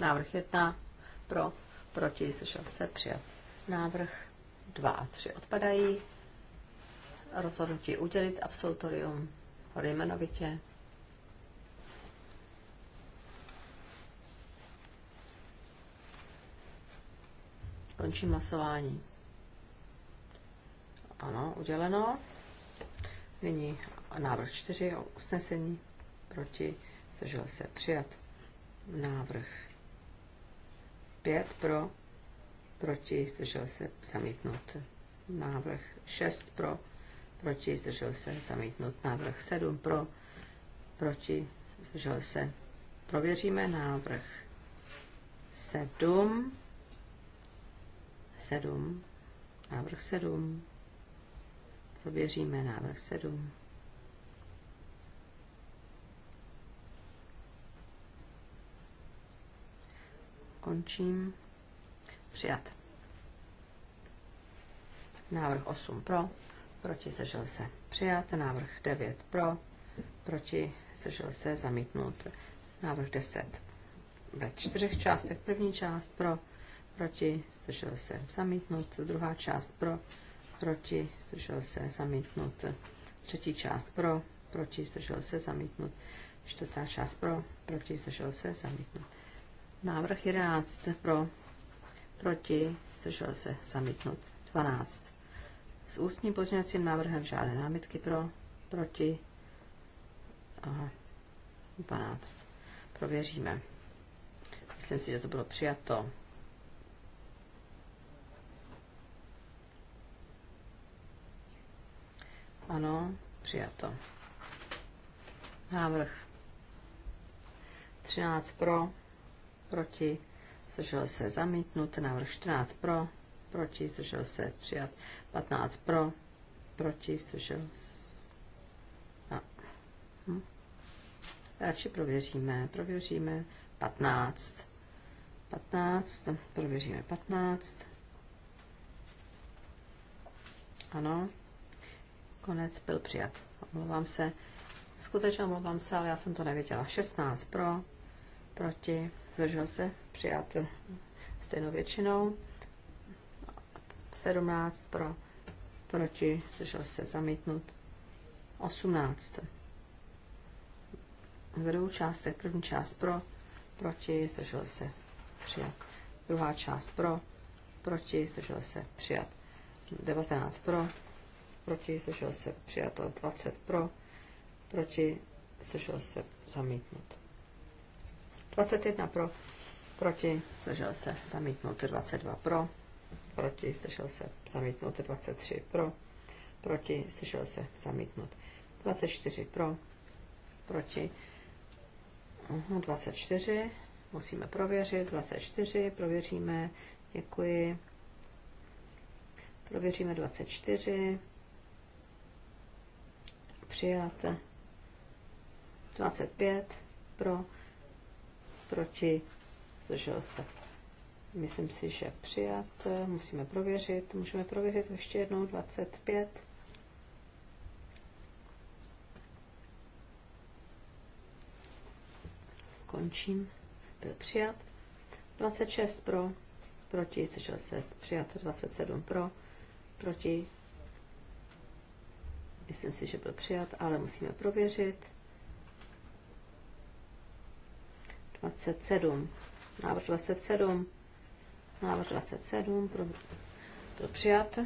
Návrh 1 pro, proti, slyšel se, přijat. Návrh 2 a 3 odpadají. Rozhodnutí udělit absolutorium jmenovitě. Končím hlasování. Ano, uděleno. Nyní návrh 4 usnesení proti, zdržel se přijat. Návrh 5 pro, proti, zdržel se zamítnut. Návrh 6 pro, proti, zdržel se zamítnut. Návrh 7 pro, proti, zdržel se. Prověříme návrh 7. 7. Návrh 7. Ověříme návrh 7. Končím. Přijat. Návrh 8 pro, proti zdržel se. Přijat. Návrh 9 pro, proti zdržel se. Zamítnut. Návrh 10 ve čtyřech částech. První část pro, proti zdržel se. Zamítnut. Druhá část pro, proti, zdržel se, zamítnut. Třetí část pro, proti, zdržel se, zamítnut. Čtvrtá část pro, proti, zdržel se, zamítnut. Návrh 11 pro, proti, zdržel se, zamítnut. 12. S ústním pozměňovacím návrhem žádné námitky pro, proti, aha, 12. Prověříme. Myslím si, že to bylo přijato. ano, přijato. Návrh 13 pro, proti, zdržel se zamítnut, návrh 14 pro, proti, zdržel se přijat, 15 pro, proti, zdržel se. A. Hm. Radši prověříme, prověříme 15. 15, prověříme 15. Ano, Nakonec byl přijat. Omlouvám se. Skutečně omlouvám se, ale já jsem to nevěděla. 16 pro, proti, zdržel se, přijat stejnou většinou. 17 pro, proti, zdržel se, zamítnut. 18 ve dvou První část pro, proti, zdržel se, přijat. Druhá část pro, proti, zdržel se, přijat. 19 pro, proti, zdržel se přijato 20 pro, proti, zdržel se zamítnut. 21 pro, proti, zdržel se zamítnut 22 pro, proti, zdržel se zamítnut 23 pro, proti, zdržel se zamítnut 24 pro, proti, 24, musíme prověřit, 24, prověříme, děkuji, prověříme 24, přijáte. 25 pro, proti, zdržel se. Myslím si, že přijat. Musíme prověřit. Můžeme prověřit ještě jednou 25. Končím. Byl přijat. 26 pro, proti, zdržel se. Přijat 27 pro, proti, Myslím si, že byl přijat, ale musíme prověřit. 27. Návrh 27. Návrh 27 pro, byl přijat.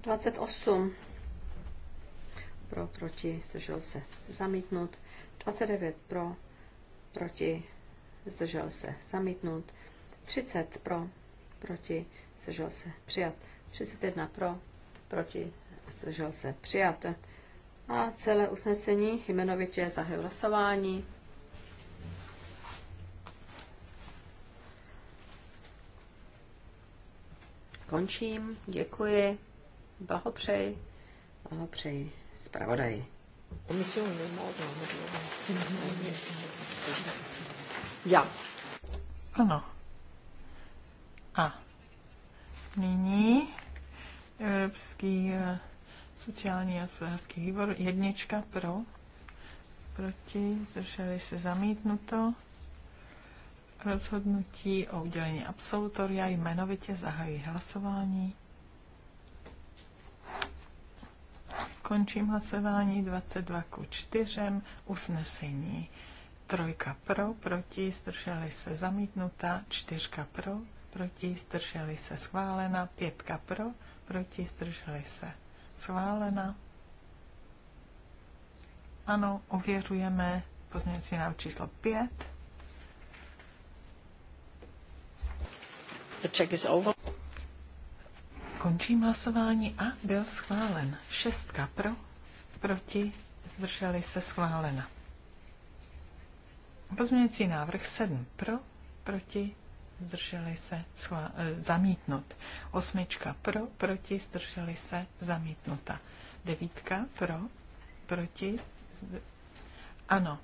28. Pro, proti, zdržel se, zamítnut. 29 pro, proti, zdržel se, zamítnut. 30 pro, proti, zdržel se, přijat. 31 pro, proti, zdržel se, přijat. A celé usnesení jmenovitě zahajuji hlasování. Končím, děkuji, blahopřeji, blahopřeji zpravodaji. Já. Ano. A nyní eh, Evropský eh, Sociální a hospodářský výbor. Jednička pro. Proti. Zdrželi se zamítnuto. Rozhodnutí o udělení absolutoria jmenovitě zahají hlasování. Končím hlasování 22 ku 4. Usnesení. Trojka pro, proti, zdrželi se zamítnuta. Čtyřka pro, proti, zdrželi se schválena. Pětka pro, proti, zdrželi se Schválena. Ano, ověřujeme pozměňovací návrh číslo 5. The check is over. Končím hlasování a byl schválen. Šestka pro, proti, zdrželi se schválena. Pozměňující návrh 7 pro, proti, zdrželi se, e, zamítnut. Osmička pro, proti, zdrželi se, zamítnuta. Devítka pro, proti, zdr... ano,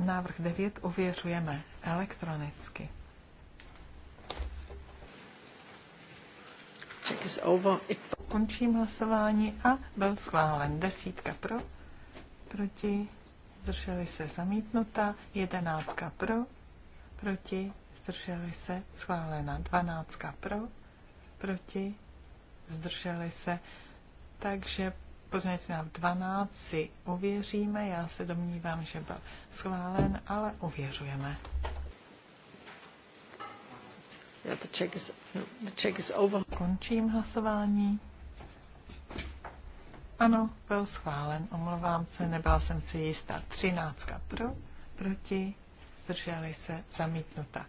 návrh 9 ověřujeme elektronicky. Check is over. Končím hlasování a byl schválen. Desítka pro, proti, zdrželi se zamítnuta, jedenáctka pro, proti, zdrželi se, schválena. 12 pro, proti, zdrželi se. Takže pozměňovací návrh 12 si uvěříme, Já se domnívám, že byl schválen, ale uvěřujeme. Yeah, the check is, the check is over. Končím hlasování. Ano, byl schválen, omlouvám se, nebyla jsem si jistá. 13 pro, proti, zdrželi se, zamítnuta.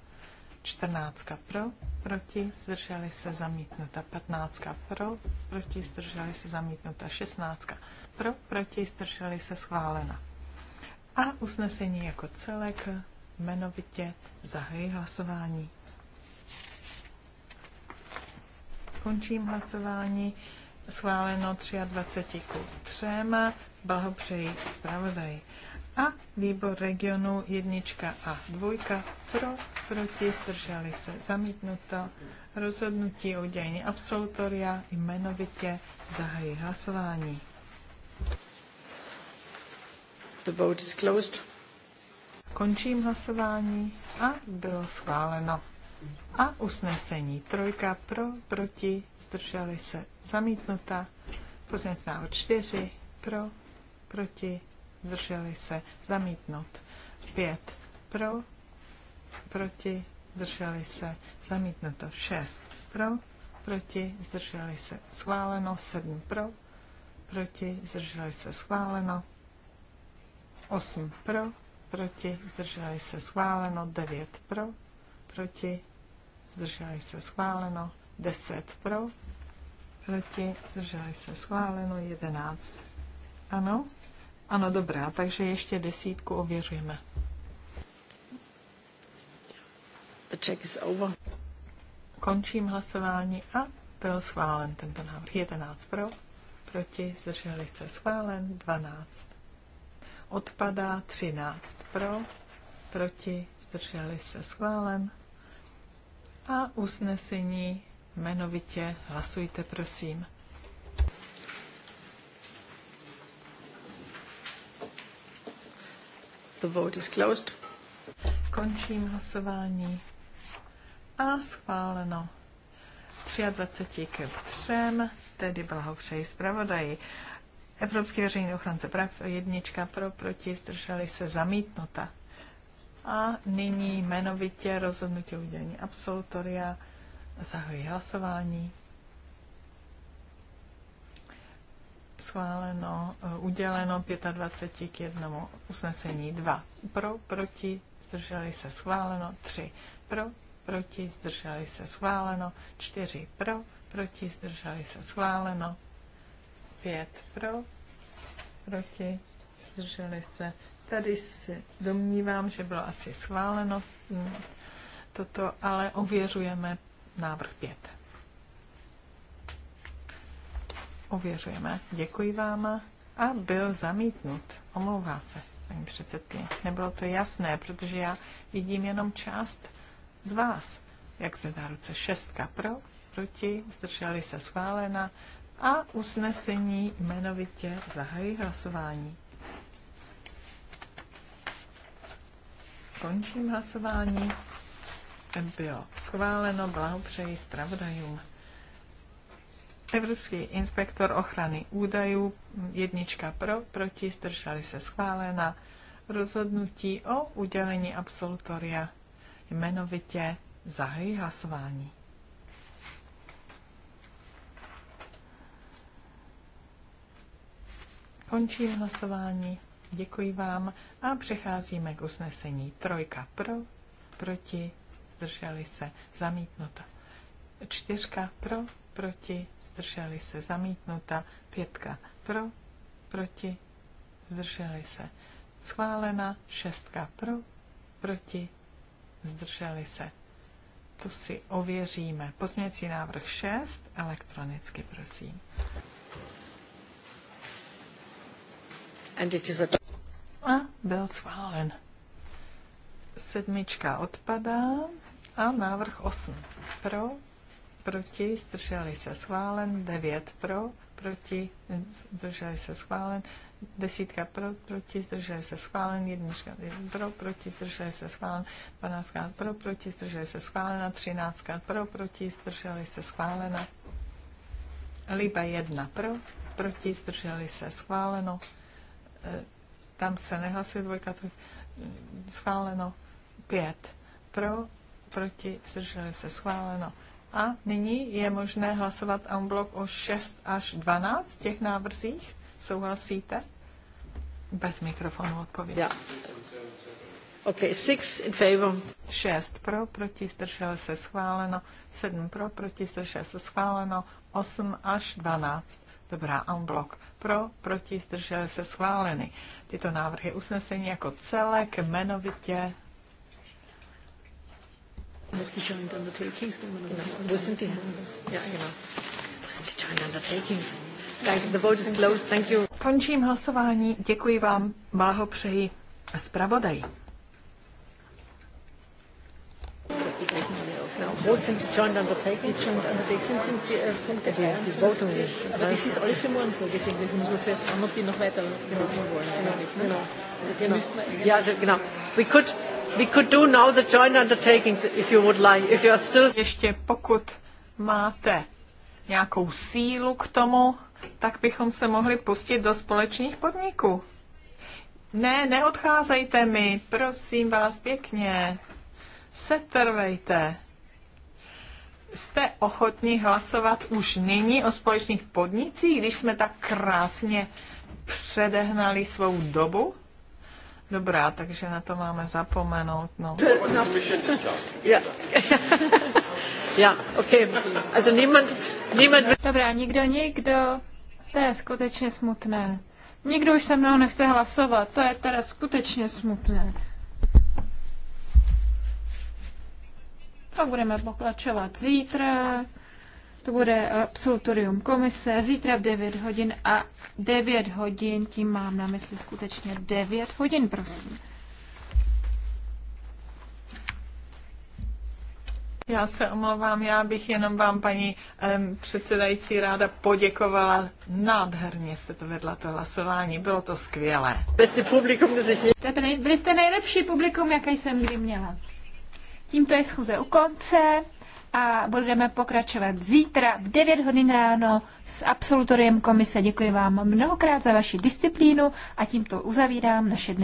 14 pro, proti, zdrželi se zamítnuta. 15 pro, proti, zdrželi se zamítnuta. 16 pro, proti, zdrželi se schválena. A usnesení jako celek jmenovitě zahají hlasování. Končím hlasování. Schváleno 23 ku 3. Blahopřeji zpravodaj a výbor regionu jednička a dvojka pro, proti, zdrželi se zamítnuto, rozhodnutí o udělení absolutoria jmenovitě zahají hlasování. The vote is closed. Končím hlasování a bylo schváleno. A usnesení trojka pro, proti, zdrželi se zamítnuta, poznec návod čtyři pro, proti, zdrželi se, zamítnout. Pět pro, proti, zdrželi se, zamítnuto. Šest pro, proti, zdrželi se, schváleno. Sedm pro, proti, zdrželi se, schváleno. Osm pro, proti, zdrželi se, schváleno. Devět pro, proti, zdrželi se, schváleno. Deset pro, proti, zdrželi se, schváleno. Jedenáct ano, ano, dobrá, takže ještě desítku ověřujeme. The check is over. Končím hlasování a byl schválen tento návrh. 11 pro, proti, zdrželi se schválen, 12. Odpadá 13 pro, proti, zdrželi se schválen. A usnesení jmenovitě hlasujte, prosím. The vote is closed. Končím hlasování. A schváleno. 23 k 3, tedy blahopřeji zpravodaji. Evropský veřejný ochránce práv jednička pro, proti, zdrželi se zamítnuta. A nyní jmenovitě rozhodnutí udělení absolutoria. Zahajuji hlasování. schváleno, eh, uděleno 25 k jednomu usnesení 2. Pro, proti, zdrželi se schváleno 3. Pro, proti, zdrželi se schváleno 4. Pro, proti, zdrželi se schváleno 5. Pro, proti, zdrželi se. Tady si domnívám, že bylo asi schváleno mm, toto, ale ověřujeme návrh 5. Ověřujeme. Děkuji vám. A byl zamítnut. Omlouvá se, paní předsedkyně. Nebylo to jasné, protože já vidím jenom část z vás. Jak zvedá ruce? Šestka pro, proti, zdrželi se schválena a usnesení jmenovitě zahají hlasování. Končím hlasování. Bylo schváleno, blahopřeji zpravodajům. Evropský inspektor ochrany údajů, jednička pro, proti, zdrželi se schválena. Rozhodnutí o udělení absolutoria jmenovitě zahají hlasování. Končím hlasování, děkuji vám a přecházíme k usnesení. Trojka pro, proti, zdrželi se, zamítnuto. Čtyřka pro, proti, zdrželi se, zamítnuta, pětka pro, proti, zdrželi se, schválena, šestka pro, proti, zdrželi se. To si ověříme. Pozměňovací návrh 6, elektronicky, prosím. a... a byl schválen. Sedmička odpadá a návrh 8. Pro, proti, zdrželi se schválen, 9 pro, proti, zdrželi se schválen, desítka pro, proti, zdrželi se schválen, jednička pro, proti, zdrželi se schválen, dvanáctka pro, proti, zdrželi se schválena, třináctka pro, proti, zdrželi se schválena, liba jedna pro, proti, zdrželi se schváleno, e, tam se nehlasuje dvojka, e, schváleno, pět pro, proti, zdrželi se schváleno, a nyní je možné hlasovat en bloc o 6 až 12 těch návrzích. Souhlasíte? Bez mikrofonu odpověď. Yeah. OK, six in favor. 6 pro, proti, zdržel se schváleno. 7 pro, proti, zdržel se schváleno. 8 až 12. Dobrá, en bloc. Pro, proti, zdržel se schváleny. Tyto návrhy usnesení jako celek jmenovitě Not the the vote is closed. Thank you. Končím hlasování. Děkuji vám. Blahopřeji. Zpravodaj. Wo Wir Ja, also genau. We could We could do now the joint undertakings if you would like. If you are still... Ještě pokud máte nějakou sílu k tomu, tak bychom se mohli pustit do společných podniků. Ne, neodcházejte mi, prosím vás pěkně. Setrvejte. Jste ochotni hlasovat už nyní o společných podnicích, když jsme tak krásně předehnali svou dobu? Dobrá, takže na to máme zapomenout. No. Ja. ja, okay. Also niemand, niemand... Dobrá, nikdo, nikdo. To je skutečně smutné. Nikdo už se mnou nechce hlasovat, to je teda skutečně smutné. Tak budeme pokračovat zítra. To bude eh, absolutorium komise zítra v 9 hodin a 9 hodin, tím mám na mysli skutečně 9 hodin, prosím. Já se omlouvám, já bych jenom vám, paní um, předsedající, ráda poděkovala. Nádherně jste to vedla, to hlasování, bylo to skvělé. jste publikum, jste byli, byli jste nejlepší publikum, jaké jsem kdy měla. Tímto je schůze u konce a budeme pokračovat zítra v 9 hodin ráno s absolutoriem komise. Děkuji vám mnohokrát za vaši disciplínu a tímto uzavírám naše dnešní